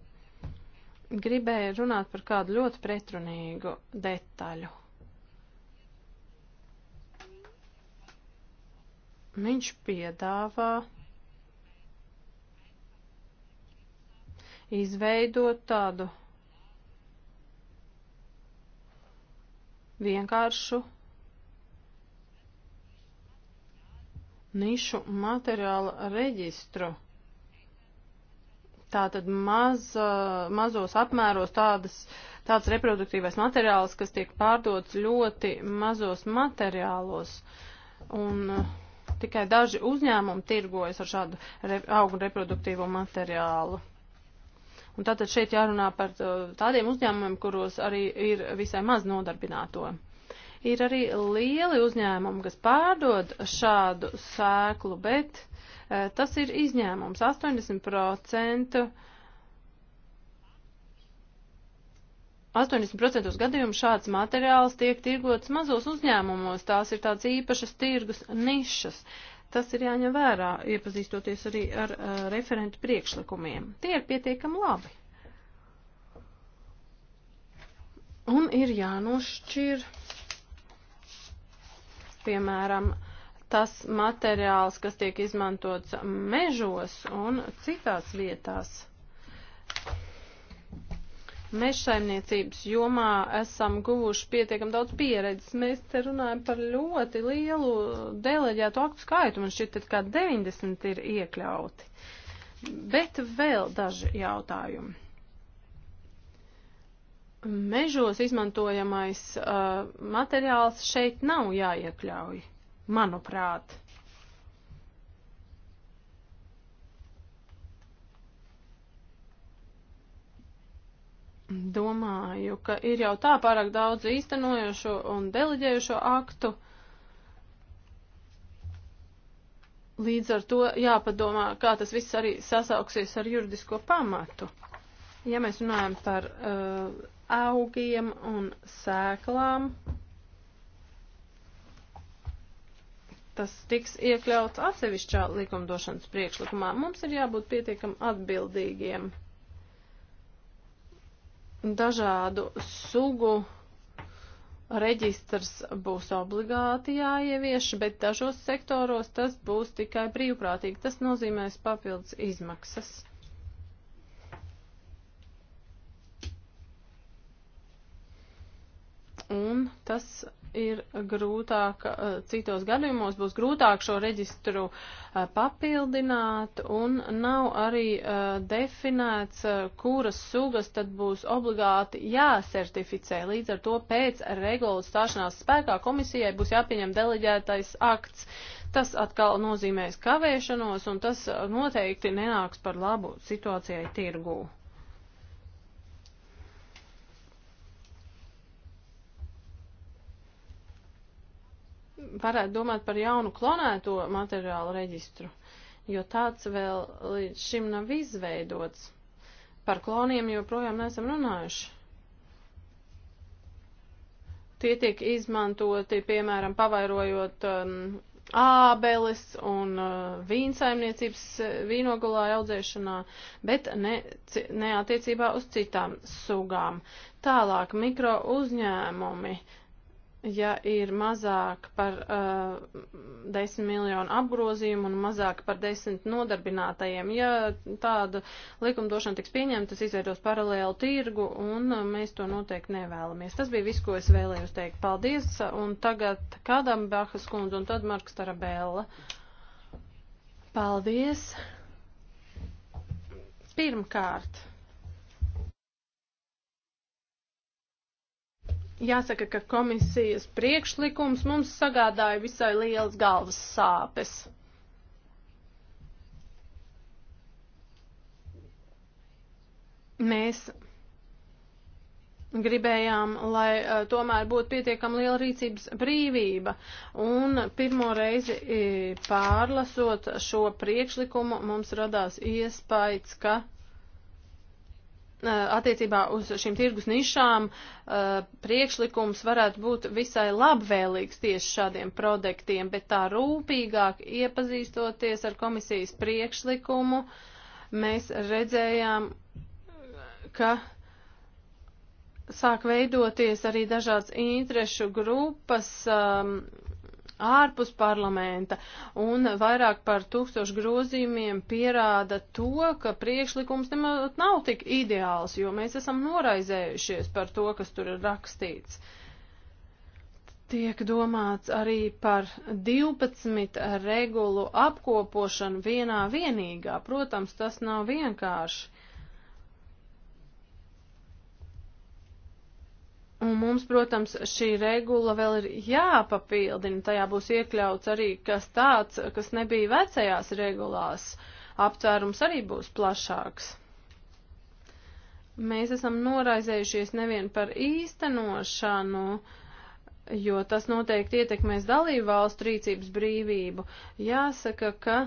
Gribēju runāt par kādu ļoti pretrunīgu detaļu. Viņš piedāvā izveidot tādu vienkāršu nišu materiāla reģistru. Tātad maz, mazos apmēros tādas, tāds reproduktīvais materiāls, kas tiek pārdots ļoti mazos materiālos. Un tikai daži uzņēmumi tirgojas ar šādu re, augu reproduktīvo materiālu. Un tātad šeit jārunā par tādiem uzņēmumiem, kuros arī ir visai maz nodarbināto. Ir arī lieli uzņēmumi, kas pārdod šādu sēklu, bet e, tas ir izņēmums 80%. 80% gadījumu šāds materiāls tiek tirgots mazos uzņēmumos, tās ir tāds īpašas tirgus nišas. Tas ir jāņem vērā, iepazīstoties arī ar uh, referentu priekšlikumiem. Tie ir pietiekami labi. Un ir jānošķir piemēram, tas materiāls, kas tiek izmantots mežos un citās vietās. Mežsaimniecības jomā esam guvuši pietiekam daudz pieredzes. Mēs te runājam par ļoti lielu deleģētu aktu skaitu. Man šķiet, ka 90 ir iekļauti. Bet vēl daži jautājumi mežos izmantojamais uh, materiāls šeit nav jāiekļauj, manuprāt. Domāju, ka ir jau tā pārāk daudz īstenojošo un deliģējušo aktu. Līdz ar to jāpadomā, kā tas viss arī sasauksies ar juridisko pamatu. Ja mēs runājam par uh, augiem un sēklām. Tas tiks iekļauts atsevišķā likumdošanas priekšlikumā. Mums ir jābūt pietiekam atbildīgiem dažādu sugu reģistrs būs obligāti jāievieš, bet dažos sektoros tas būs tikai brīvprātīgi. Tas nozīmēs papildus izmaksas. un tas ir grūtāk, eh, citos gadījumos būs grūtāk šo reģistru eh, papildināt, un nav arī eh, definēts, kuras sugas tad būs obligāti jāsertificē. Līdz ar to pēc regulas stāšanās spēkā komisijai būs jāpieņem deleģētais akts. Tas atkal nozīmēs kavēšanos, un tas noteikti nenāks par labu situācijai tirgū. varētu domāt par jaunu klonēto materiālu reģistru, jo tāds vēl līdz šim nav izveidots. Par kloniem joprojām neesam runājuši. Tie tiek izmantoti, piemēram, pavairojot um, ābeles un uh, vīnsaimniecības uh, vīnogulā audzēšanā, bet ne, ne attiecībā uz citām sugām. Tālāk mikro uzņēmumi. Uh, ja ir mazāk par uh, 10 miljonu apgrozījumu un mazāk par 10 nodarbinātajiem. Ja tāda likumdošana tiks pieņemta, tas izveidos paralēlu tirgu un uh, mēs to noteikti nevēlamies. Tas bija viss, ko es vēlējos teikt. Paldies! Uh, un tagad kādam Bahas kundze un tad Marks Tarabēla. Paldies! Pirmkārt. Jāsaka, ka komisijas priekšlikums mums sagādāja visai liels galvas sāpes. Mēs gribējām, lai uh, tomēr būtu pietiekam liela rīcības brīvība. Un pirmo reizi eh, pārlasot šo priekšlikumu, mums radās iespējas, ka Eh, attiecībā uz šīm tirgus nišām eh, priekšlikums varētu būt visai labvēlīgs tieši šādiem produktiem, bet tā rūpīgāk iepazīstoties ar komisijas priekšlikumu, mēs redzējām, ka sāk veidoties arī dažādas interešu grupas, um, ārpus parlamenta, un vairāk par tūkstošu grozījumiem pierāda to, ka priekšlikums nemaz nav tik ideāls, jo mēs esam noraizējušies par to, kas tur ir rakstīts. Tiek domāts arī par 12 regulu apkopošanu vienā vienīgā. Protams, tas nav vienkārši. Un mums, protams, šī regula vēl ir jāpapildina. Tajā būs iekļauts arī kas tāds, kas nebija vecajās regulās. Aptvērums arī būs plašāks. Mēs esam noraizējušies nevien par īstenošanu, jo tas noteikti ietekmēs dalību valstu rīcības brīvību. Jāsaka, ka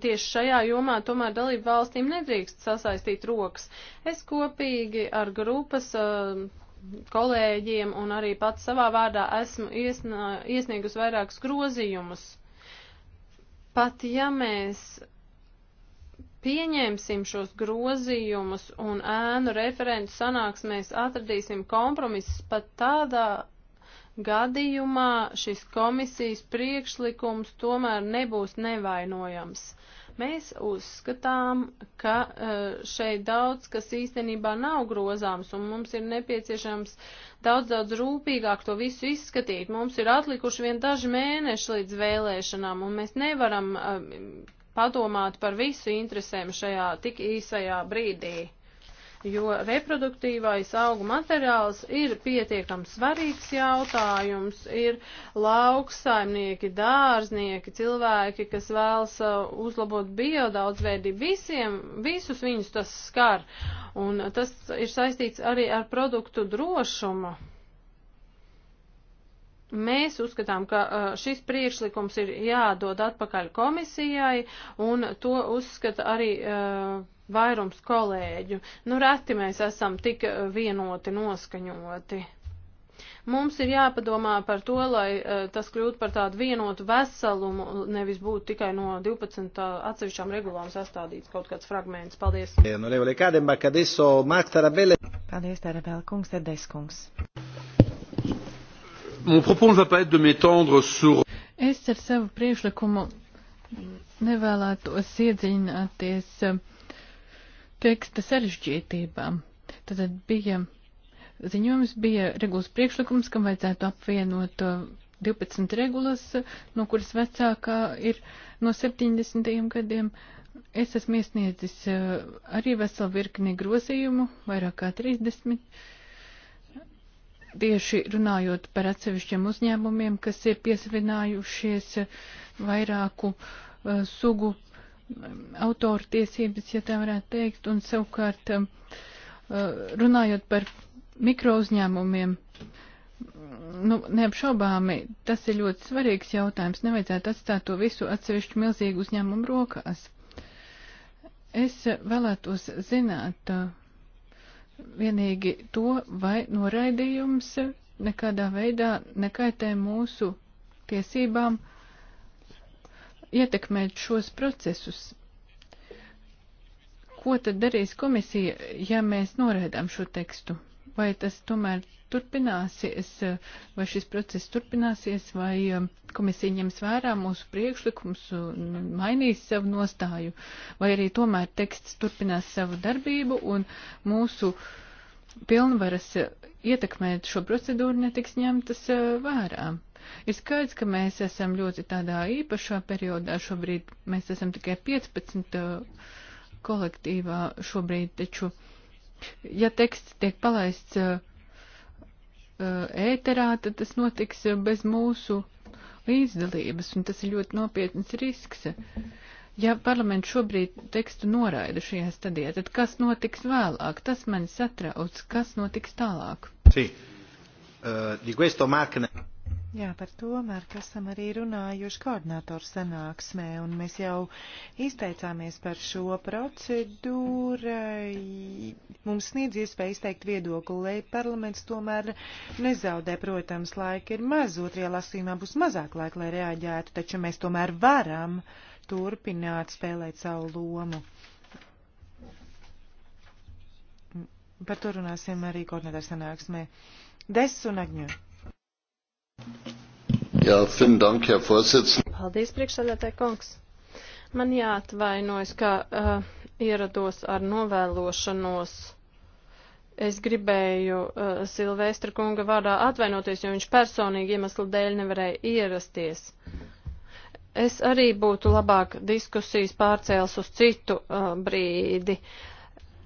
tieši šajā jomā tomēr dalību valstīm nedrīkst sasaistīt rokas. Es kopīgi ar grupas eh, kolēģiem un arī pats savā vārdā esmu iesniegus vairākus grozījumus. Pat ja mēs pieņemsim šos grozījumus un ēnu referentu sanāksmēs atradīsim kompromisus pat tādā gadījumā šis komisijas priekšlikums tomēr nebūs nevainojams. Mēs uzskatām, ka e, šeit daudz, kas īstenībā nav grozāms, un mums ir nepieciešams daudz, daudz rūpīgāk to visu izskatīt. Mums ir atlikuši vien daži mēneši līdz vēlēšanām, un mēs nevaram e, padomāt par visu interesēm šajā tik īsajā brīdī jo reproduktīvais augu materiāls ir pietiekams svarīgs jautājums, ir lauksaimnieki, dārznieki, cilvēki, kas vēlas uh, uzlabot biodaudzveidību. Visiem, visus viņus tas skar, un tas ir saistīts arī ar produktu drošumu. Mēs uzskatām, ka uh, šis priekšlikums ir jādod atpakaļ komisijai, un to uzskata arī uh, vairums kolēģu. Nu, reti mēs esam tik vienoti noskaņoti. Mums ir jāpadomā par to, lai uh, tas kļūtu par tādu vienotu veselumu, nevis būtu tikai no 12 uh, eh, atsevišķām regulām sastādīts kaut kāds fragments. Paldies. Eh, Paldies, Tarabela kungs, Tedes kungs. Es ar savu priekšlikumu nevēlētos iedziļināties. Uh, teksta sarežģītībām. Tad bija ziņojums, bija regulas priekšlikums, kam vajadzētu apvienot 12 uh, regulas, no kuras vecākā ir no 70. gadiem. Es esmu iesniedzis uh, arī veselu virkni grozījumu, vairāk kā 30 tieši runājot par atsevišķiem uzņēmumiem, kas ir piesavinājušies vairāku uh, sugu autoru tiesības, ja tā varētu teikt, un savukārt um, uh, runājot par mikrouzņēmumiem, nu, neapšaubāmi tas ir ļoti svarīgs jautājums. Nevajadzētu atstāt to visu atsevišķu milzīgu uzņēmumu rokās. Es vēlētos zināt uh, vienīgi to, vai noraidījums nekādā veidā nekaitē mūsu tiesībām uh, ietekmēt šos procesus. Ko tad darīs komisija, ja mēs noraidām šo tekstu? Vai tas tomēr turpināsies, vai šis process turpināsies, vai um, komisija ņems vērā mūsu priekšlikums, mainīs savu nostāju, vai arī tomēr teksts turpinās savu darbību un mūsu pilnvaras ietekmēt šo procedūru netiks ņemtas uh, vērā? Ir skaidrs, ka mēs esam ļoti tādā īpašā periodā šobrīd. Mēs esam tikai 15 uh, kolektīvā šobrīd, taču, ja teksts tiek palaists uh, uh, ēterā, tad tas notiks bez mūsu līdzdalības, un tas ir ļoti nopietns risks. Ja parlaments šobrīd tekstu noraida šajā stadijā, tad kas notiks vēlāk? Tas mani satrauc, kas notiks tālāk. Sí. Uh, Jā, par to mēs esam arī runājuši koordinātoru sanāksmē, un mēs jau izteicāmies par šo procedūru. Mums sniedz iespēju izteikt viedokli, lai parlaments tomēr nezaudē, protams, laika ir maz, otrajā lasījumā būs mazāk laika, lai reaģētu, taču mēs tomēr varam turpināt spēlēt savu lomu. Par to runāsim arī koordinātoru sanāksmē. Des un agņu. Jā, fin dank, jā, forsits. Paldies, priekšsēdētāji kungs. Man jāatvainojas, ka uh, ierados ar novēlošanos. Es gribēju uh, Silvestra kunga vārdā atvainoties, jo viņš personīgi iemeslu dēļ nevarēja ierasties. Es arī būtu labāk diskusijas pārcēls uz citu uh, brīdi. Uh,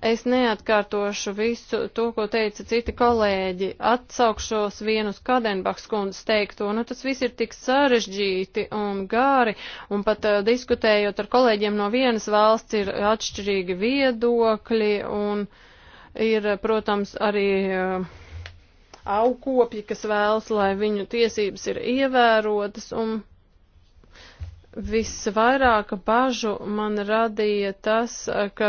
Es neatkārtošu visu to, ko teica citi kolēģi, atsaukšos vienu uz Kadenbachs kundzes teikto, nu tas viss ir tik sarežģīti un gāri, un pat uh, diskutējot ar kolēģiem no vienas valsts ir atšķirīgi viedokļi, un ir, protams, arī. Uh, augkopji, kas vēlas, lai viņu tiesības ir ievērotas, un Visvairāk bažu man radīja tas, ka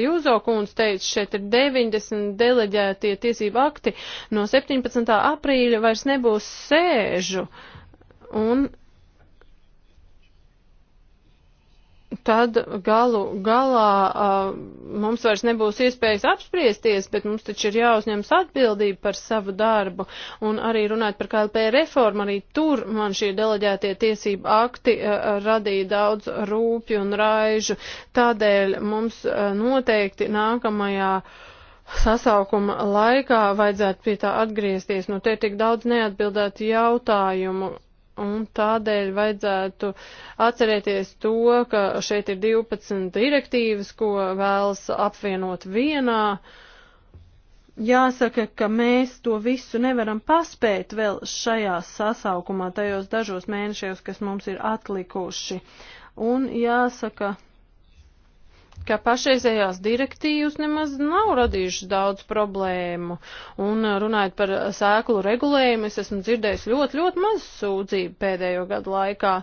Jūzo kundze teica, šeit ir 90 deleģētie tiesību akti, no 17. aprīļa vairs nebūs sēžu. Un tad galu galā uh, mums vairs nebūs iespējas apspriesties, bet mums taču ir jāuzņemas atbildība par savu darbu. Un arī runājot par KLP reformu, arī tur man šie deleģētie tiesību akti uh, radīja daudz rūpju un raižu. Tādēļ mums uh, noteikti nākamajā sasaukuma laikā vajadzētu pie tā atgriezties. Nu, te ir tik daudz neatbildētu jautājumu un tādēļ vajadzētu atcerēties to, ka šeit ir 12 direktīvas, ko vēlas apvienot vienā. Jāsaka, ka mēs to visu nevaram paspēt vēl šajā sasaukumā, tajos dažos mēnešos, kas mums ir atlikuši. Un jāsaka, ka pašreizējās direktīvas nemaz nav radījušas daudz problēmu. Un uh, runājot par sēklu regulējumu, es esmu dzirdējis ļoti, ļoti maz sūdzību pēdējo gadu laikā.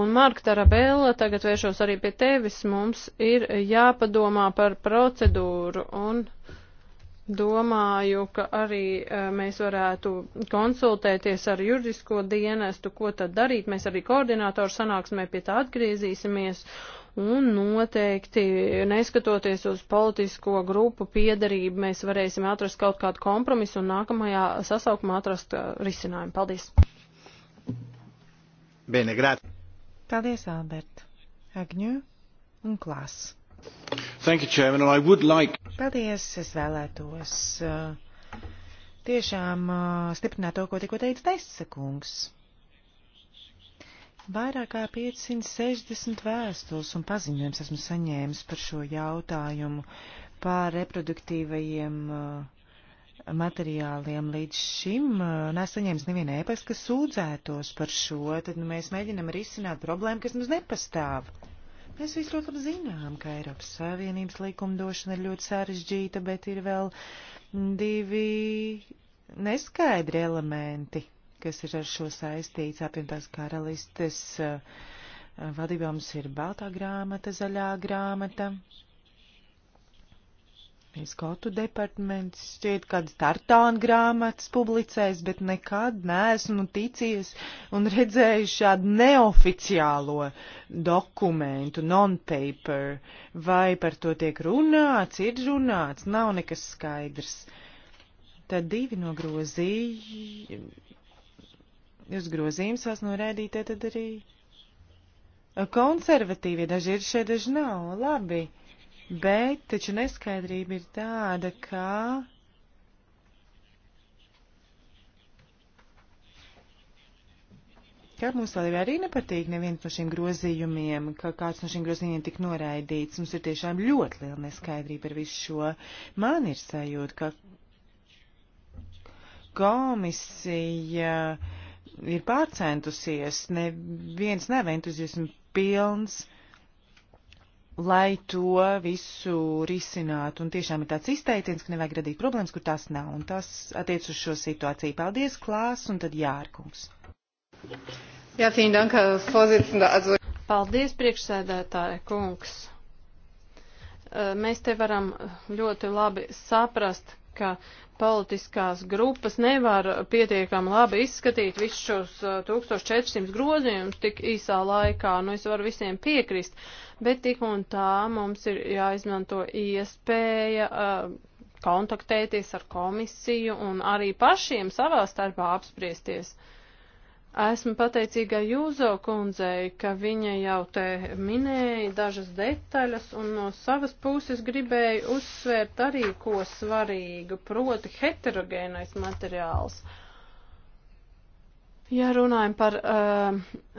Un Marka Tarabella, tagad vēršos arī pie tevis, mums ir jāpadomā par procedūru un. Domāju, ka arī eh, mēs varētu konsultēties ar juridisko dienestu, ko tad darīt. Mēs arī koordinātoru sanāksmē pie tā atgriezīsimies un noteikti, neskatoties uz politisko grupu piedarību, mēs varēsim atrast kaut kādu kompromisu un nākamajā sasaukumā atrast eh, risinājumu. Paldies! Bene, grāt! Paldies, Albert! Agņu un klāsts! Thank you, Chairman, and I would like... Paldies, es vēlētos uh, tiešām uh, stiprināt to, ko tikko teica Taisakungs. Vairāk kā 560 vēstules un paziņojums esmu saņēmis par šo jautājumu par reproduktīvajiem uh, materiāliem. Līdz šim uh, nesaņēmis neviena ēpastu, kas sūdzētos par šo, tad nu, mēs mēģinam risināt problēmu, kas mums nepastāv. Mēs visi ļoti labi zinām, ka Eiropas Savienības likumdošana ir ļoti sarežģīta, bet ir vēl divi neskaidri elementi, kas ir ar šo saistīts. Apvienotās karalistes eh, valdībā mums ir baltā grāmata, zaļā grāmata, Skotu departaments šķiet kādas tartāna grāmatas publicēs, bet nekad neesmu ticies un redzējis šādu neoficiālo dokumentu, non-paper. Vai par to tiek runāts, ir runāts, nav nekas skaidrs. Tad divi no grozīj... Uz grozījums esmu norēdītie tad arī konservatīvi, daži ir šeit, daži nav. Labi bet taču neskaidrība ir tāda, ka ka mums vēl arī nepatīk neviens no šiem grozījumiem, ka kāds no šiem grozījumiem tik noraidīts. Mums ir tiešām ļoti liela neskaidrība ar visu šo. Man ir sajūta, ka komisija ir pārcentusies, neviens nav entuziasmu pilns lai to visu risinātu. Un tiešām ir tāds izteiciens, ka nevajag radīt problēmas, kur tās nav. Un tas attiec uz šo situāciju. Paldies, Klās, un tad Jārkungs. Jā, vielen dank, Herr Vorsitzender. Also... Paldies, priekšsēdētāja kungs. Mēs te varam ļoti labi saprast, ka politiskās grupas nevar pietiekami labi izskatīt visus šos 1400 uh, grozījumus tik īsā laikā. Nu, es varu visiem piekrist, bet tik un tā mums ir jāizmanto iespēja uh, kontaktēties ar komisiju un arī pašiem savā starpā apspriesties. Uh, Esmu pateicīga Jūzo kundzei, ka viņa jau te minēja dažas detaļas un no savas puses gribēju uzsvērt arī ko svarīgu, proti heterogēnais materiāls. Uh, Ja runājam par uh,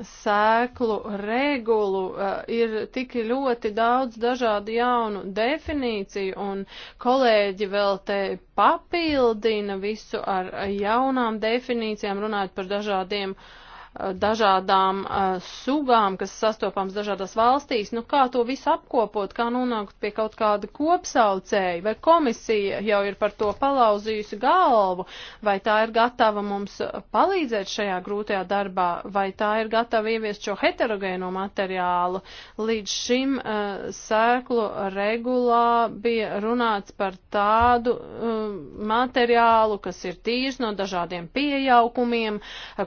sēklu regulu, uh, ir tik ļoti daudz dažādu jaunu definīciju, un kolēģi vēl te papildina visu ar jaunām definīcijām, runājot par dažādiem uh, dažādām uh, sugām, kas sastopams dažādās valstīs, nu kā to visu apkopot, kā nonākt pie kaut kāda kopsaucēja, vai komisija jau ir par to palauzījusi galvu, vai tā ir gatava mums palīdzēt šajā grūtajā darbā, vai tā ir gatava ieviest šo heterogēno materiālu. Līdz šim uh, sēklu regulā bija runāts par tādu uh, materiālu, kas ir tīrs no dažādiem piejaukumiem,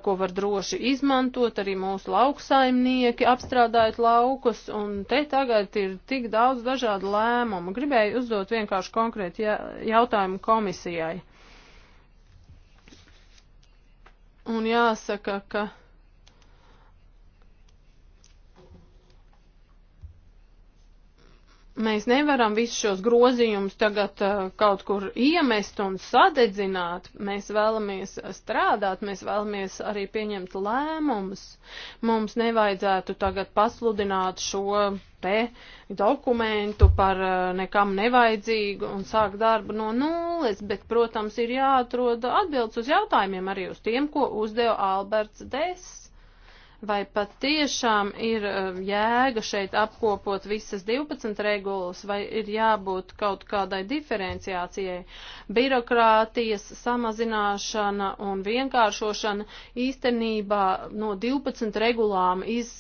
ko var droši izmantot izmantot arī mūsu lauksaimnieki, apstrādājot laukus, un te tagad ir tik daudz dažādu lēmumu. Gribēju uzdot vienkārši konkrēti jautājumu komisijai. Un jāsaka, ka Mēs nevaram visus šos grozījumus tagad uh, kaut kur iemest un sadedzināt. Mēs vēlamies strādāt, mēs vēlamies arī pieņemt lēmumus. Mums nevajadzētu tagad pasludināt šo te dokumentu par uh, nekam nevajadzīgu un sākt darbu no nulles, bet, protams, ir jāatrod atbildes uz jautājumiem arī uz tiem, ko uzdeva Alberts Dess vai patiešām ir eh, jēga šeit apkopot visas 12 regulas, vai ir jābūt kaut kādai diferenciācijai. Birokrātijas samazināšana un vienkāršošana īstenībā no 12 regulām iz,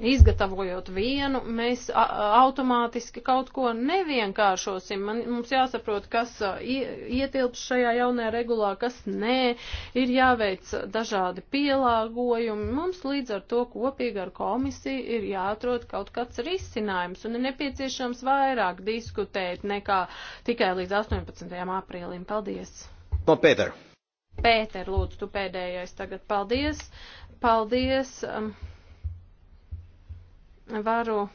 izgatavojot vienu, mēs automātiski kaut ko nevienkāršosim. Man, mums jāsaprot, kas ietilps šajā jaunajā regulā, kas nē, ir jāveic dažādi pielāgojumi. Mums līdz ar to kopīgi ar komisiju ir jāatrod kaut kāds risinājums un ir nepieciešams vairāk diskutēt nekā tikai līdz 18. aprīlim. Paldies! No Pēter. Pēter, lūdzu, tu pēdējais tagad. Paldies! Paldies! Um, varu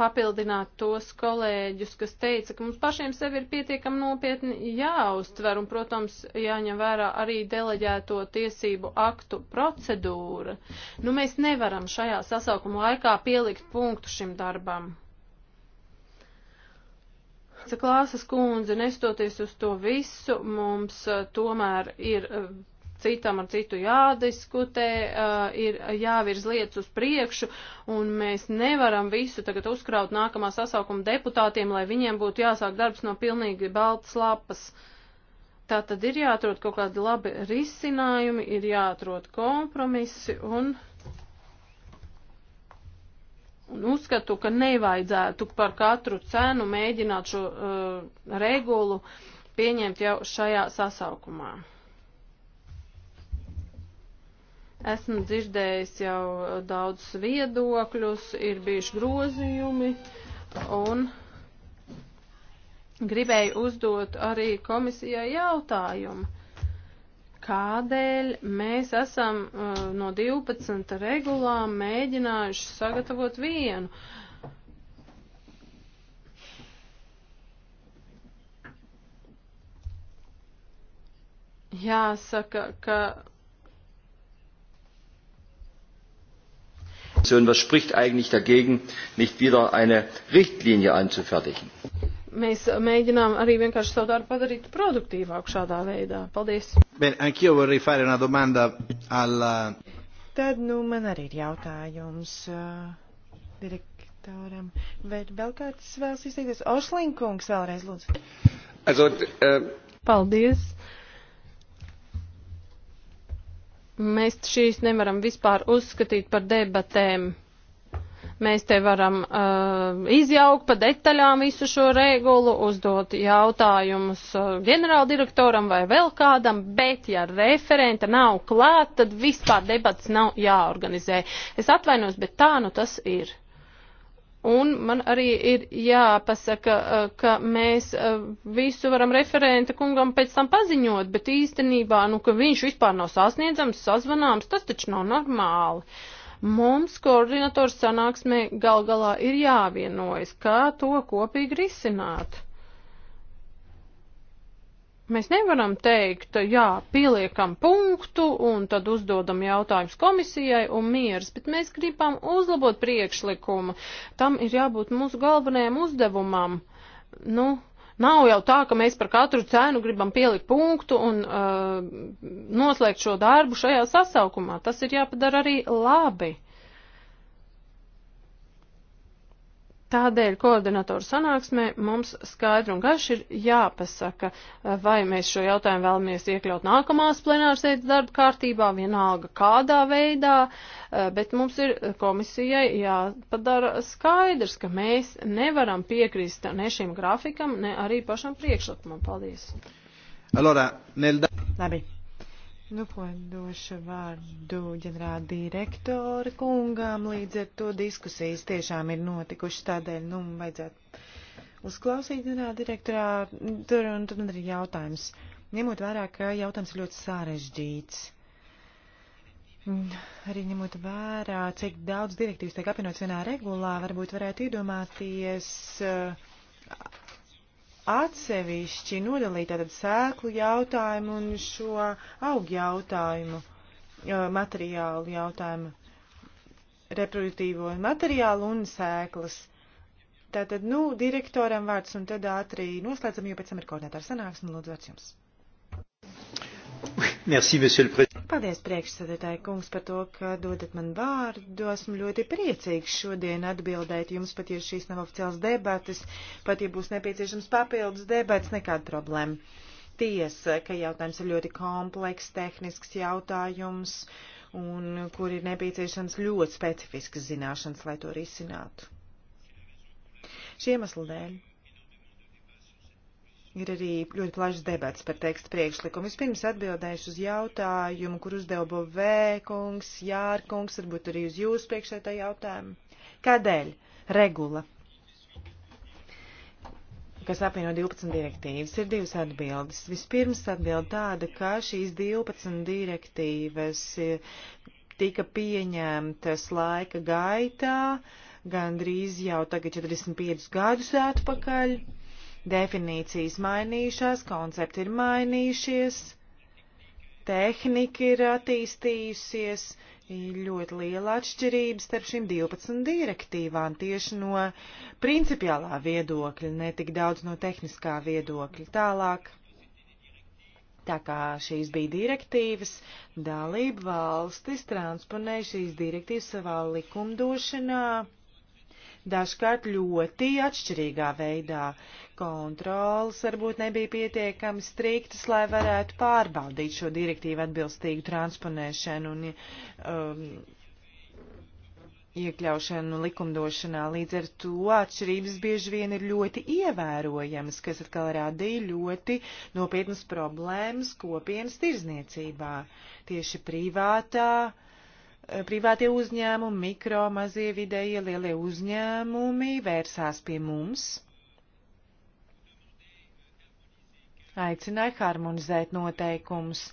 papildināt tos kolēģus, kas teica, ka mums pašiem sevi ir pietiekami nopietni jāuztver un, protams, jāņem vērā arī deleģēto tiesību aktu procedūra. Nu, mēs nevaram šajā sasaukuma laikā pielikt punktu šim darbam. Klāsas kundze, nestoties uz to visu, mums eh, tomēr ir eh, citam ar citu jādiskutē, ir jāvirz lietas uz priekšu, un mēs nevaram visu tagad uzkraut nākamā sasaukuma deputātiem, lai viņiem būtu jāsāk darbs no pilnīgi baltas lapas. Tā tad ir jāatrod kaut kādi labi risinājumi, ir jāatrod kompromisi un. Un uzskatu, ka nevajadzētu par katru cenu mēģināt šo uh, regulu pieņemt jau šajā sasaukumā. Esmu dzirdējis jau daudzus viedokļus, ir bijuši grozījumi un gribēju uzdot arī komisijai jautājumu kādēļ mēs esam uh, no 12 regulām mēģinājuši sagatavot vienu. Jāsaka, ka Was spricht eigentlich dagegen, nicht wieder eine Richtlinie anzufertigen? Mēs mēģinām arī vienkārši savu darbu padarīt produktīvāku šādā veidā. Paldies! Bene, anch'io vorrei fare una domanda alla... Tad, nu, man arī ir jautājums uh, direktoram. Vai vēl kāds vēlas izteikties? Ošlinkungs vēlreiz lūdzu. Also, uh... Paldies! Mēs šīs nevaram vispār uzskatīt par debatēm. Mēs te varam uh, izjaukt pa detaļām visu šo regulu, uzdot jautājumus uh, ģenerāldirektoram vai vēl kādam, bet ja referenta nav klāt, tad vispār debats nav jāorganizē. Es atvainos, bet tā nu tas ir. Un man arī ir jāpasaka, eh, ka mēs eh, visu varam referenta kungam pēc tam paziņot, bet īstenībā, nu, ka viņš vispār nav sasniedzams, sazvanāms, tas taču nav normāli. Mums koordinators sanāksmē gal galā ir jāvienojas, kā to kopīgi risināt. Mēs nevaram teikt, jā, pieliekam punktu un tad uzdodam jautājumus komisijai un miers, bet mēs gribam uzlabot priekšlikumu. Tam ir jābūt mūsu galvenajam uzdevumam. Nu, nav jau tā, ka mēs par katru cenu gribam pielikt punktu un uh, noslēgt šo darbu šajā sasaukumā. Tas ir jāpadara arī labi. Tādēļ koordinatoru sanāksmē mums skaidri un gaši ir jāpasaka, vai mēs šo jautājumu vēlamies iekļaut nākamās plenārsēdes darba kārtībā, vienalga kādā veidā, eh, bet mums ir komisijai jāpadara skaidrs, ka mēs nevaram piekrist ne šim grafikam, ne arī pašam priekšlikumam. Paldies! Allora, nel... Labi. Nu, ko došu vārdu ģenerāla direktora kungām, līdz ar to diskusijas tiešām ir notikušas tādēļ, nu, vajadzētu uzklausīt ģenerāla direktorā, tur un tad arī jautājums. Ņemot vērā, ka jautājums ir ļoti sarežģīts. Arī ņemot vērā, cik daudz direktīvas tiek apvienots vienā regulā, varbūt varētu iedomāties uh, atsevišķi nodalīt tātad sēklu jautājumu un šo augu jautājumu, materiālu jautājumu, reproduktīvo materiālu un sēklas. Tātad, nu, direktoram vārds un tad ātri noslēdzam, jo pēc tam ir koordinātāra sanāksme. Lūdzu, vārds jums. Merci, monsieur le président. Paldies, priekšsēdētāji kungs, par to, ka dodat man vārdu. Esmu ļoti priecīgs šodien atbildēt jums, pat ja šīs nav oficiāls debatas, pat ja būs nepieciešams papildus debats, nekāda problēma. Tiesa, ka jautājums ir ļoti kompleks, tehnisks jautājums, un kur ir nepieciešams ļoti specifiskas zināšanas, lai to risinātu. Šiem asludēļ Ir arī ļoti plašs debats par tekstu priekšlikumu. Vispirms atbildēšu uz jautājumu, kur uzdeva Bovē kungs, Jārkungs, varbūt arī uz jūsu priekšētā jautājumu. Kādēļ? Regula, kas apvieno 12 direktīvas, ir divas atbildes. Vispirms atbild tāda, ka šīs 12 direktīvas eh, tika pieņemtas laika gaitā, gandrīz jau tagad 45 gadus atpakaļ Definīcijas mainījušās, koncepti ir mainījušies, tehnika ir attīstījusies, ir ļoti liela atšķirība starp šīm 12 direktīvām tieši no principiālā viedokļa, ne tik daudz no tehniskā viedokļa. Tālāk, tā kā šīs bija direktīvas, dalība valstis transponēja šīs direktīvas savā likumdošanā dažkārt ļoti atšķirīgā veidā. Kontrolas varbūt nebija pietiekami striktas, lai varētu pārbaudīt šo direktīvu atbilstīgu transponēšanu un um, iekļaušanu likumdošanā. Līdz ar to atšķirības bieži vien ir ļoti ievērojamas, kas atkal rādīja ļoti nopietnas problēmas kopienas tirzniecībā. Tieši privātā Eh, privātie uzņēmumi, mikro, mazie vidējie, lielie uzņēmumi vērsās pie mums, aicināja harmonizēt noteikumus,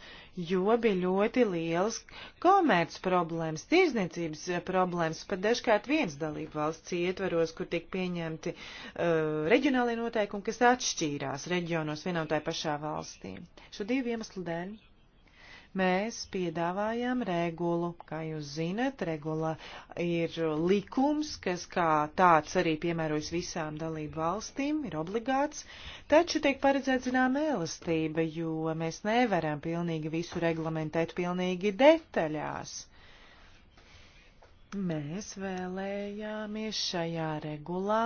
jo bija ļoti liels komerc problēmas, tirzniecības eh, problēmas, pat dažkārt viens dalību valsts ietvaros, kur tika pieņemti uh, reģionālie noteikumi, kas atšķīrās reģionos vienā un tajā pašā valstī. Šo divu iemeslu dēļ mēs piedāvājam regulu. Kā jūs zinat, regula ir likums, kas kā tāds arī piemērojas visām dalību valstīm, ir obligāts, taču tiek paredzēta zināma elastība, jo mēs nevaram pilnīgi visu reglamentēt pilnīgi detaļās. Mēs vēlējāmies šajā regulā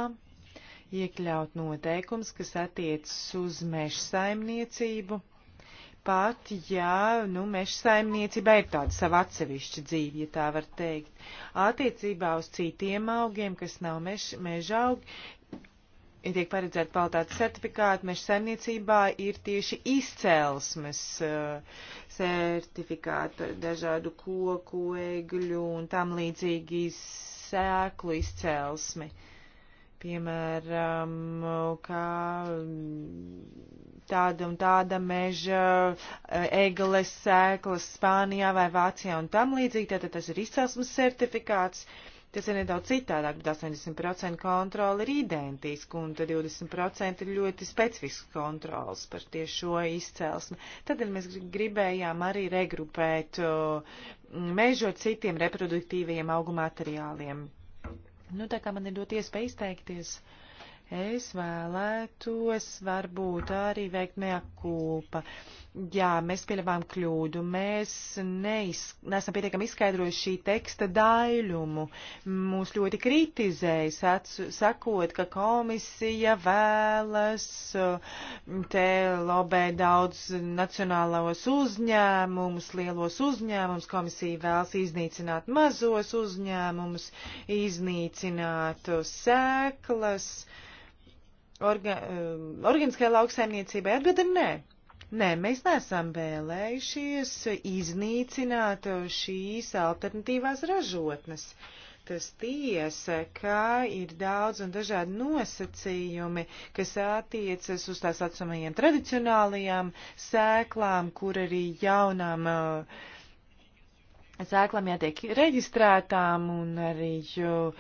iekļaut noteikums, kas attiecas uz mežsaimniecību pat, ja nu, meža saimniecībā ir tāda sava atsevišķa dzīve, ja tā var teikt. Attiecībā uz citiem augiem, kas nav mež, meža augi, ja tiek paredzēta kvalitātes certifikāta, meža saimniecībā ir tieši izcelsmes uh, certifikāti ar dažādu koku, egļu un tam līdzīgi sēklu izcelsmi. Uh, piemēram, kā tāda un tāda meža egles sēklas Spānijā vai Vācijā un tam līdzīgi, tātad tas ir izcelsmes certifikāts. Tas ir nedaudz citādāk, bet 80% kontrola ir identiska, un tad 20% ir ļoti specifisks kontrols par tiešo izcelsmi. Tad mēs gribējām arī regrupēt uh, mežu ar citiem reproduktīviem augu materiāliem. Nu, tā kā man ir dot iespēja izteikties, es vēlētos varbūt arī veikt mea kulpa. Uh, Jā, mēs pieļāvām kļūdu. Mēs neiz, neesam pietiekami izskaidrojuši šī teksta daļumu. Mūs ļoti kritizēja, sakot, ka komisija vēlas uh, te lobē daudz nacionālos uzņēmumus, lielos uzņēmumus. Komisija vēlas iznīcināt mazos uzņēmumus, iznīcināt sēklas. Orga, uh, organiskajai lauksaimniecībai atbild ir nē. Nē, mēs neesam vēlējušies iznīcināt šīs alternatīvās ražotnes. Tas tiesa, ka ir daudz un dažādi nosacījumi, kas attiecas uz tās atsamajiem tradicionālajām sēklām, kur arī jaunām uh, sēklām jātiek reģistrētām un arī uh,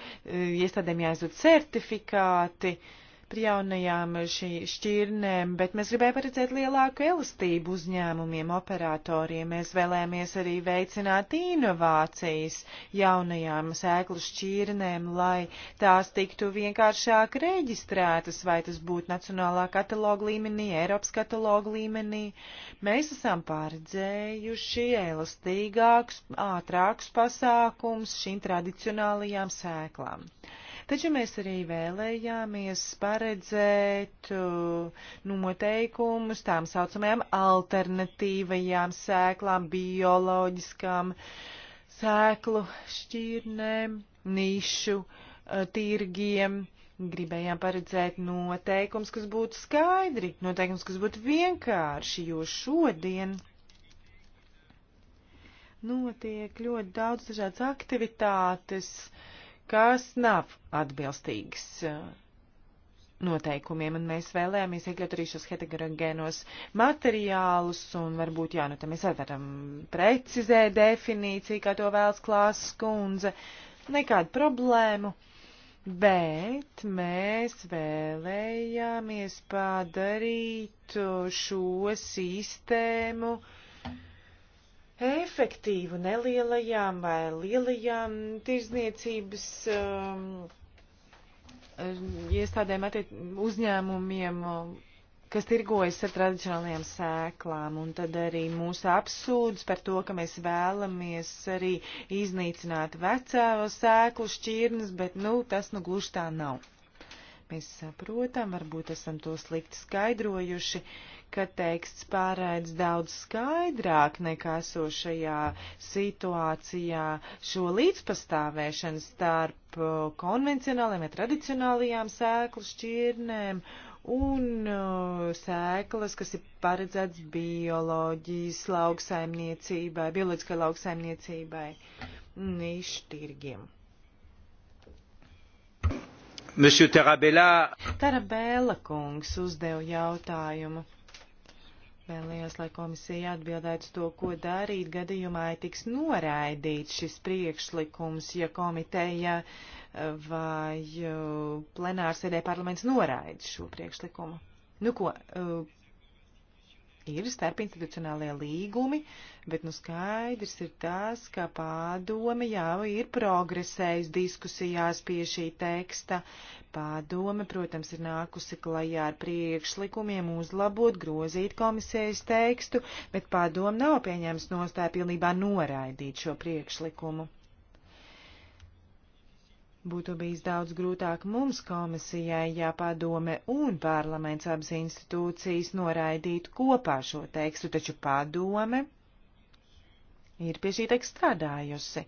iestādēm jāizdod certifikāti. Uh, par jaunajām eh, šī šķirnēm, bet mēs gribējām paredzēt lielāku elastību uzņēmumiem, operatoriem. Mēs vēlējāmies arī veicināt inovācijas jaunajām sēklu šķirnēm, lai tās tiktu vienkāršāk reģistrētas, vai tas būtu nacionālā kataloga līmenī, Eiropas kataloga līmenī. Mēs esam paredzējuši elastīgākus, ātrākus pasākums šīm tradicionālajām sēklām. Yeah. Taču mēs arī vēlējāmies paredzēt uh, nu, noteikumus tām saucamajām alternatīvajām sēklām, bioloģiskām sēklu šķirnēm, nišu uh, tirgiem. Gribējām paredzēt noteikums, kas būtu skaidri, noteikums, kas būtu vienkārši, jo šodien notiek ļoti daudz dažādas aktivitātes, uh, kas nav atbilstīgs uh, noteikumiem, un mēs vēlējāmies iekļaut arī šos heterogēnos materiālus, un varbūt, jā, nu, te mēs varam precizēt definīciju, kā to vēlas klāsas kundze, nekādu problēmu, bet mēs vēlējāmies padarīt šo sistēmu uh, efektīvu nelielajām vai lielajām tirzniecības um, um iestādēm attiec, uzņēmumiem, um, kas tirgojas ar tradicionālajām sēklām, un tad arī mūsu apsūdz par to, ka mēs vēlamies arī iznīcināt vecā sēklu šķirnes, bet, nu, tas nu gluži tā nav. Mēs saprotam, varbūt esam to slikti skaidrojuši. Uh, ka teksts pārēdz daudz skaidrāk nekā sošajā situācijā šo līdzpastāvēšanu starp uh, konvencionāliem vai tradicionālajām sēklu šķirnēm un uh, sēklas, kas ir paredzēts bioloģijas lauksaimniecībai, bioloģiskai lauksaimniecībai, nišķirgiem. Tarabēla kungs uzdeva jautājumu. Vēlējos, lai komisija atbildētu to, ko darīt gadījumā, ja tiks noraidīts šis priekšlikums, ja komiteja eh, vai eh, plenārsēdē parlaments noraida šo priekšlikumu. Nu ko, eh, ir starpinstitucionālie līgumi, bet nu skaidrs ir tas, ka pārdome jau ir progresējis diskusijās pie šī teksta. Pārdome, protams, ir nākusi klajā ar priekšlikumiem uzlabot, grozīt komisijas tekstu, bet pārdome nav pieņēmis nostāja pilnībā noraidīt šo priekšlikumu. Būtu bijis daudz grūtāk mums komisijai, ja padome un parlaments abas institūcijas noraidītu kopā šo tekstu, taču padome ir pie šī teksta strādājusi.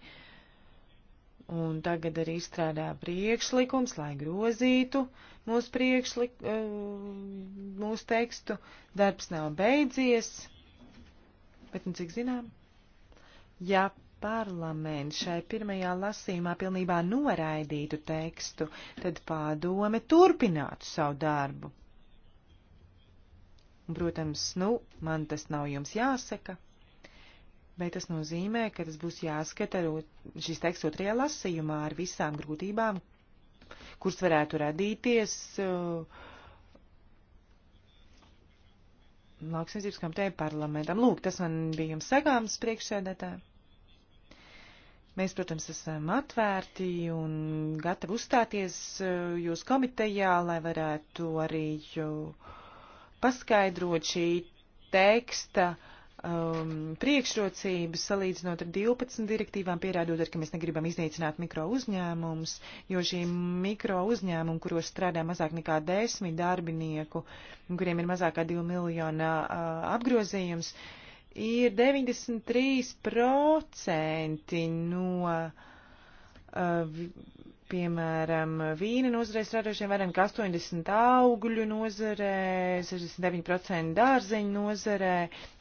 Un tagad arī strādā priekšlikums, lai grozītu mūsu, priekšlik, eh, mūsu tekstu. Darbs nav beidzies, bet, nu, cik zinām, ja parlaments šai pirmajā lasīmā pilnībā noraidītu tekstu, tad padome turpinātu savu darbu. Un, protams, nu, man tas nav jums jāsaka, bet tas nozīmē, ka tas būs jāskata šis teksts otrajā lasījumā ar visām grūtībām, kuras varētu radīties uh, lauksaimniecības komiteja parlamentam. Lūk, tas man bija jums sagāms priekšsēdētāji. Mēs, protams, esam atvērti un gatavi uzstāties eh, jūs komitejā, lai varētu arī paskaidrot šī teksta um, priekšrocības, salīdzinot ar 12 direktīvām, pierādot, ar, ka mēs negribam iznīcināt mikro uzņēmumus, jo šī mikro uzņēmuma, kuros strādā mazāk nekā 10 darbinieku, kuriem ir mazāk kā 2 miljona uh, apgrozījums, uh, ir 93% no, uh, piemēram, vīna nozarēs radošiem, vairāk nekā 80 augļu nozarē, 69% dārzeņu nozarē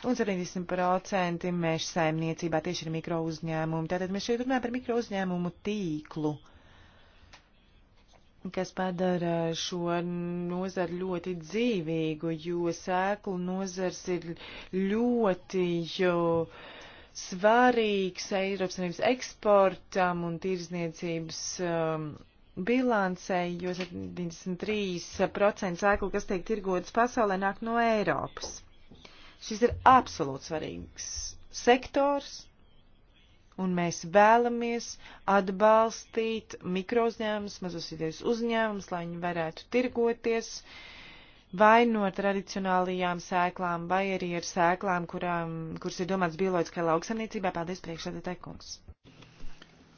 un 70% mežsaimniecībā tieši ir mikro uzņēmumi. Tātad mēs šeit runājam par mikro uzņēmumu tīklu. Uh, kas padara šo nozaru ļoti dzīvīgu, jo sēklu nozars ir ļoti svarīgs Eiropas Savienības eksportam un tirzniecības um, bilancei, jo 73% sēklu, kas tiek tirgotas pasaulē, nāk no Eiropas. Šis ir absolūti svarīgs sektors, un mēs vēlamies atbalstīt mikrouzņēmumus, mazos idejas uzņēmumus, lai viņi varētu tirgoties vai no tradicionālajām sēklām, vai arī ar sēklām, kurām, kuras ir domāts bioloģiskai lauksamniecībai. Paldies, priekšsēdētāji kungs.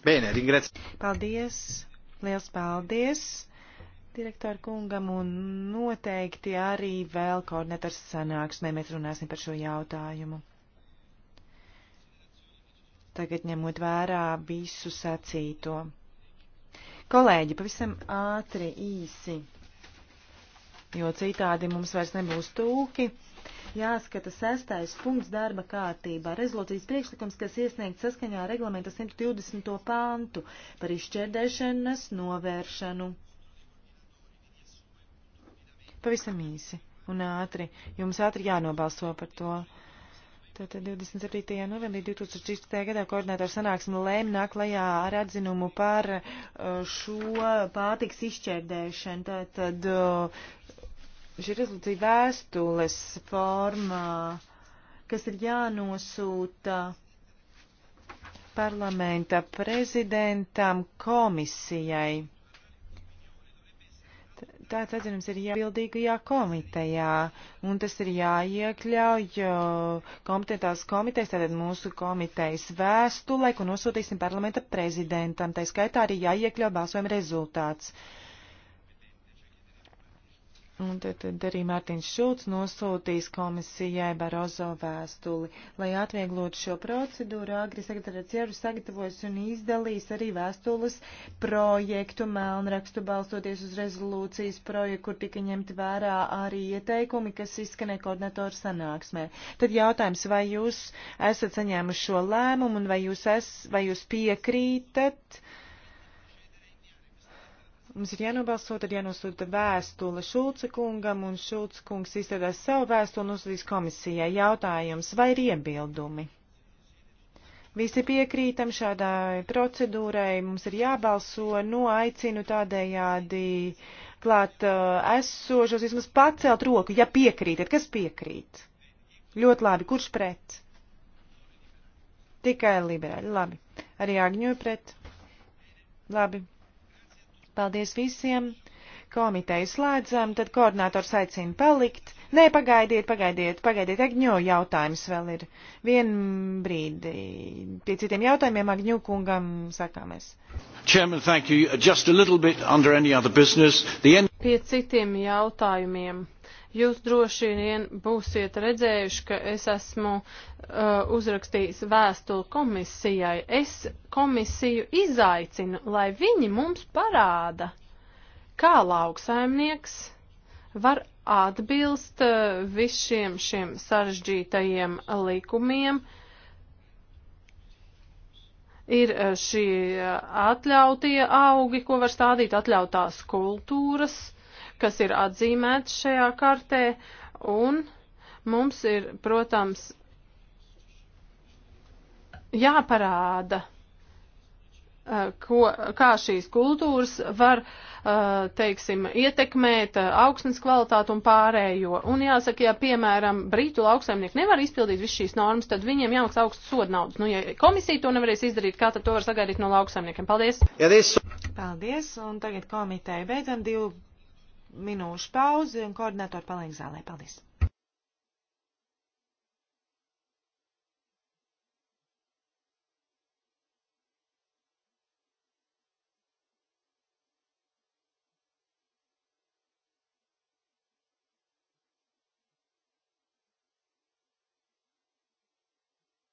Bēnē, ringrēc. Paldies, liels paldies direktoru kungam un noteikti arī vēl koordinators sanāksmē mēs runāsim par šo jautājumu tagad ņemot vērā visu sacīto. Kolēģi, pavisam ātri, īsi, jo citādi mums vairs nebūs tūki. Jāskata sestais punkts darba kārtībā - rezolūcijas priekšlikums, kas iesniegts saskaņā ar reglamenta 120. pāntu par izšķērdēšanas novēršanu. Pavisam īsi un ātri. Jums ātri jānobalso par to. Uh, Tātad 27. novembrī 2016. gadā koordinātors sanāksme lēma nāk lajā ar atzinumu par uh, šo pārtiks izšķērdēšanu. Tātad uh, šī rezolūcija vēstules formā, kas ir jānosūta parlamenta prezidentam komisijai tāds atzinums ir jābildīgajā komitejā, un tas ir jāiekļauj kompetentās komitejas, tātad mūsu komitejas vēstulē, ko nosūtīsim parlamenta prezidentam. Tā skaitā arī jāiekļauj balsojuma rezultāts. Uh, Un tad, tad arī Mārtiņš Šulcs nosūtīs komisijai Barozo vēstuli. Lai atvieglotu šo procedūru, agri sekretariats jau ir sagatavojis un izdalīs arī vēstules projektu melnrakstu balstoties uz rezolūcijas projektu, kur tika ņemti vērā arī ieteikumi, kas izskanē koordinatoru sanāksmē. Tad jautājums, vai jūs esat saņēmuši šo lēmumu un vai jūs, es, vai jūs piekrītat? Uh, Mums ir jānobalso, tad jānosūta vēstule Šulca kungam, un Šulca kungs izstrādās savu vēstuli un uzsūtīs komisijai jautājums vai ir iebildumi. Visi piekrītam šādai procedūrai, mums ir jābalso, no nu, aicinu tādējādi klāt uh, esošos, vismaz pacelt roku, ja piekrītat. Kas piekrīt? Ļoti labi, kurš pret? Tikai liberāļi, labi. Arī Agņoja pret? Labi. Paldies visiem. Komiteju slēdzam, tad koordinators aicina palikt. Nē, pagaidiet, pagaidiet, pagaidiet, Agņo jautājums vēl ir. Vien brīdi pie citiem jautājumiem Agņo kungam sakāmies. Chairman, thank you. Just a little bit under any other business. The end... Pie citiem jautājumiem. Jūs droši vien būsiet redzējuši, ka es esmu uh, uzrakstījis vēstuli komisijai. Es komisiju izaicinu, lai viņi mums parāda, kā lauksaimnieks var atbilst uh, visiem šiem sarežģītajiem likumiem, uh, ir šie uh, atļautie augi, ko var stādīt atļautās kultūras kas ir atzīmēts šajā kartē, un mums ir, protams, jāparāda, eh, ko, kā šīs kultūras var, eh, teiksim, ietekmēt eh, augsnes kvalitātu un pārējo. Un jāsaka, ja, piemēram, brītu lauksaimnieki nevar izpildīt visu šīs normas, tad viņiem jāmaksā augsts sodnaudas. Nu, ja komisija to nevarēs izdarīt, kā tad to var sagaidīt no lauksaimniekiem? Paldies! Paldies! Un tagad komiteja beidzam divu minūšu pauzi un koordinātori paliek zālē. Paldies!